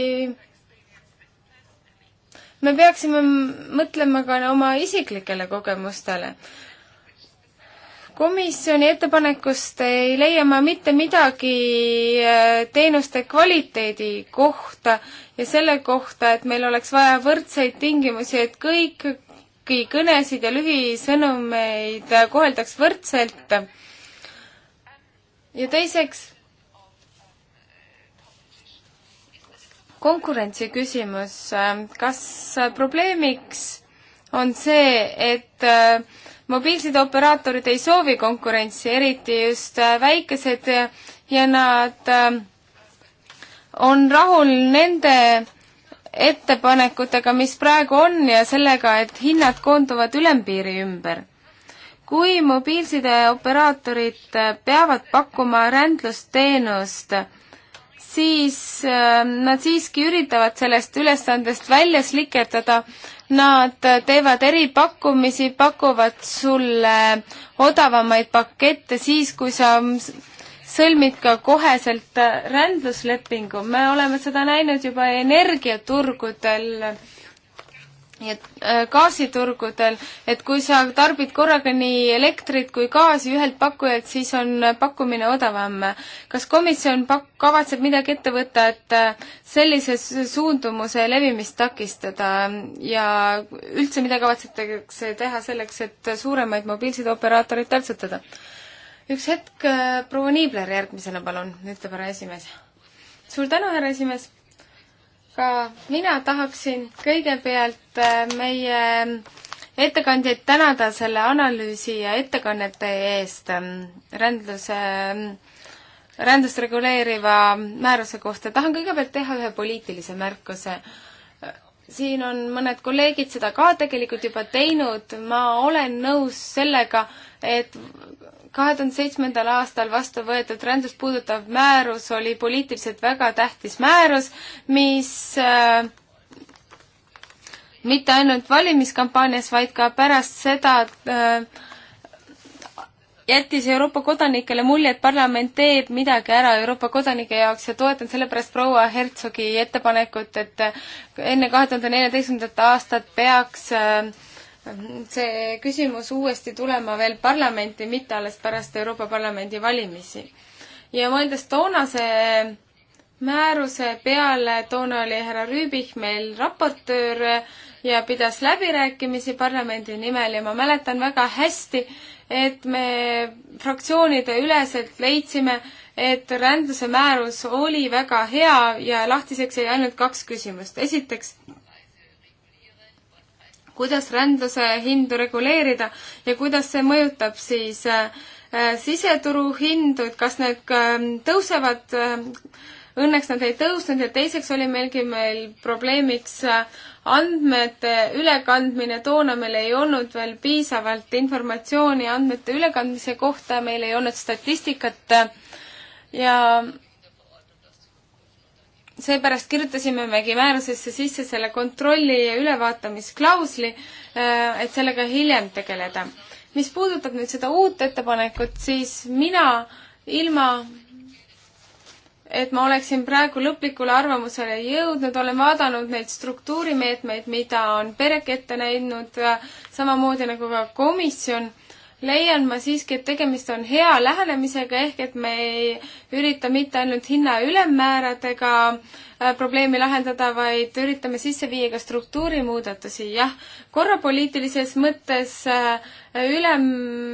Speaker 1: me peaksime mõtlema ka oma isiklikele kogemustele komisjoni ettepanekust ei leia ma mitte midagi äh, teenuste kvaliteedi kohta ja selle kohta, et meil oleks vaja võrdseid tingimusi, et kõiki kõnesid ja lühisõnumeid äh, koheldaks võrdselt. ja teiseks, konkurentsi küsimus. Äh, kas probleemiks on see, et äh, mobiilsideoperaatorid ei soovi konkurentsi, eriti just äh, väikesed ja nad ähm, on rahul nende ettepanekutega, mis praegu on ja sellega, et hinnad koonduvad ülempiiri ümber. kui mobiilsideoperaatorid äh, peavad pakkuma rändlusteenust, siis äh, nad siiski üritavad sellest ülesandest välja slikerdada Nad teevad eripakkumisi, pakuvad sulle odavamaid pakette siis, kui sa sõlmid ka koheselt rändluslepingu. me oleme seda näinud juba energiaturgudel nii et äh, gaasiturgudel, et kui sa tarbid korraga nii elektrit kui gaasi ühelt pakkujalt, siis on pakkumine odavam. kas komisjon pak-, kavatseb midagi ette võtta, et äh, sellise suundumuse levimist takistada ja üldse mida kavatsetakse teha selleks, et suuremaid mobiilseid operaatoreid taltsutada? üks hetk, äh, proua Niibler järgmisena, palun, ütleb härra esimees. suur tänu, härra esimees ka mina tahaksin kõigepealt äh, meie ettekandjaid tänada selle analüüsi ja ettekannete eest ähm, rändluse, ähm, rändlust reguleeriva määruse kohta. tahan kõigepealt teha ühe poliitilise märkuse. Äh, siin on mõned kolleegid seda ka tegelikult juba teinud, ma olen nõus sellega, et kahe tuhande seitsmendal aastal vastu võetud rändust puudutav määrus oli poliitiliselt väga tähtis määrus, mis äh, mitte ainult valimiskampaanias, vaid ka pärast seda äh, jättis Euroopa kodanikele mulje, et parlament teeb midagi ära Euroopa kodanike jaoks ja toetan sellepärast proua Hertsogi ettepanekut, et enne kahe tuhande neljateistkümnendat aastat peaks äh, see küsimus uuesti tulema veel parlamenti, mitte alles pärast Euroopa Parlamendi valimisi. ja mõeldes toonase määruse peale, toona oli härra Rüübich meil raportöör ja pidas läbirääkimisi parlamendi nimel ja ma mäletan väga hästi, et me fraktsioonide üleselt leidsime, et rändluse määrus oli väga hea ja lahtiseks jäi ainult kaks küsimust. esiteks, kuidas rändluse hindu reguleerida ja kuidas see mõjutab siis äh, äh, siseturu hindu, et kas need ähm, tõusevad, äh, õnneks nad ei tõusnud ja teiseks oli meilgi meil probleemiks andmete ülekandmine, toona meil ei olnud veel piisavalt informatsiooni andmete ülekandmise kohta, meil ei olnud statistikat ja seepärast kirjutasime megi määrusesse sisse selle kontrolli ja ülevaatamisklausli, äh, et sellega hiljem tegeleda. mis puudutab nüüd seda uut ettepanekut, siis mina ilma et ma oleksin praegu lõplikule arvamusele jõudnud, olen vaadanud neid struktuurimeetmeid, mida on PEREK ette näinud, äh, samamoodi nagu ka komisjon leian ma siiski, et tegemist on hea lähenemisega, ehk et me ei ürita mitte ainult hinna ülemmääradega äh, probleemi lahendada, vaid üritame sisse viia ka struktuurimuudatusi, jah. korra poliitilises mõttes äh, ülem,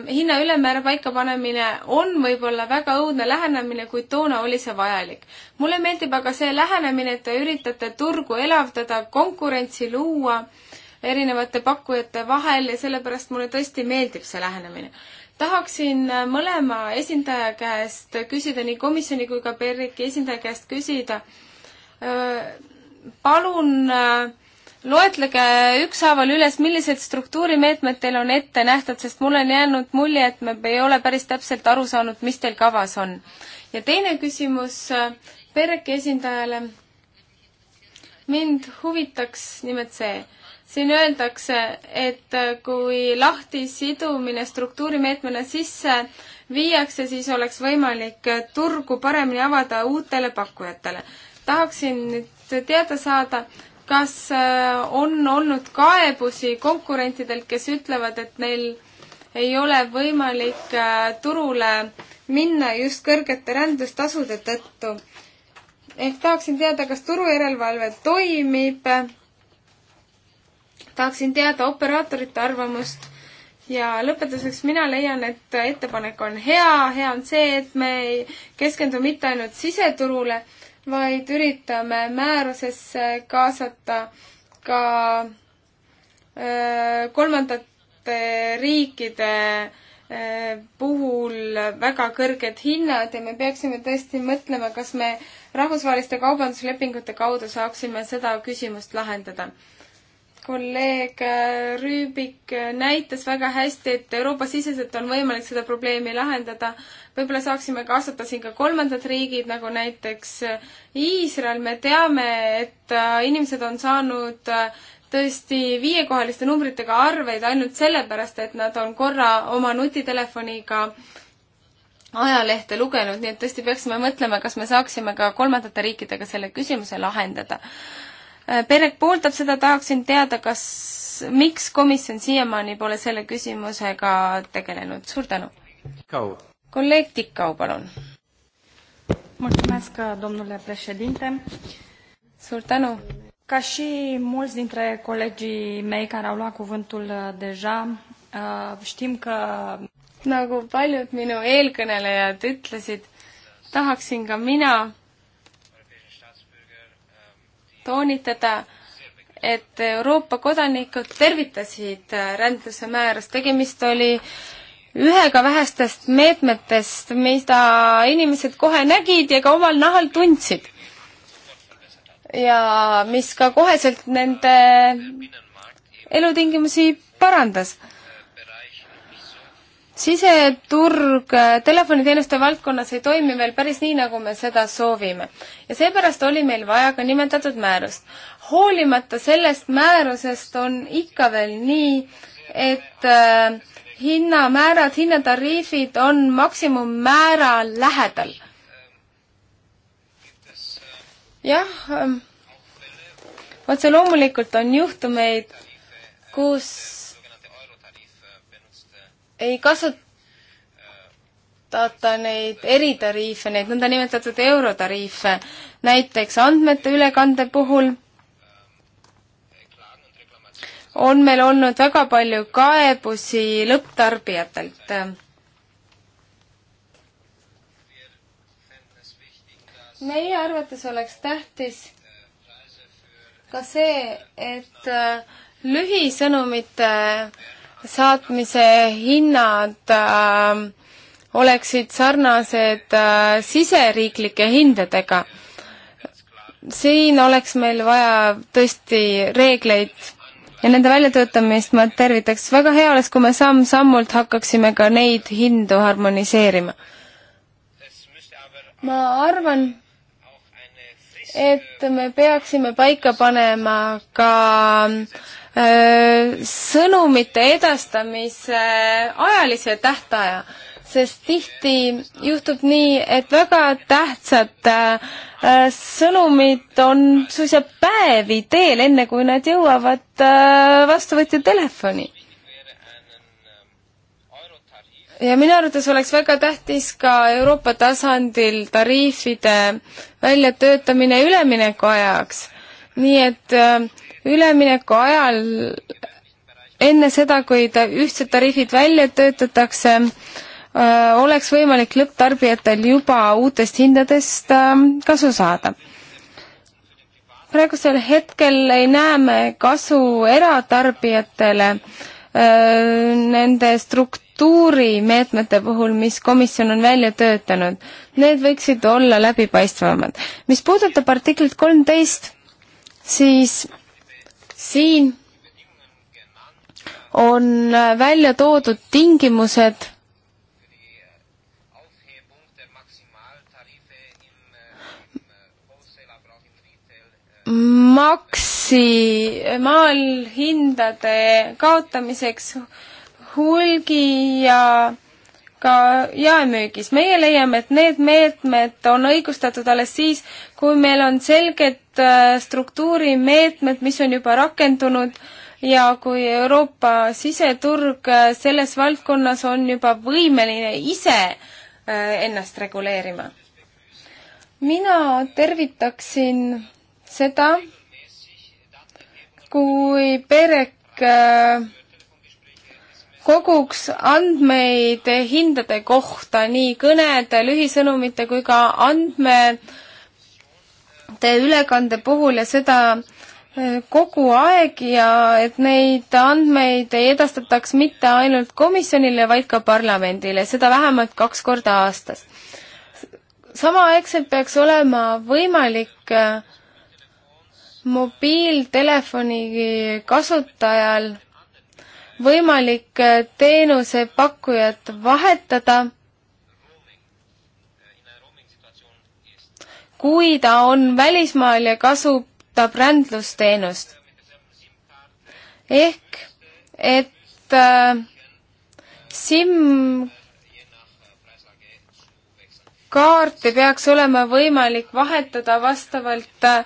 Speaker 1: hinna ülemmäära paikapanemine on võib-olla väga õudne lähenemine, kuid toona oli see vajalik. mulle meeldib aga see lähenemine, et te üritate turgu elavdada, konkurentsi luua erinevate pakkujate vahel ja sellepärast mulle tõesti meeldib see lähenemine. tahaksin äh, mõlema esindaja käest küsida, nii komisjoni kui ka PERIK-i esindaja käest küsida, äh, palun äh, loetlege ükshaaval üles, millised struktuurimeetmed teil on ette nähtud, sest mul on jäänud mulje, et me ei ole päris täpselt aru saanud, mis teil kavas on. ja teine küsimus PERIK-i esindajale mind huvitaks nimelt see, siin öeldakse, et äh, kui lahtisidumine struktuurimeetmena sisse viiakse, siis oleks võimalik äh, turgu paremini avada uutele pakkujatele. tahaksin nüüd teada saada, kas äh, on olnud kaebusi konkurentidelt, kes ütlevad, et neil ei ole võimalik turule minna just kõrgete rändustasude tõttu. ehk tahaksin teada, kas turujärelevalve toimib tahaksin teada operaatorite arvamust ja lõpetuseks mina leian, et ettepanek on hea, hea on see, et me ei keskendu mitte ainult siseturule, vaid üritame määrusesse kaasata ka öö, äh, kolmandate riikide öö, äh, puhul väga kõrged hinnad ja me peaksime tõesti mõtlema, kas me rahvusvaheliste kaubanduslepingute kaudu saaksime seda küsimust lahendada kolleeg äh, Rüübik äh, näitas väga hästi, et Euroopa-siseselt on võimalik seda probleemi lahendada. võib-olla saaksime kaasata siin ka kolmandad riigid, nagu näiteks äh, Iisrael. me teame, et inimesed on saanud tõesti viiekohaliste numbritega arveid ainult sellepärast, et nad on korra oma nutitelefoniga ajalehte lugenud, nii et tõesti peaksime mõtlema, kas me saaksime ka kolmandate riikidega selle küsimuse lahendada Äh, Perek pooldab seda, tahaksin teada, kas, miks komisjon siiamaani pole selle küsimusega tegelenud, suur tänu! kolleeg Tikau, palun! suur tänu! Ca și mulți dintre colegii mei care au luat cuvântul uh, deja, uh, știm că... Nagu paljud minu eelkõnelejad ütlesid, tahaksin ka mina toonitada, et Euroopa kodanikud tervitasid rändluse määrust, tegemist oli ühega vähestest meetmetest, mida inimesed kohe nägid ja ka omal nahal tundsid. ja mis ka koheselt nende elutingimusi parandas siseturg äh, telefoniteenuste valdkonnas ei toimi veel päris nii, nagu me seda soovime. ja seepärast oli meil vaja ka nimetatud määrust. hoolimata sellest määrusest on ikka veel nii, et äh, hinnamäärad, hinnatariifid on maksimummäära lähedal. jah, ähm, otse loomulikult on juhtumeid, kus ei kasutata neid eritariife, neid nõndanimetatud eurotariife, näiteks andmete ülekande puhul on meil olnud väga palju kaebusi lõpptarbijatelt. meie arvates oleks tähtis ka see, et lühisõnumite äh, saatmise hinnad äh, oleksid sarnased äh, siseriiklike hindadega. siin oleks meil vaja tõesti reegleid ja nende väljatöötamist ma tervitaks. väga hea oleks, kui me samm-sammult hakkaksime ka neid hindu harmoniseerima. ma arvan, et me peaksime paika panema ka äh, sõnumite edastamise ajalise tähtaja, sest tihti juhtub nii, et väga tähtsad äh, sõnumid on suisa päevi teel, enne kui nad jõuavad äh, vastuvõtja telefoni. ja minu arvates oleks väga tähtis ka Euroopa tasandil tariifide väljatöötamine üleminekuajaks, nii et äh, ülemineku ajal enne seda, kui ta ühtsed tariifid välja töötatakse, äh, oleks võimalik lõpptarbijatel juba uutest hindadest ähm, kasu saada. praegusel hetkel ei näe me kasu eratarbijatele äh, nende struktuurimeetmete puhul, mis komisjon on välja töötanud. Need võiksid olla läbipaistvamad. mis puudutab artiklit kolmteist, siis siin on välja toodud tingimused, maksi maalhindade kaotamiseks hulgi ja ka jaemüügis. meie leiame, et need meetmed on õigustatud alles siis, kui meil on selged äh, struktuurimeetmed, mis on juba rakendunud ja kui Euroopa siseturg äh, selles valdkonnas on juba võimeline ise äh, ennast reguleerima. mina tervitaksin seda, kui PEREK koguks andmeid hindade kohta, nii kõnede, lühisõnumite kui ka andmete ülekande puhul ja seda eh, kogu aeg ja et neid andmeid ei edastataks mitte ainult komisjonile, vaid ka parlamendile, seda vähemalt kaks korda aastas. samaaegselt peaks olema võimalik eh, mobiiltelefoni kasutajal võimalik äh, teenusepakkujat vahetada, kui ta on välismaal ja kasutab rändlusteenust. ehk et äh, SIM kaarte peaks olema võimalik vahetada vastavalt äh,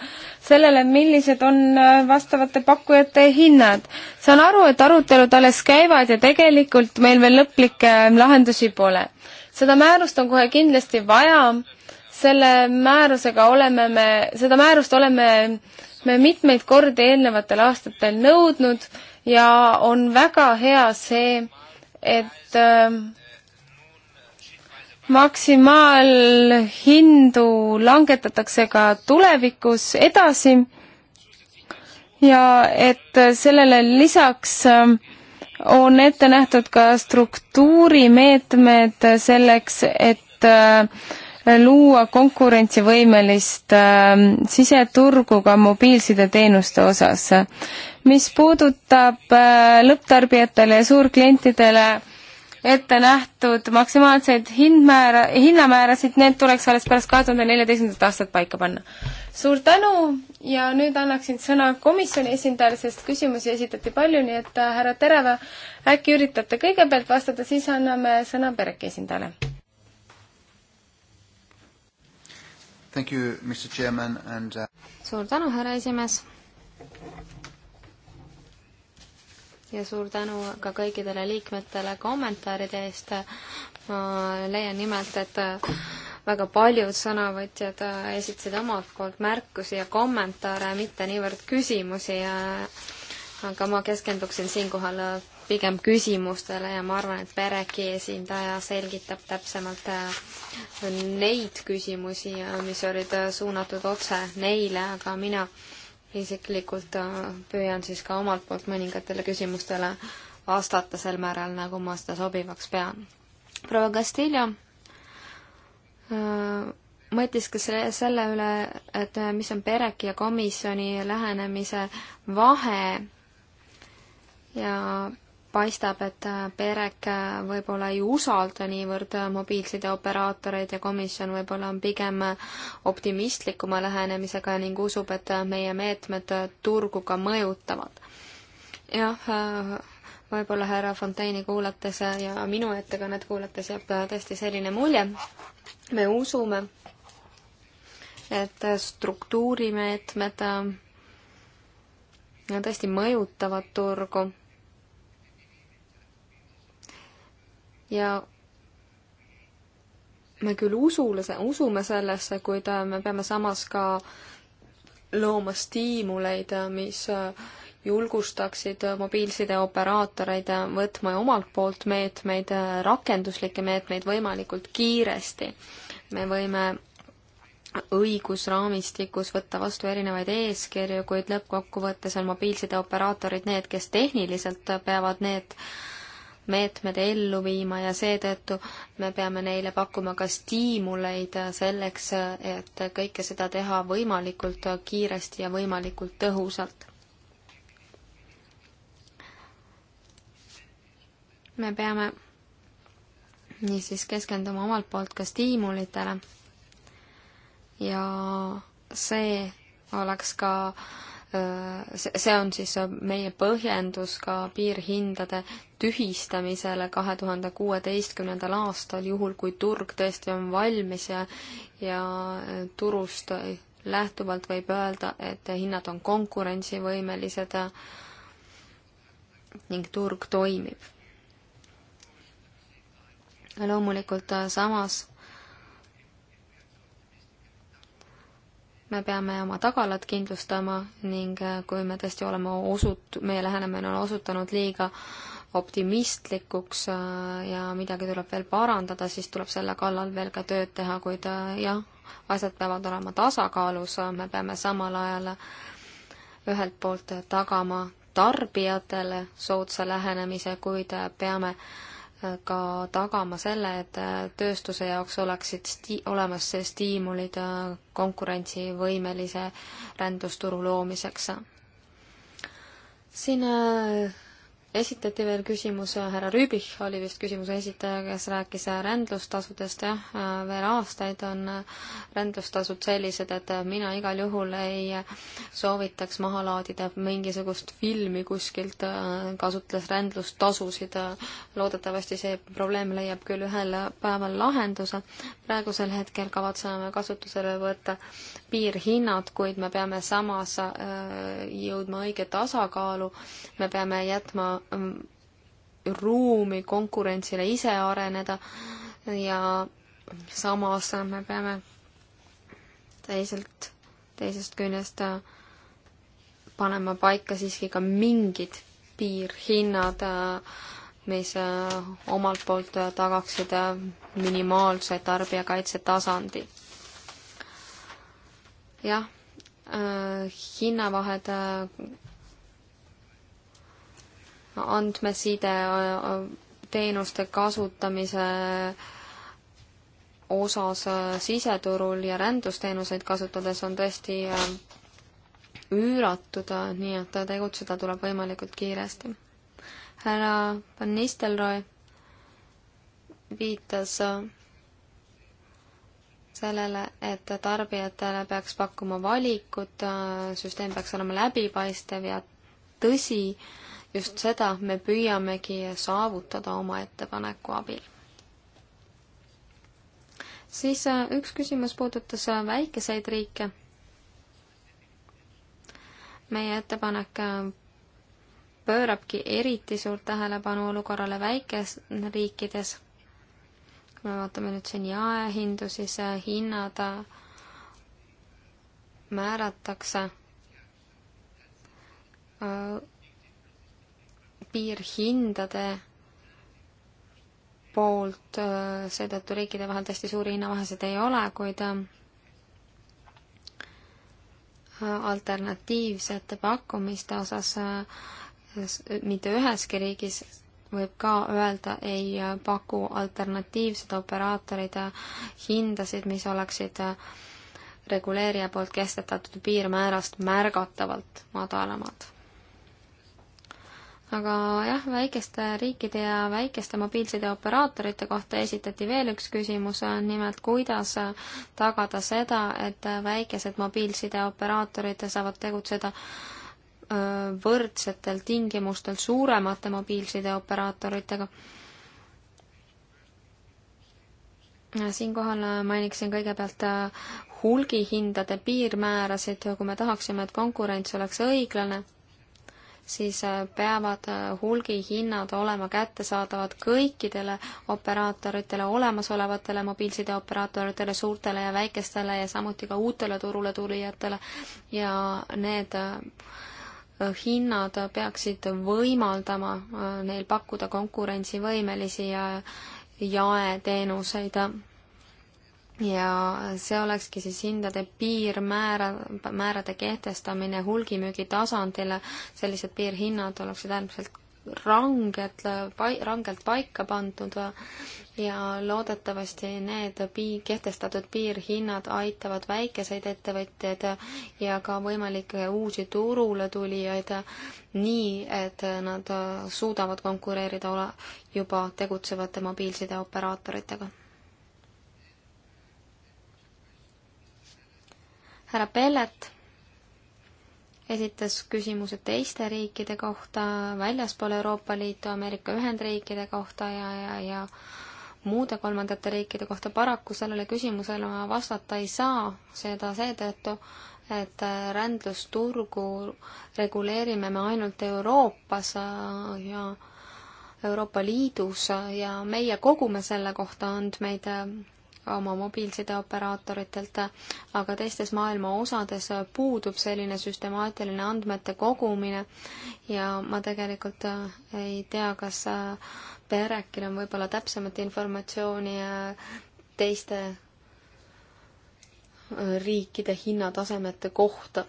Speaker 1: sellele, millised on äh, vastavate pakkujate hinnad. saan aru, et arutelud alles käivad ja tegelikult meil veel lõplikke ähm, lahendusi pole. seda määrust on kohe kindlasti vaja, selle määrusega oleme me, seda määrust oleme me mitmeid kordi eelnevatel aastatel nõudnud ja on väga hea see, et äh, maksimaalhindu langetatakse ka tulevikus edasi ja et sellele lisaks äh, on ette nähtud ka struktuurimeetmed selleks, et äh, luua konkurentsivõimelist äh, siseturgu ka mobiilsideteenuste osas. mis puudutab lõpptarbijatele ja suurklientidele ette nähtud maksimaalseid hindmäära, hinnamäärasid, need tuleks alles pärast kahe tuhande neljateistkümnendat aastat paika panna. suur tänu ja nüüd annaksin sõna komisjoni esindajale, sest küsimusi esitati palju, nii et äh, härra Tereva, äkki üritate kõigepealt vastata, siis anname sõna pereke esindajale.
Speaker 2: Thank you, Mr Chairman and uh...
Speaker 3: suur tänu, härra esimees ja suur tänu ka kõikidele liikmetele kommentaaride eest. ma leian nimelt, et väga paljud sõnavõtjad esitasid omalt poolt märkusi ja kommentaare, mitte niivõrd küsimusi ja aga ma keskenduksin siinkohal pigem küsimustele ja ma arvan, et pereki esindaja selgitab täpsemalt äh, neid küsimusi, mis olid suunatud otse neile, aga mina isiklikult äh, püüan siis ka omalt poolt mõningatele küsimustele vastata sel määral, nagu ma seda sobivaks pean. proua Castillo äh, mõtiskles selle üle, et äh, mis on Pereki ja komisjoni lähenemise vahe ja paistab, et äh, PEREK äh, võib-olla ei usalda niivõrd äh, mobiilsideoperaatoreid ja komisjon võib-olla on pigem optimistlikuma lähenemisega ning usub, et meie meetmed turgu ka mõjutavad. jah, võib-olla härra Fontaine'i kuulates ja minu ettekannet kuulates jääb tõesti selline mulje, me usume, et struktuurimeetmed tõesti mõjutavad turgu ja me küll usule, usume sellesse, kuid äh, me peame samas ka looma stiimuleid, äh, mis äh, julgustaksid mobiilsideoperaatoreid võtma omalt poolt meetmeid, rakenduslikke meetmeid võimalikult kiiresti. me võime õigusraamistikus võtta vastu erinevaid eeskirju, kuid lõppkokkuvõttes on mobiilsideoperaatorid need, kes tehniliselt peavad need meetmed ellu viima ja seetõttu me peame neile pakkuma ka stiimuleid selleks, et kõike seda teha võimalikult kiiresti ja võimalikult tõhusalt. me peame niisiis keskenduma omalt poolt ka stiimulitele ja see oleks ka äh, Äh, see on siis äh, meie põhjendus ka piirhindade tühistamisele kahe tuhande kuueteistkümnendal aastal, juhul kui turg tõesti on valmis ja, ja äh, turust lähtuvalt võib öelda, et hinnad on konkurentsivõimelised ning turg toimib. loomulikult samas me peame oma tagalad kindlustama ning äh, kui me tõesti oleme osut-, meie lähenemine on osutunud liiga optimistlikuks äh, ja midagi tuleb veel parandada, siis tuleb selle kallal veel ka tööd teha, kuid äh, jah, asjad peavad olema tasakaalus, me peame samal ajal ühelt poolt tagama tarbijatele soodsa lähenemise, kuid peame äh, ka tagama selle, et tööstuse jaoks oleksid sti-, olemas stiimulid äh, konkurentsivõimelise rändusturu loomiseks. siin äh, esitati veel küsimus, härra Rüübich oli vist küsimuse esitaja, kes rääkis rändlustasudest, jah, veel aastaid on rändlustasud sellised, et mina igal juhul ei soovitaks maha laadida mingisugust filmi kuskilt, kasutades rändlustasusid. loodetavasti see probleem leiab küll ühel päeval lahenduse. praegusel hetkel kavatseme kasutusele võtta piirhinnad, kuid me peame samas äh, jõudma õige tasakaalu, me peame jätma mm, ruumi konkurentsile ise areneda ja samas me peame teiselt, teisest küljest äh, panema paika siiski ka mingid piirhinnad, äh, mis omalt poolt tagaksid minimaalse tarbijakaitse tasandi jah äh,, hinnavahed äh, andmeside äh, teenuste kasutamise osas äh, siseturul ja rändusteenuseid kasutades on tõesti äh, üüratud, nii et tegutseda tuleb võimalikult kiiresti. härra Van Nistelrooy viitas sellele, et tarbijatele peaks pakkuma valikut, äh, süsteem peaks olema läbipaistev ja tõsi, just seda me püüamegi saavutada oma ettepaneku abil. siis äh, üks küsimus puudutas äh, väikeseid riike. meie ettepanek pöörabki eriti suurt tähelepanu olukorrale väikesriikides kui me vaatame nüüd siin jaehindu, siis äh, hinnad äh, määratakse äh, piirhindade poolt, seetõttu riikide vahel tõesti suuri hinnavahesid ei ole, kuid alternatiivsete pakkumiste osas mitte üheski riigis võib ka öelda, ei paku alternatiivsed operaatorid hindasid, mis oleksid reguleerija poolt kestetatud piirmäärast märgatavalt madalamad. aga jah, väikeste riikide ja väikeste mobiilsideoperaatorite kohta esitati veel üks küsimus, nimelt kuidas tagada seda, et väikesed mobiilsideoperaatorid saavad tegutseda Äh, võrdsetel tingimustel suuremate mobiilsideoperaatoritega. siinkohal äh, mainiksin kõigepealt äh, hulgihindade piirmäärasid, kui me tahaksime, et konkurents oleks õiglane, siis peavad hulgihinnad olema kättesaadavad kõikidele operaatoritele, olemasolevatele mobiilsideoperaatoritele, suurtele ja väikestele ja samuti ka uutele turule tulijatele ja need Äh, hinnad peaksid võimaldama äh, neil pakkuda konkurentsivõimelisi jaeteenuseid. ja see olekski siis hindade piirmäära, määrade kehtestamine hulgimüügi tasandile, sellised piirhinnad oleksid äärmiselt ranged, äh, rangelt paika pandud ja loodetavasti need pii-, kehtestatud piirhinnad aitavad väikeseid ettevõtjaid ja ka võimalikke uusi turule tulijaid nii, et nad suudavad konkureerida ole juba tegutsevate mobiilsideoperaatoritega. härra Pellet esitas küsimuse teiste riikide kohta väljaspool Euroopa Liitu, Ameerika Ühendriikide kohta ja, ja, ja muude kolmandate riikide kohta. paraku sellele küsimusele ma vastata ei saa, seda seetõttu, et äh, rändlusturgu reguleerime me ainult Euroopas äh, ja Euroopa Liidus äh, ja meie kogume selle kohta andmeid oma mobiilsideoperaatoritelt, aga teistes maailma osades puudub selline süstemaatiline andmete kogumine ja ma tegelikult äh, ei tea, kas PREC-il äh, on võib-olla täpsemat informatsiooni äh, teiste riikide hinnatasemete kohta.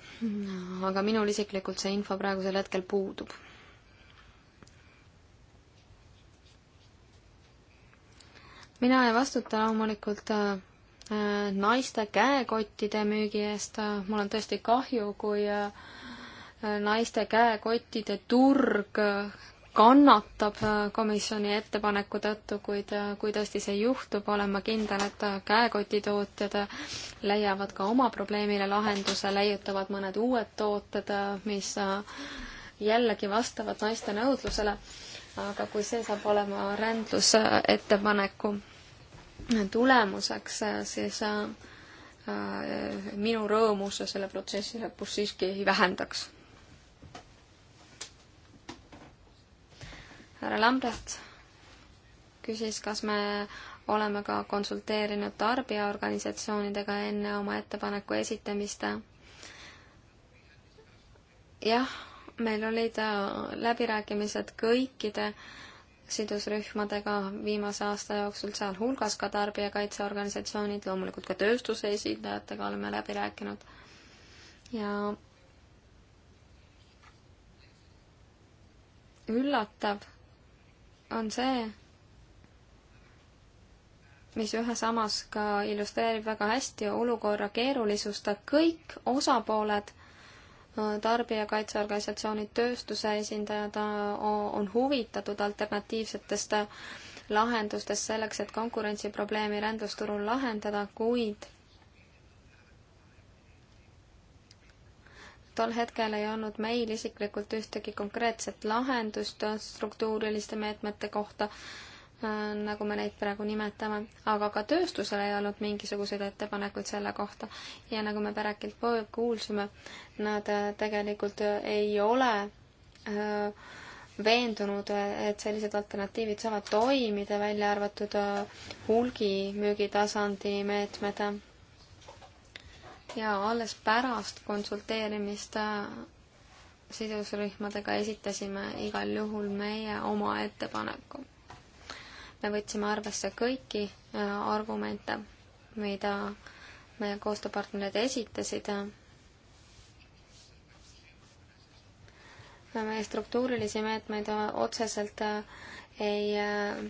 Speaker 3: aga minul isiklikult see info praegusel hetkel puudub mina ei vastuta loomulikult äh, äh, naiste käekottide müügi eest, mul on tõesti kahju, kui äh, naiste käekottide turg kannatab komisjoni ettepaneku tõttu, kuid kui tõesti see juhtub, olen ma kindel, et käekotitootjad leiavad ka oma probleemile lahenduse, leiutavad mõned uued tooted, mis jällegi vastavad naiste nõudlusele, aga kui see saab olema rändlusettepaneku tulemuseks äh, siis äh, äh, minu rõõmus selle protsessi lõpus siiski ei vähendaks. härra Lambrecht küsis, kas me oleme ka konsulteerinud tarbijaorganisatsioonidega enne oma ettepaneku esitamist. jah, meil olid läbirääkimised kõikide äh, sidusrühmadega viimase aasta jooksul, sealhulgas ka tarbijakaitseorganisatsioonid, loomulikult ka tööstuse esindajatega oleme läbi rääkinud ja üllatav on see, mis ühe samas ka illustreerib väga hästi olukorra keerulisust, kõik osapooled tarbijakaitseorganisatsioonid, tööstuse esindajad äh, on huvitatud alternatiivsetest äh, lahendustest selleks, et konkurentsiprobleemi rändusturul lahendada, kuid tol hetkel ei olnud meil isiklikult ühtegi konkreetset lahendust äh, struktuuriliste meetmete kohta Äh, nagu me neid praegu nimetame, aga ka tööstusel ei olnud mingisuguseid ettepanekuid selle kohta. ja nagu me Pärakilt kuulsime, nad äh, tegelikult äh, ei ole veendunud, et sellised alternatiivid saavad toimida, välja arvatud hulgimüügi tasandi meetmed. ja alles pärast konsulteerimist sidusrühmadega esitasime igal juhul meie oma ettepaneku me võtsime arvesse kõiki äh, argumente, mida meie koostööpartnerid esitasid. meie struktuurilisi meetmeid otseselt äh, ei äh,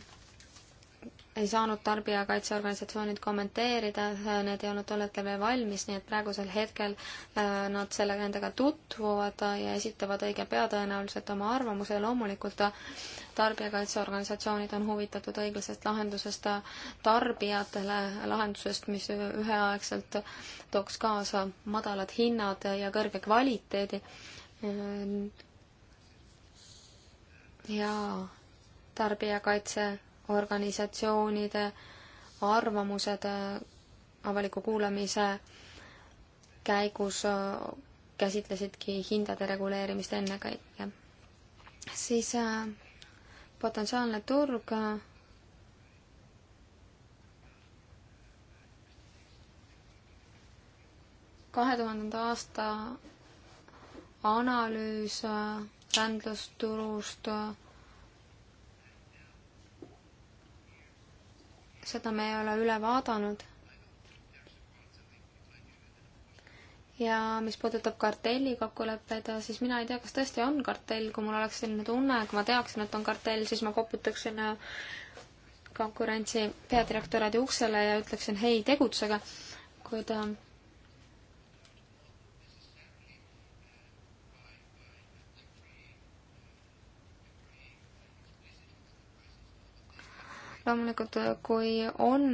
Speaker 3: ei saanud tarbijakaitseorganisatsioonid kommenteerida, need ei olnud tol hetkel veel valmis, nii et praegusel hetkel äh, nad selle, nendega tutvuvad ja esitavad õige pea tõenäoliselt oma arvamuse ja loomulikult äh, tarbijakaitseorganisatsioonid on huvitatud õiglasest lahendusest äh, tarbijatele, lahendusest, mis üheaegselt tooks kaasa madalad hinnad ja kõrge kvaliteedi. ja tarbijakaitse organisatsioonide arvamused äh, avaliku kuulamise käigus äh, käsitlesidki hindade reguleerimist ennekõike. siis äh, potentsiaalne turg kahe tuhandenda aasta analüüs rändlusturust seda me ei ole üle vaadanud. ja mis puudutab kartellikokkuleppeid, siis mina ei tea, kas tõesti on kartell, kui mul oleks selline tunne, kui ma teaksin, et on kartell, siis ma koputaksin äh, konkurentsi peadirektoraadi uksele ja ütleksin hei, tegutsege. kuid ta äh, loomulikult, äh, kui on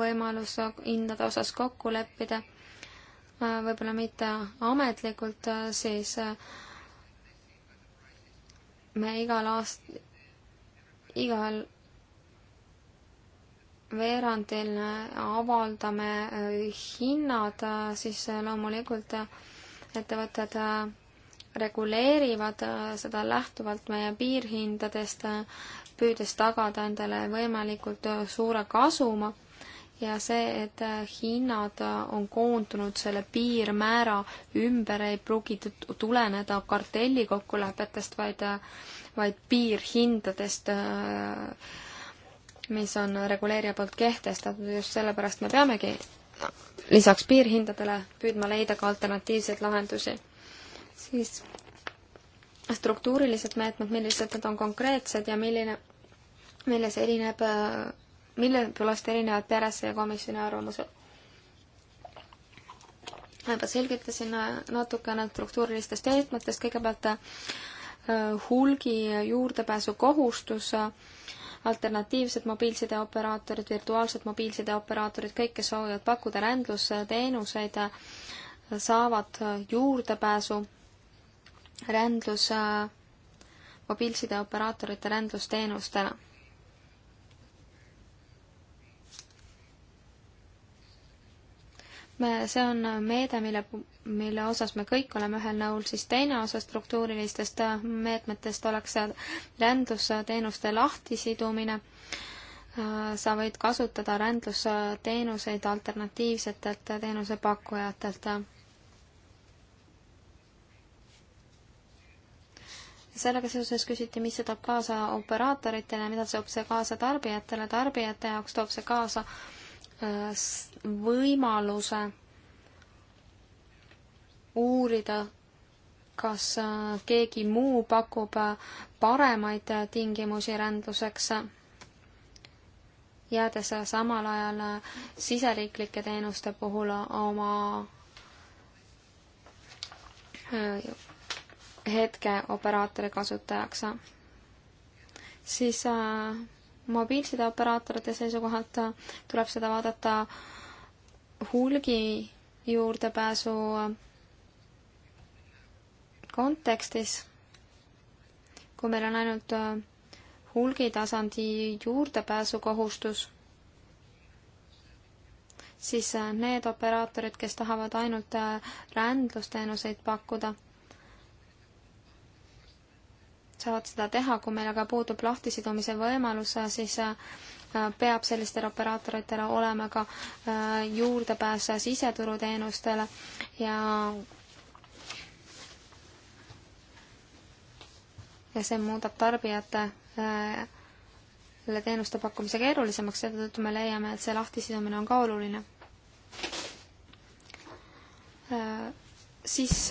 Speaker 3: võimalus hindade osas kokku leppida, äh, võib-olla mitte ametlikult, äh, siis me igal aast-, igal veerandil avaldame hinnad, siis loomulikult ettevõtted et reguleerivad äh, seda lähtuvalt meie piirhindadest, äh, püüdes tagada endale võimalikult äh, suure kasuma ja see, et hinnad on koondunud selle piirmäära ümber, ei pruugi tuleneda kartellikokkulepetest, vaid, vaid piirhindadest, mis on reguleerija poolt kehtestatud, just sellepärast me peamegi lisaks piirhindadele püüdma leida ka alternatiivseid lahendusi siis struktuurilised meetmed, millised need on konkreetsed ja milline, milles erineb, mille poolest erinevad peresse ja komisjoni arvamused. ma juba selgitasin äh, natukene struktuurilistest meetmetest, kõigepealt äh, hulgi juurdepääsukohustus, äh, alternatiivsed mobiilsideoperaatorid, virtuaalsed mobiilsideoperaatorid, kõik, kes soovivad pakkuda rändlusteenuseid, saavad juurdepääsu rändlus, mobiilsideoperaatorite rändlusteenustena. me, see on meede, mille, mille osas me kõik oleme ühel nõul, siis teine osa struktuurilistest meetmetest oleks rändlusteenuste lahtisidumine sa võid kasutada rändlusteenuseid alternatiivsetelt teenusepakkujatelt. sellega seoses küsiti, mis see toob kaasa operaatoritele, mida see toob see kaasa tarbijatele, tarbijate jaoks toob see kaasa äh, võimaluse uurida, kas äh, keegi muu pakub äh, paremaid tingimusi rändluseks, jäädes samal ajal siseriiklike teenuste puhul oma hetke operaatori kasutajaks. siis äh, mobiilsideoperaatorite seisukohalt tuleb seda vaadata hulgi juurdepääsu kontekstis, kui meil on ainult äh, hulgitasandi juurdepääsukohustus, siis äh, need operaatorid, kes tahavad ainult äh, rändlusteenuseid pakkuda saavad seda teha, kui meil aga puudub lahtisidumise võimalus, siis äh, peab sellistel operaatoritele olema ka äh, juurdepääs siseturuteenustele ja ja see muudab tarbijatele äh, teenuste pakkumise keerulisemaks, seetõttu me leiame, et see lahtisidumine on ka oluline. Siis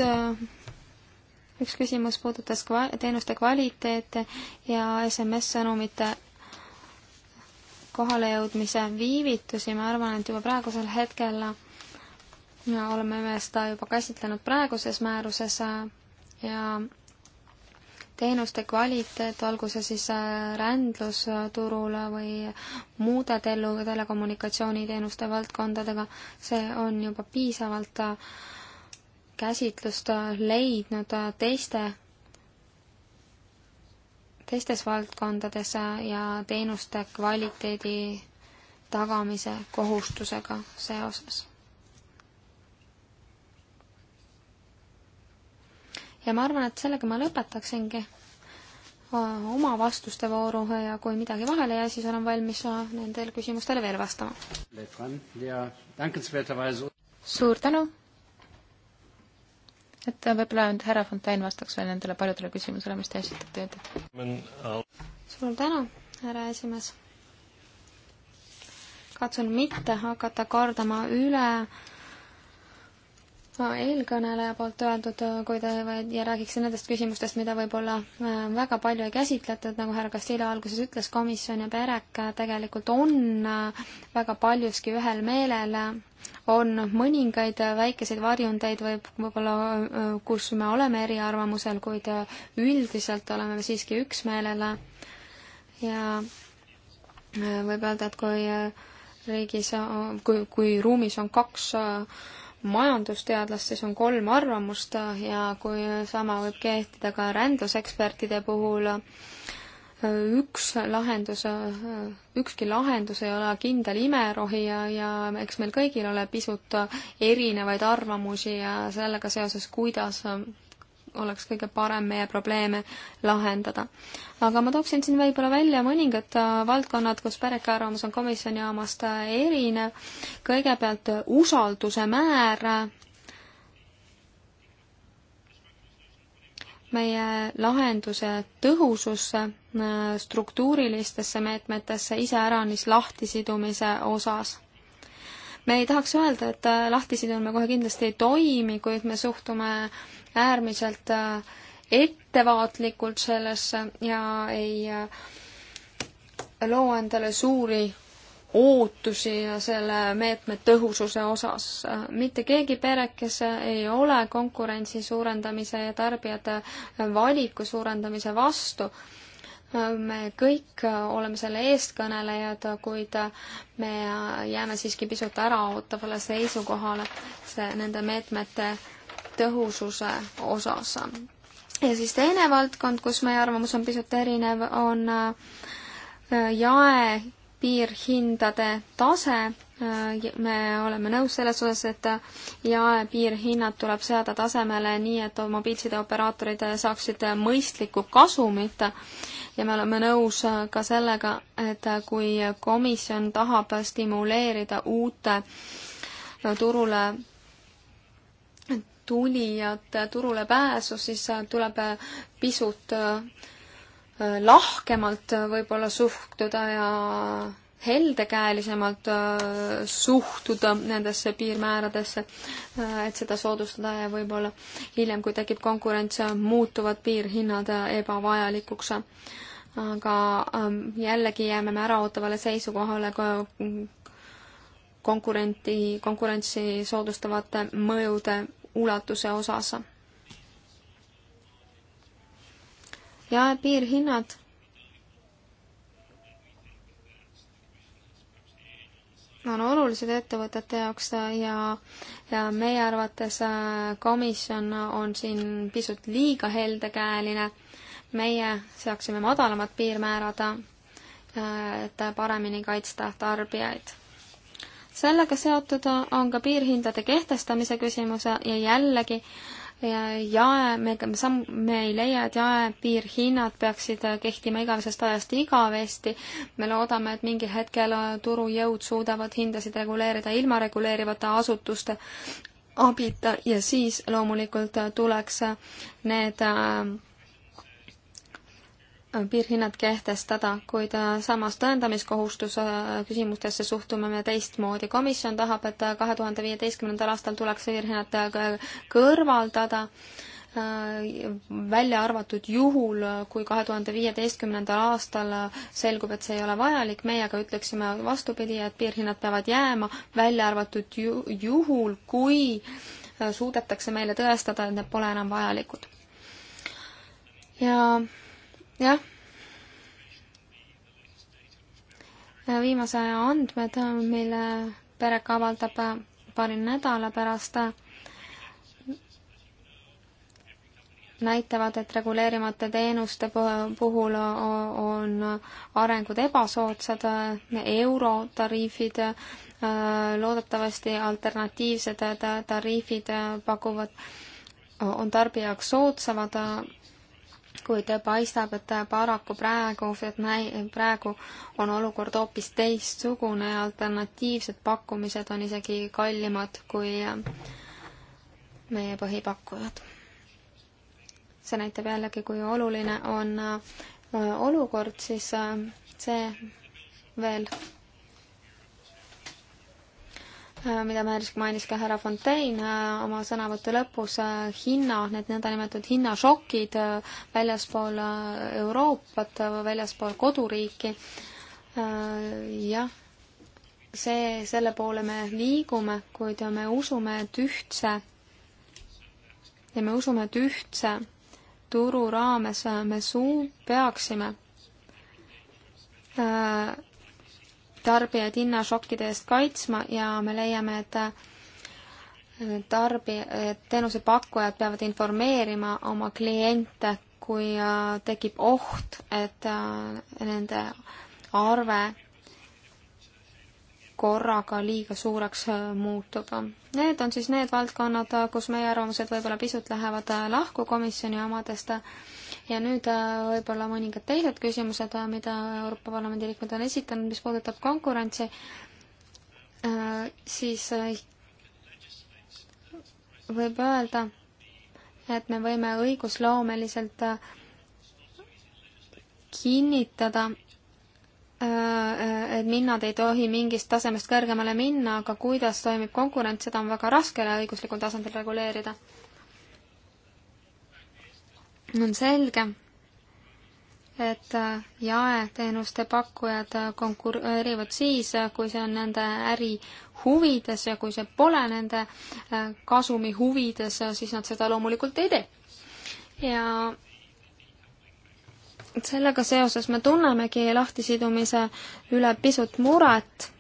Speaker 3: üks küsimus puudutas kva-, teenuste kvaliteete ja SMS-sõnumite kohalejõudmise viivitusi, ma arvan, et juba praegusel hetkel ja oleme me seda juba käsitlenud praeguses määruses ja teenuste kvaliteet, olgu see siis äh, rändlusturul või muude tele-, telekommunikatsiooniteenuste valdkondadega, see on juba piisavalt äh, käsitlust leidnud teiste, teistes valdkondades ja teenuste kvaliteedi tagamise kohustusega seoses. ja ma arvan, et sellega ma lõpetaksingi oma vastuste vooru ja kui midagi vahele jäi, siis olen valmis
Speaker 2: nendele küsimustele veel vastama. suur tänu! et võib-olla nüüd härra Fontaine vastaks veel nendele paljudele küsimusele, mis te esitate. suur tänu, härra esimees.
Speaker 3: katsun mitte hakata kordama üle no, eelkõneleja poolt öeldud, kui te vaid ja räägiksin nendest küsimustest, mida võib-olla äh, väga palju ei käsitletud, nagu härra Castillo alguses ütles, komisjon ja PEREK tegelikult on äh, väga paljuski ühel meelel on mõningaid väikeseid varjundeid või võib-olla, äh, kus me oleme eriarvamusel, kuid äh, üldiselt oleme me siiski üksmeelel ja äh, võib öelda, et kui riigis, kui, kui ruumis on kaks majandusteadlast, siis on kolm arvamust ja kui sama võib kehtida ka rändusekspertide puhul, üks lahendus, ükski lahendus ei ole kindel imerohi ja, ja eks meil kõigil ole pisut erinevaid arvamusi ja sellega seoses, kuidas oleks kõige parem meie probleeme lahendada. aga ma tooksin siin võib-olla välja mõningad äh, valdkonnad, kus pärike arvamus on komisjoni omast äh, erinev. kõigepealt usalduse määr meie lahenduse tõhususse, äh, struktuurilistesse meetmetesse, iseäranis lahtisidumise osas. me ei tahaks öelda, et äh, lahtisidumine kohe kindlasti ei toimi, kuid me suhtume äärmiselt äh, ettevaatlikult sellesse ja ei loo endale suuri ootusi selle meetme tõhususe osas. mitte keegi pere, kes ei ole konkurentsi suurendamise ja tarbijate valiku suurendamise vastu, me kõik oleme selle eestkõnelejad, kuid me jääme siiski pisut äraootavale seisukohale see, nende meetmete tõhususe osas. ja siis teine valdkond, kus meie arvamus on pisut erinev, on äh, jae piirhindade tase, äh, me oleme nõus selles osas, et jaepiirhinnad tuleb seada tasemele nii, et mobiilsideoperaatorid saaksid mõistlikku kasumit ja me oleme nõus ka sellega, et kui komisjon tahab stimuleerida uute turule tulijate turule pääsu, siis tuleb pisut Äh, lahkemalt äh, võib-olla suhtuda ja heldekäelisemalt äh, suhtuda nendesse piirmääradesse, et seda soodustada ja võib-olla hiljem, kui tekib konkurents, muutuvad piirhinnad ebavajalikuks. aga ähm, jällegi jääme me äraootavale seisukohale konkurenti, konkurentsi soodustavate mõjude ulatuse osas jaepiirhinnad on olulised ettevõtete jaoks ja, ja meie arvates äh, komisjon on siin pisut liiga heldekäeline. meie seaksime madalamad piirmäärad, äh, et paremini kaitsta tarbijaid. sellega seotud on ka piirhindade kehtestamise küsimus ja jällegi äh, jae, me, me ei leia, et jaepiirhinnad peaksid äh, kehtima igavesest ajast igavesti. me loodame, et mingil hetkel äh, turujõud suudavad hindasid reguleerida ilma reguleerivate asutuste abita ja siis loomulikult äh, tuleks need piirhinnad kehtestada, kuid äh, samas tõendamiskohustuse äh, küsimustesse suhtume me teistmoodi. komisjon tahab, et äh, kahe tuhande viieteistkümnendal aastal tuleks piirhinnad kõrvaldada, välja arvatud juhul, kui kahe tuhande viieteistkümnendal aastal selgub, et see ei ole vajalik, meie aga ütleksime vastupidi, et piirhinnad peavad jääma, välja arvatud ju-, juhul, kui suudetakse meile tõestada, et need pole enam vajalikud. ja jah. viimase aja andmed, mille pereka avaldab paari nädala pärast, näitavad, et reguleerimata teenuste puhul on arengud ebasoodsad, eurotariifid, loodetavasti alternatiivsed tariifid pakuvad, on tarbija jaoks soodsamad kuid paistab, et paraku praegu, praegu on olukord hoopis teistsugune ja alternatiivsed pakkumised on isegi kallimad kui meie põhipakkujad. see näitab jällegi, kui oluline on olukord, siis see veel Äh, mida mainis ka härra Fontaine äh, oma sõnavõtu lõpus, äh, hinna, need nõndanimetatud hinnašokid väljaspool Euroopat, väljaspool koduriiki, jah, see, selle poole me liigume, kuid me usume, et ühtse ja me usume, et ühtse turu raames me suu-, peaksime tarbijaid hinnašokkide eest kaitsma ja me leiame, et äh, tarbi-, teenusepakkujad peavad informeerima oma kliente, kui äh, tekib oht, et äh, nende arve korraga liiga suureks muutub. Need on siis need valdkonnad, kus meie arvamused võib-olla pisut lähevad lahku komisjoni omadest ja nüüd äh, võib-olla mõningad teised küsimused, äh, mida Euroopa Parlamendi liikmed on esitanud, mis puudutab konkurentsi, äh, siis võib öelda, et me võime õigusloomeliselt kinnitada et linnad ei tohi mingist tasemest kõrgemale minna, aga kuidas toimib konkurents, seda on väga raske õiguslikul tasandil reguleerida on selge, et äh, jaeteenuste pakkujad äh, konkureerivad siis, äh, kui see on nende äri huvides ja kui see pole nende kasumi huvides, siis nad seda loomulikult ei tee. ja sellega seoses me tunnemegi lahtisidumise üle pisut muret.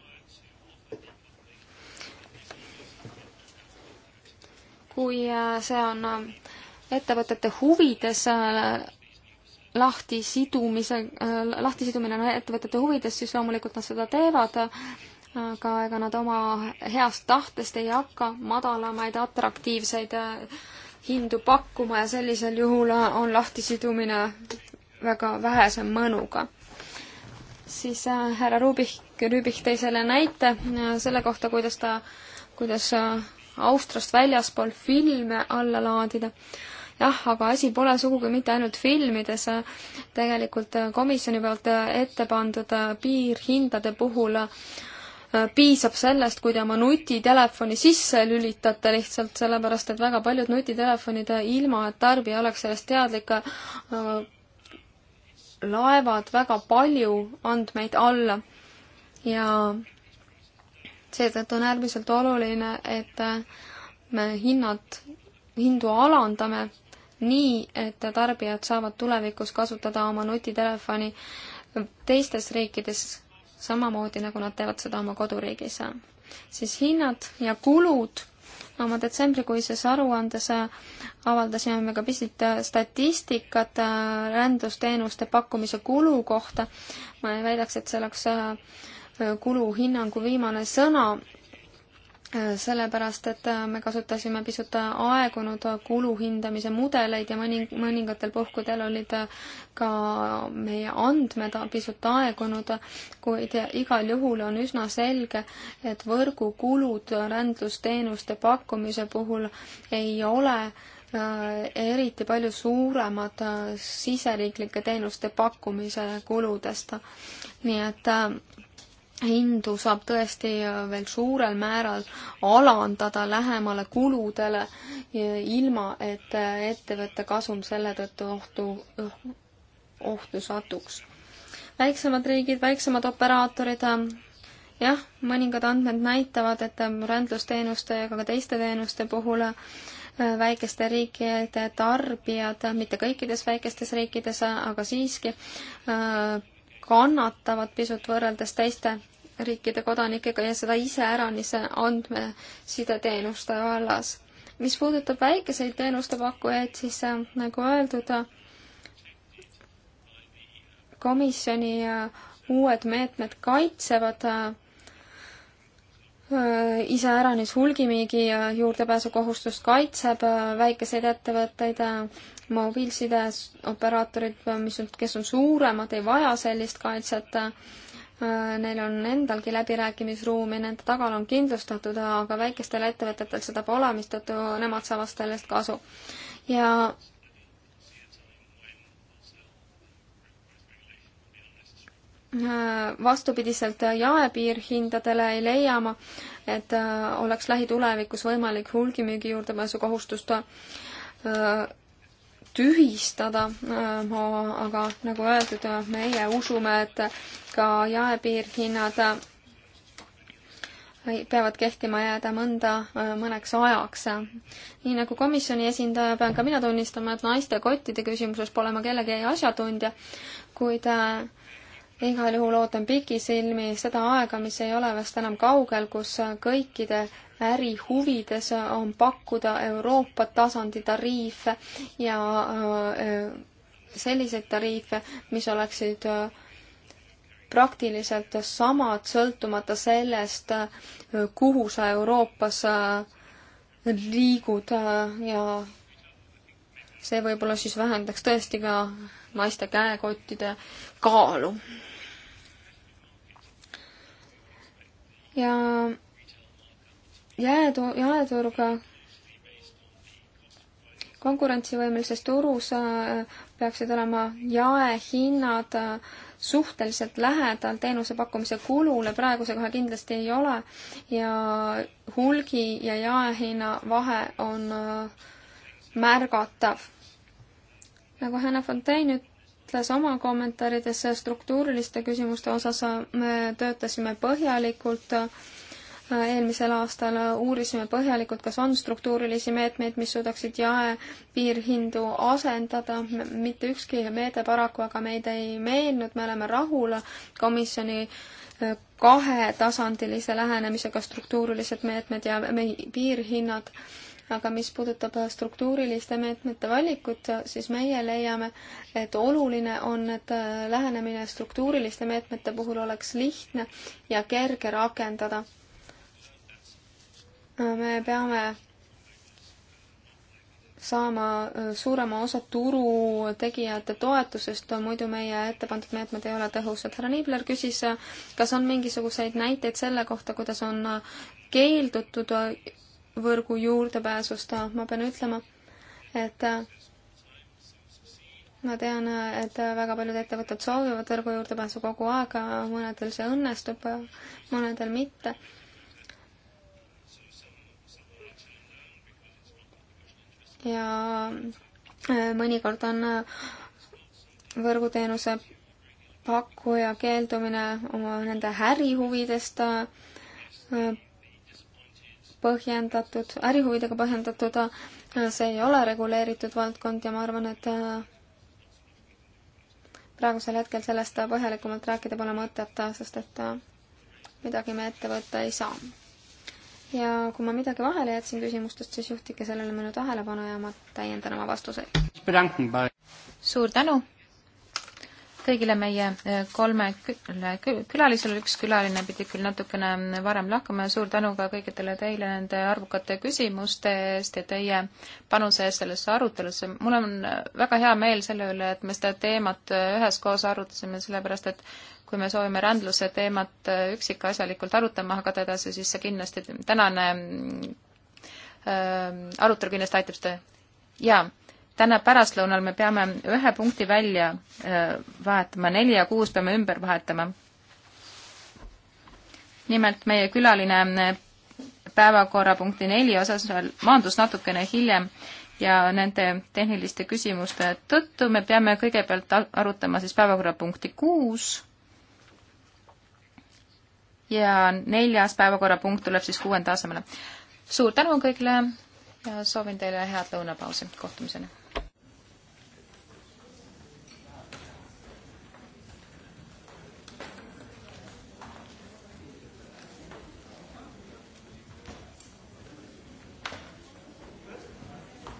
Speaker 3: kui see on ettevõtete huvides äh, lahtisidumise, äh, lahtisidumine on ettevõtete huvides, siis loomulikult nad seda teevad, aga ega nad oma heast tahtest ei hakka madalamaid atraktiivseid äh, hindu pakkuma ja sellisel juhul on lahtisidumine väga vähese mõnuga. siis härra Rubich, Rubich tõi selle näite selle kohta, kuidas ta, kuidas Austriast väljaspool filme alla laadida jah, aga asi pole sugugi mitte ainult filmides, tegelikult komisjoni poolt ette pandud piirhindade puhul piisab sellest, kui te oma nutitelefoni sisse lülitate lihtsalt, sellepärast et väga paljud nutitelefonid, ilma et tarbija oleks sellest teadlik, laevad väga palju andmeid alla ja seetõttu on äärmiselt oluline, et me hinnad, hindu alandame nii, et tarbijad saavad tulevikus kasutada oma nutitelefoni teistes riikides samamoodi, nagu nad teevad seda oma koduriigis. siis hinnad ja kulud oma detsembrikuises aruandes avaldasime me ka pisut statistikat rändusteenuste pakkumise kulu kohta. ma ei väidaks, et see oleks kuluhinnangu viimane sõna, sellepärast, et me kasutasime pisut aegunud kuluhindamise mudeleid ja mõning-, mõningatel puhkudel olid ka meie andmed pisut aegunud, kuid igal juhul on üsna selge, et võrgukulud rändlusteenuste pakkumise puhul ei ole äh, eriti palju suuremad siseriiklike teenuste pakkumise kuludest. nii et äh, hindu saab tõesti äh, veel suurel määral alandada lähemale kuludele, ilma et äh, ettevõtte kasum selle tõttu ohtu, ohtu satuks. väiksemad riigid, väiksemad operaatorid, äh, jah, mõningad andmed näitavad, et rändlusteenuste ja ka teiste teenuste puhul väikeste riikide tarbijad, mitte kõikides väikestes riikides, aga siiski, kannatavad pisut võrreldes teiste riikide kodanikega ja seda iseäranis andmesideteenuste vallas. mis puudutab väikeseid teenustepakkujaid, siis äh, nagu öeldud, komisjoni äh, uued meetmed kaitsevad äh, Äh, iseäranis hulgimüügi juurdepääsukohustust kaitseb äh, väikeseid ettevõtteid, äh, mobiilsideoperaatorid, mis on, kes on suuremad, ei vaja sellist kaitset. Neil on endalgi läbirääkimisruumi, nende tagal on kindlustatud, aga väikestel ettevõtetel seda pole, mistõttu nemad saavad sellest kasu. ja Äh, vastupidiselt jaepiirhindadele ei leia ma, et äh, oleks lähitulevikus võimalik hulgimüügi juurdepääsukohustust äh, tühistada, aga nagu öeldud, meie usume, et ka jaepiirhinnad peavad kehtima jääda mõnda, mõneks ajaks. nii nagu komisjoni esindaja, pean ka mina tunnistama, et naiste kottide küsimuses pole ma kellegi asjatundja, kuid äh, igal juhul ootan pikisilmi seda aega, mis ei ole vast enam kaugel, kus kõikide äri huvides on pakkuda Euroopa tasandi tariife ja äh, selliseid tariife, mis oleksid äh, praktiliselt samad, sõltumata sellest, äh, kuhu sa Euroopas liigud ja see võib-olla siis vähendaks tõesti ka naiste käekottide kaalu. ja jäätu-, jaeturga konkurentsivõimelises turus äh, peaksid olema jaehinnad äh, suhteliselt lähedal teenuse pakkumise kulule, praeguse kohe kindlasti ei ole ja hulgi ja jaehinna vahe on äh, märgatav nagu Hanna Fontaine ütles oma kommentaarides struktuuriliste küsimuste osas, me töötasime põhjalikult äh, eelmisel aastal, uurisime põhjalikult, kas on struktuurilisi meetmeid, mis suudaksid jaepiirhindu asendada, mitte ükski meede paraku aga meid ei meelnud, me oleme rahul komisjoni äh, kahetasandilise lähenemisega struktuurilised meetmed ja piirhinnad aga mis puudutab äh, struktuuriliste meetmete valikut, äh, siis meie leiame, et oluline on, et äh, lähenemine struktuuriliste meetmete puhul oleks lihtne ja kerge rakendada. me peame saama suurema osa turutegijate toetusest, muidu meie ette pandud meetmed ei ole tõhusad. härra Niibler küsis, kas on mingisuguseid näiteid selle kohta, kuidas on keeldutud võrgu juurdepääsust ma pean ütlema, et ma tean, et väga paljud ettevõtted soovivad võrgu juurdepääsu kogu aeg, mõnedel see õnnestub, mõnedel mitte ja mõnikord on võrguteenuse pakkuja keeldumine oma nende ärihuvidest põhjendatud, ärihuvidega põhjendatud, äh, see ei ole reguleeritud valdkond ja ma arvan, et äh, praegusel hetkel sellest põhjalikumalt rääkida pole mõtet, äh, sest et midagi me ette võtta ei saa. ja kui ma midagi vahele jätsin küsimustest, siis juhtige sellele minu tähelepanu ja ma täiendan oma vastuseid.
Speaker 2: suur tänu! kõigile meie e, kolme külalisele, üks külaline pidi küll natukene varem lahkuma ja suur tänu ka kõikidele teile nende arvukate küsimuste eest ja teie panuse eest sellesse arutelusse. mul on väga hea meel selle üle, et me seda teemat üheskoos arutasime, sellepärast et kui me soovime rändluse teemat üksikasjalikult arutama hakata edasi, siis see kindlasti, tänane äh, arutelu kindlasti aitab seda. jaa täna pärastlõunal me peame ühe punkti välja äh, vahetama, neli ja kuus peame ümber vahetama. nimelt meie külaline äh, päevakorrapunkti neli osas maandus natukene hiljem ja nende tehniliste küsimuste tõttu me peame kõigepealt arutama siis päevakorrapunkti kuus ja neljas päevakorrapunkt tuleb siis kuuenda asemele. suur tänu kõigile ja soovin teile head lõunapausi, kohtumiseni!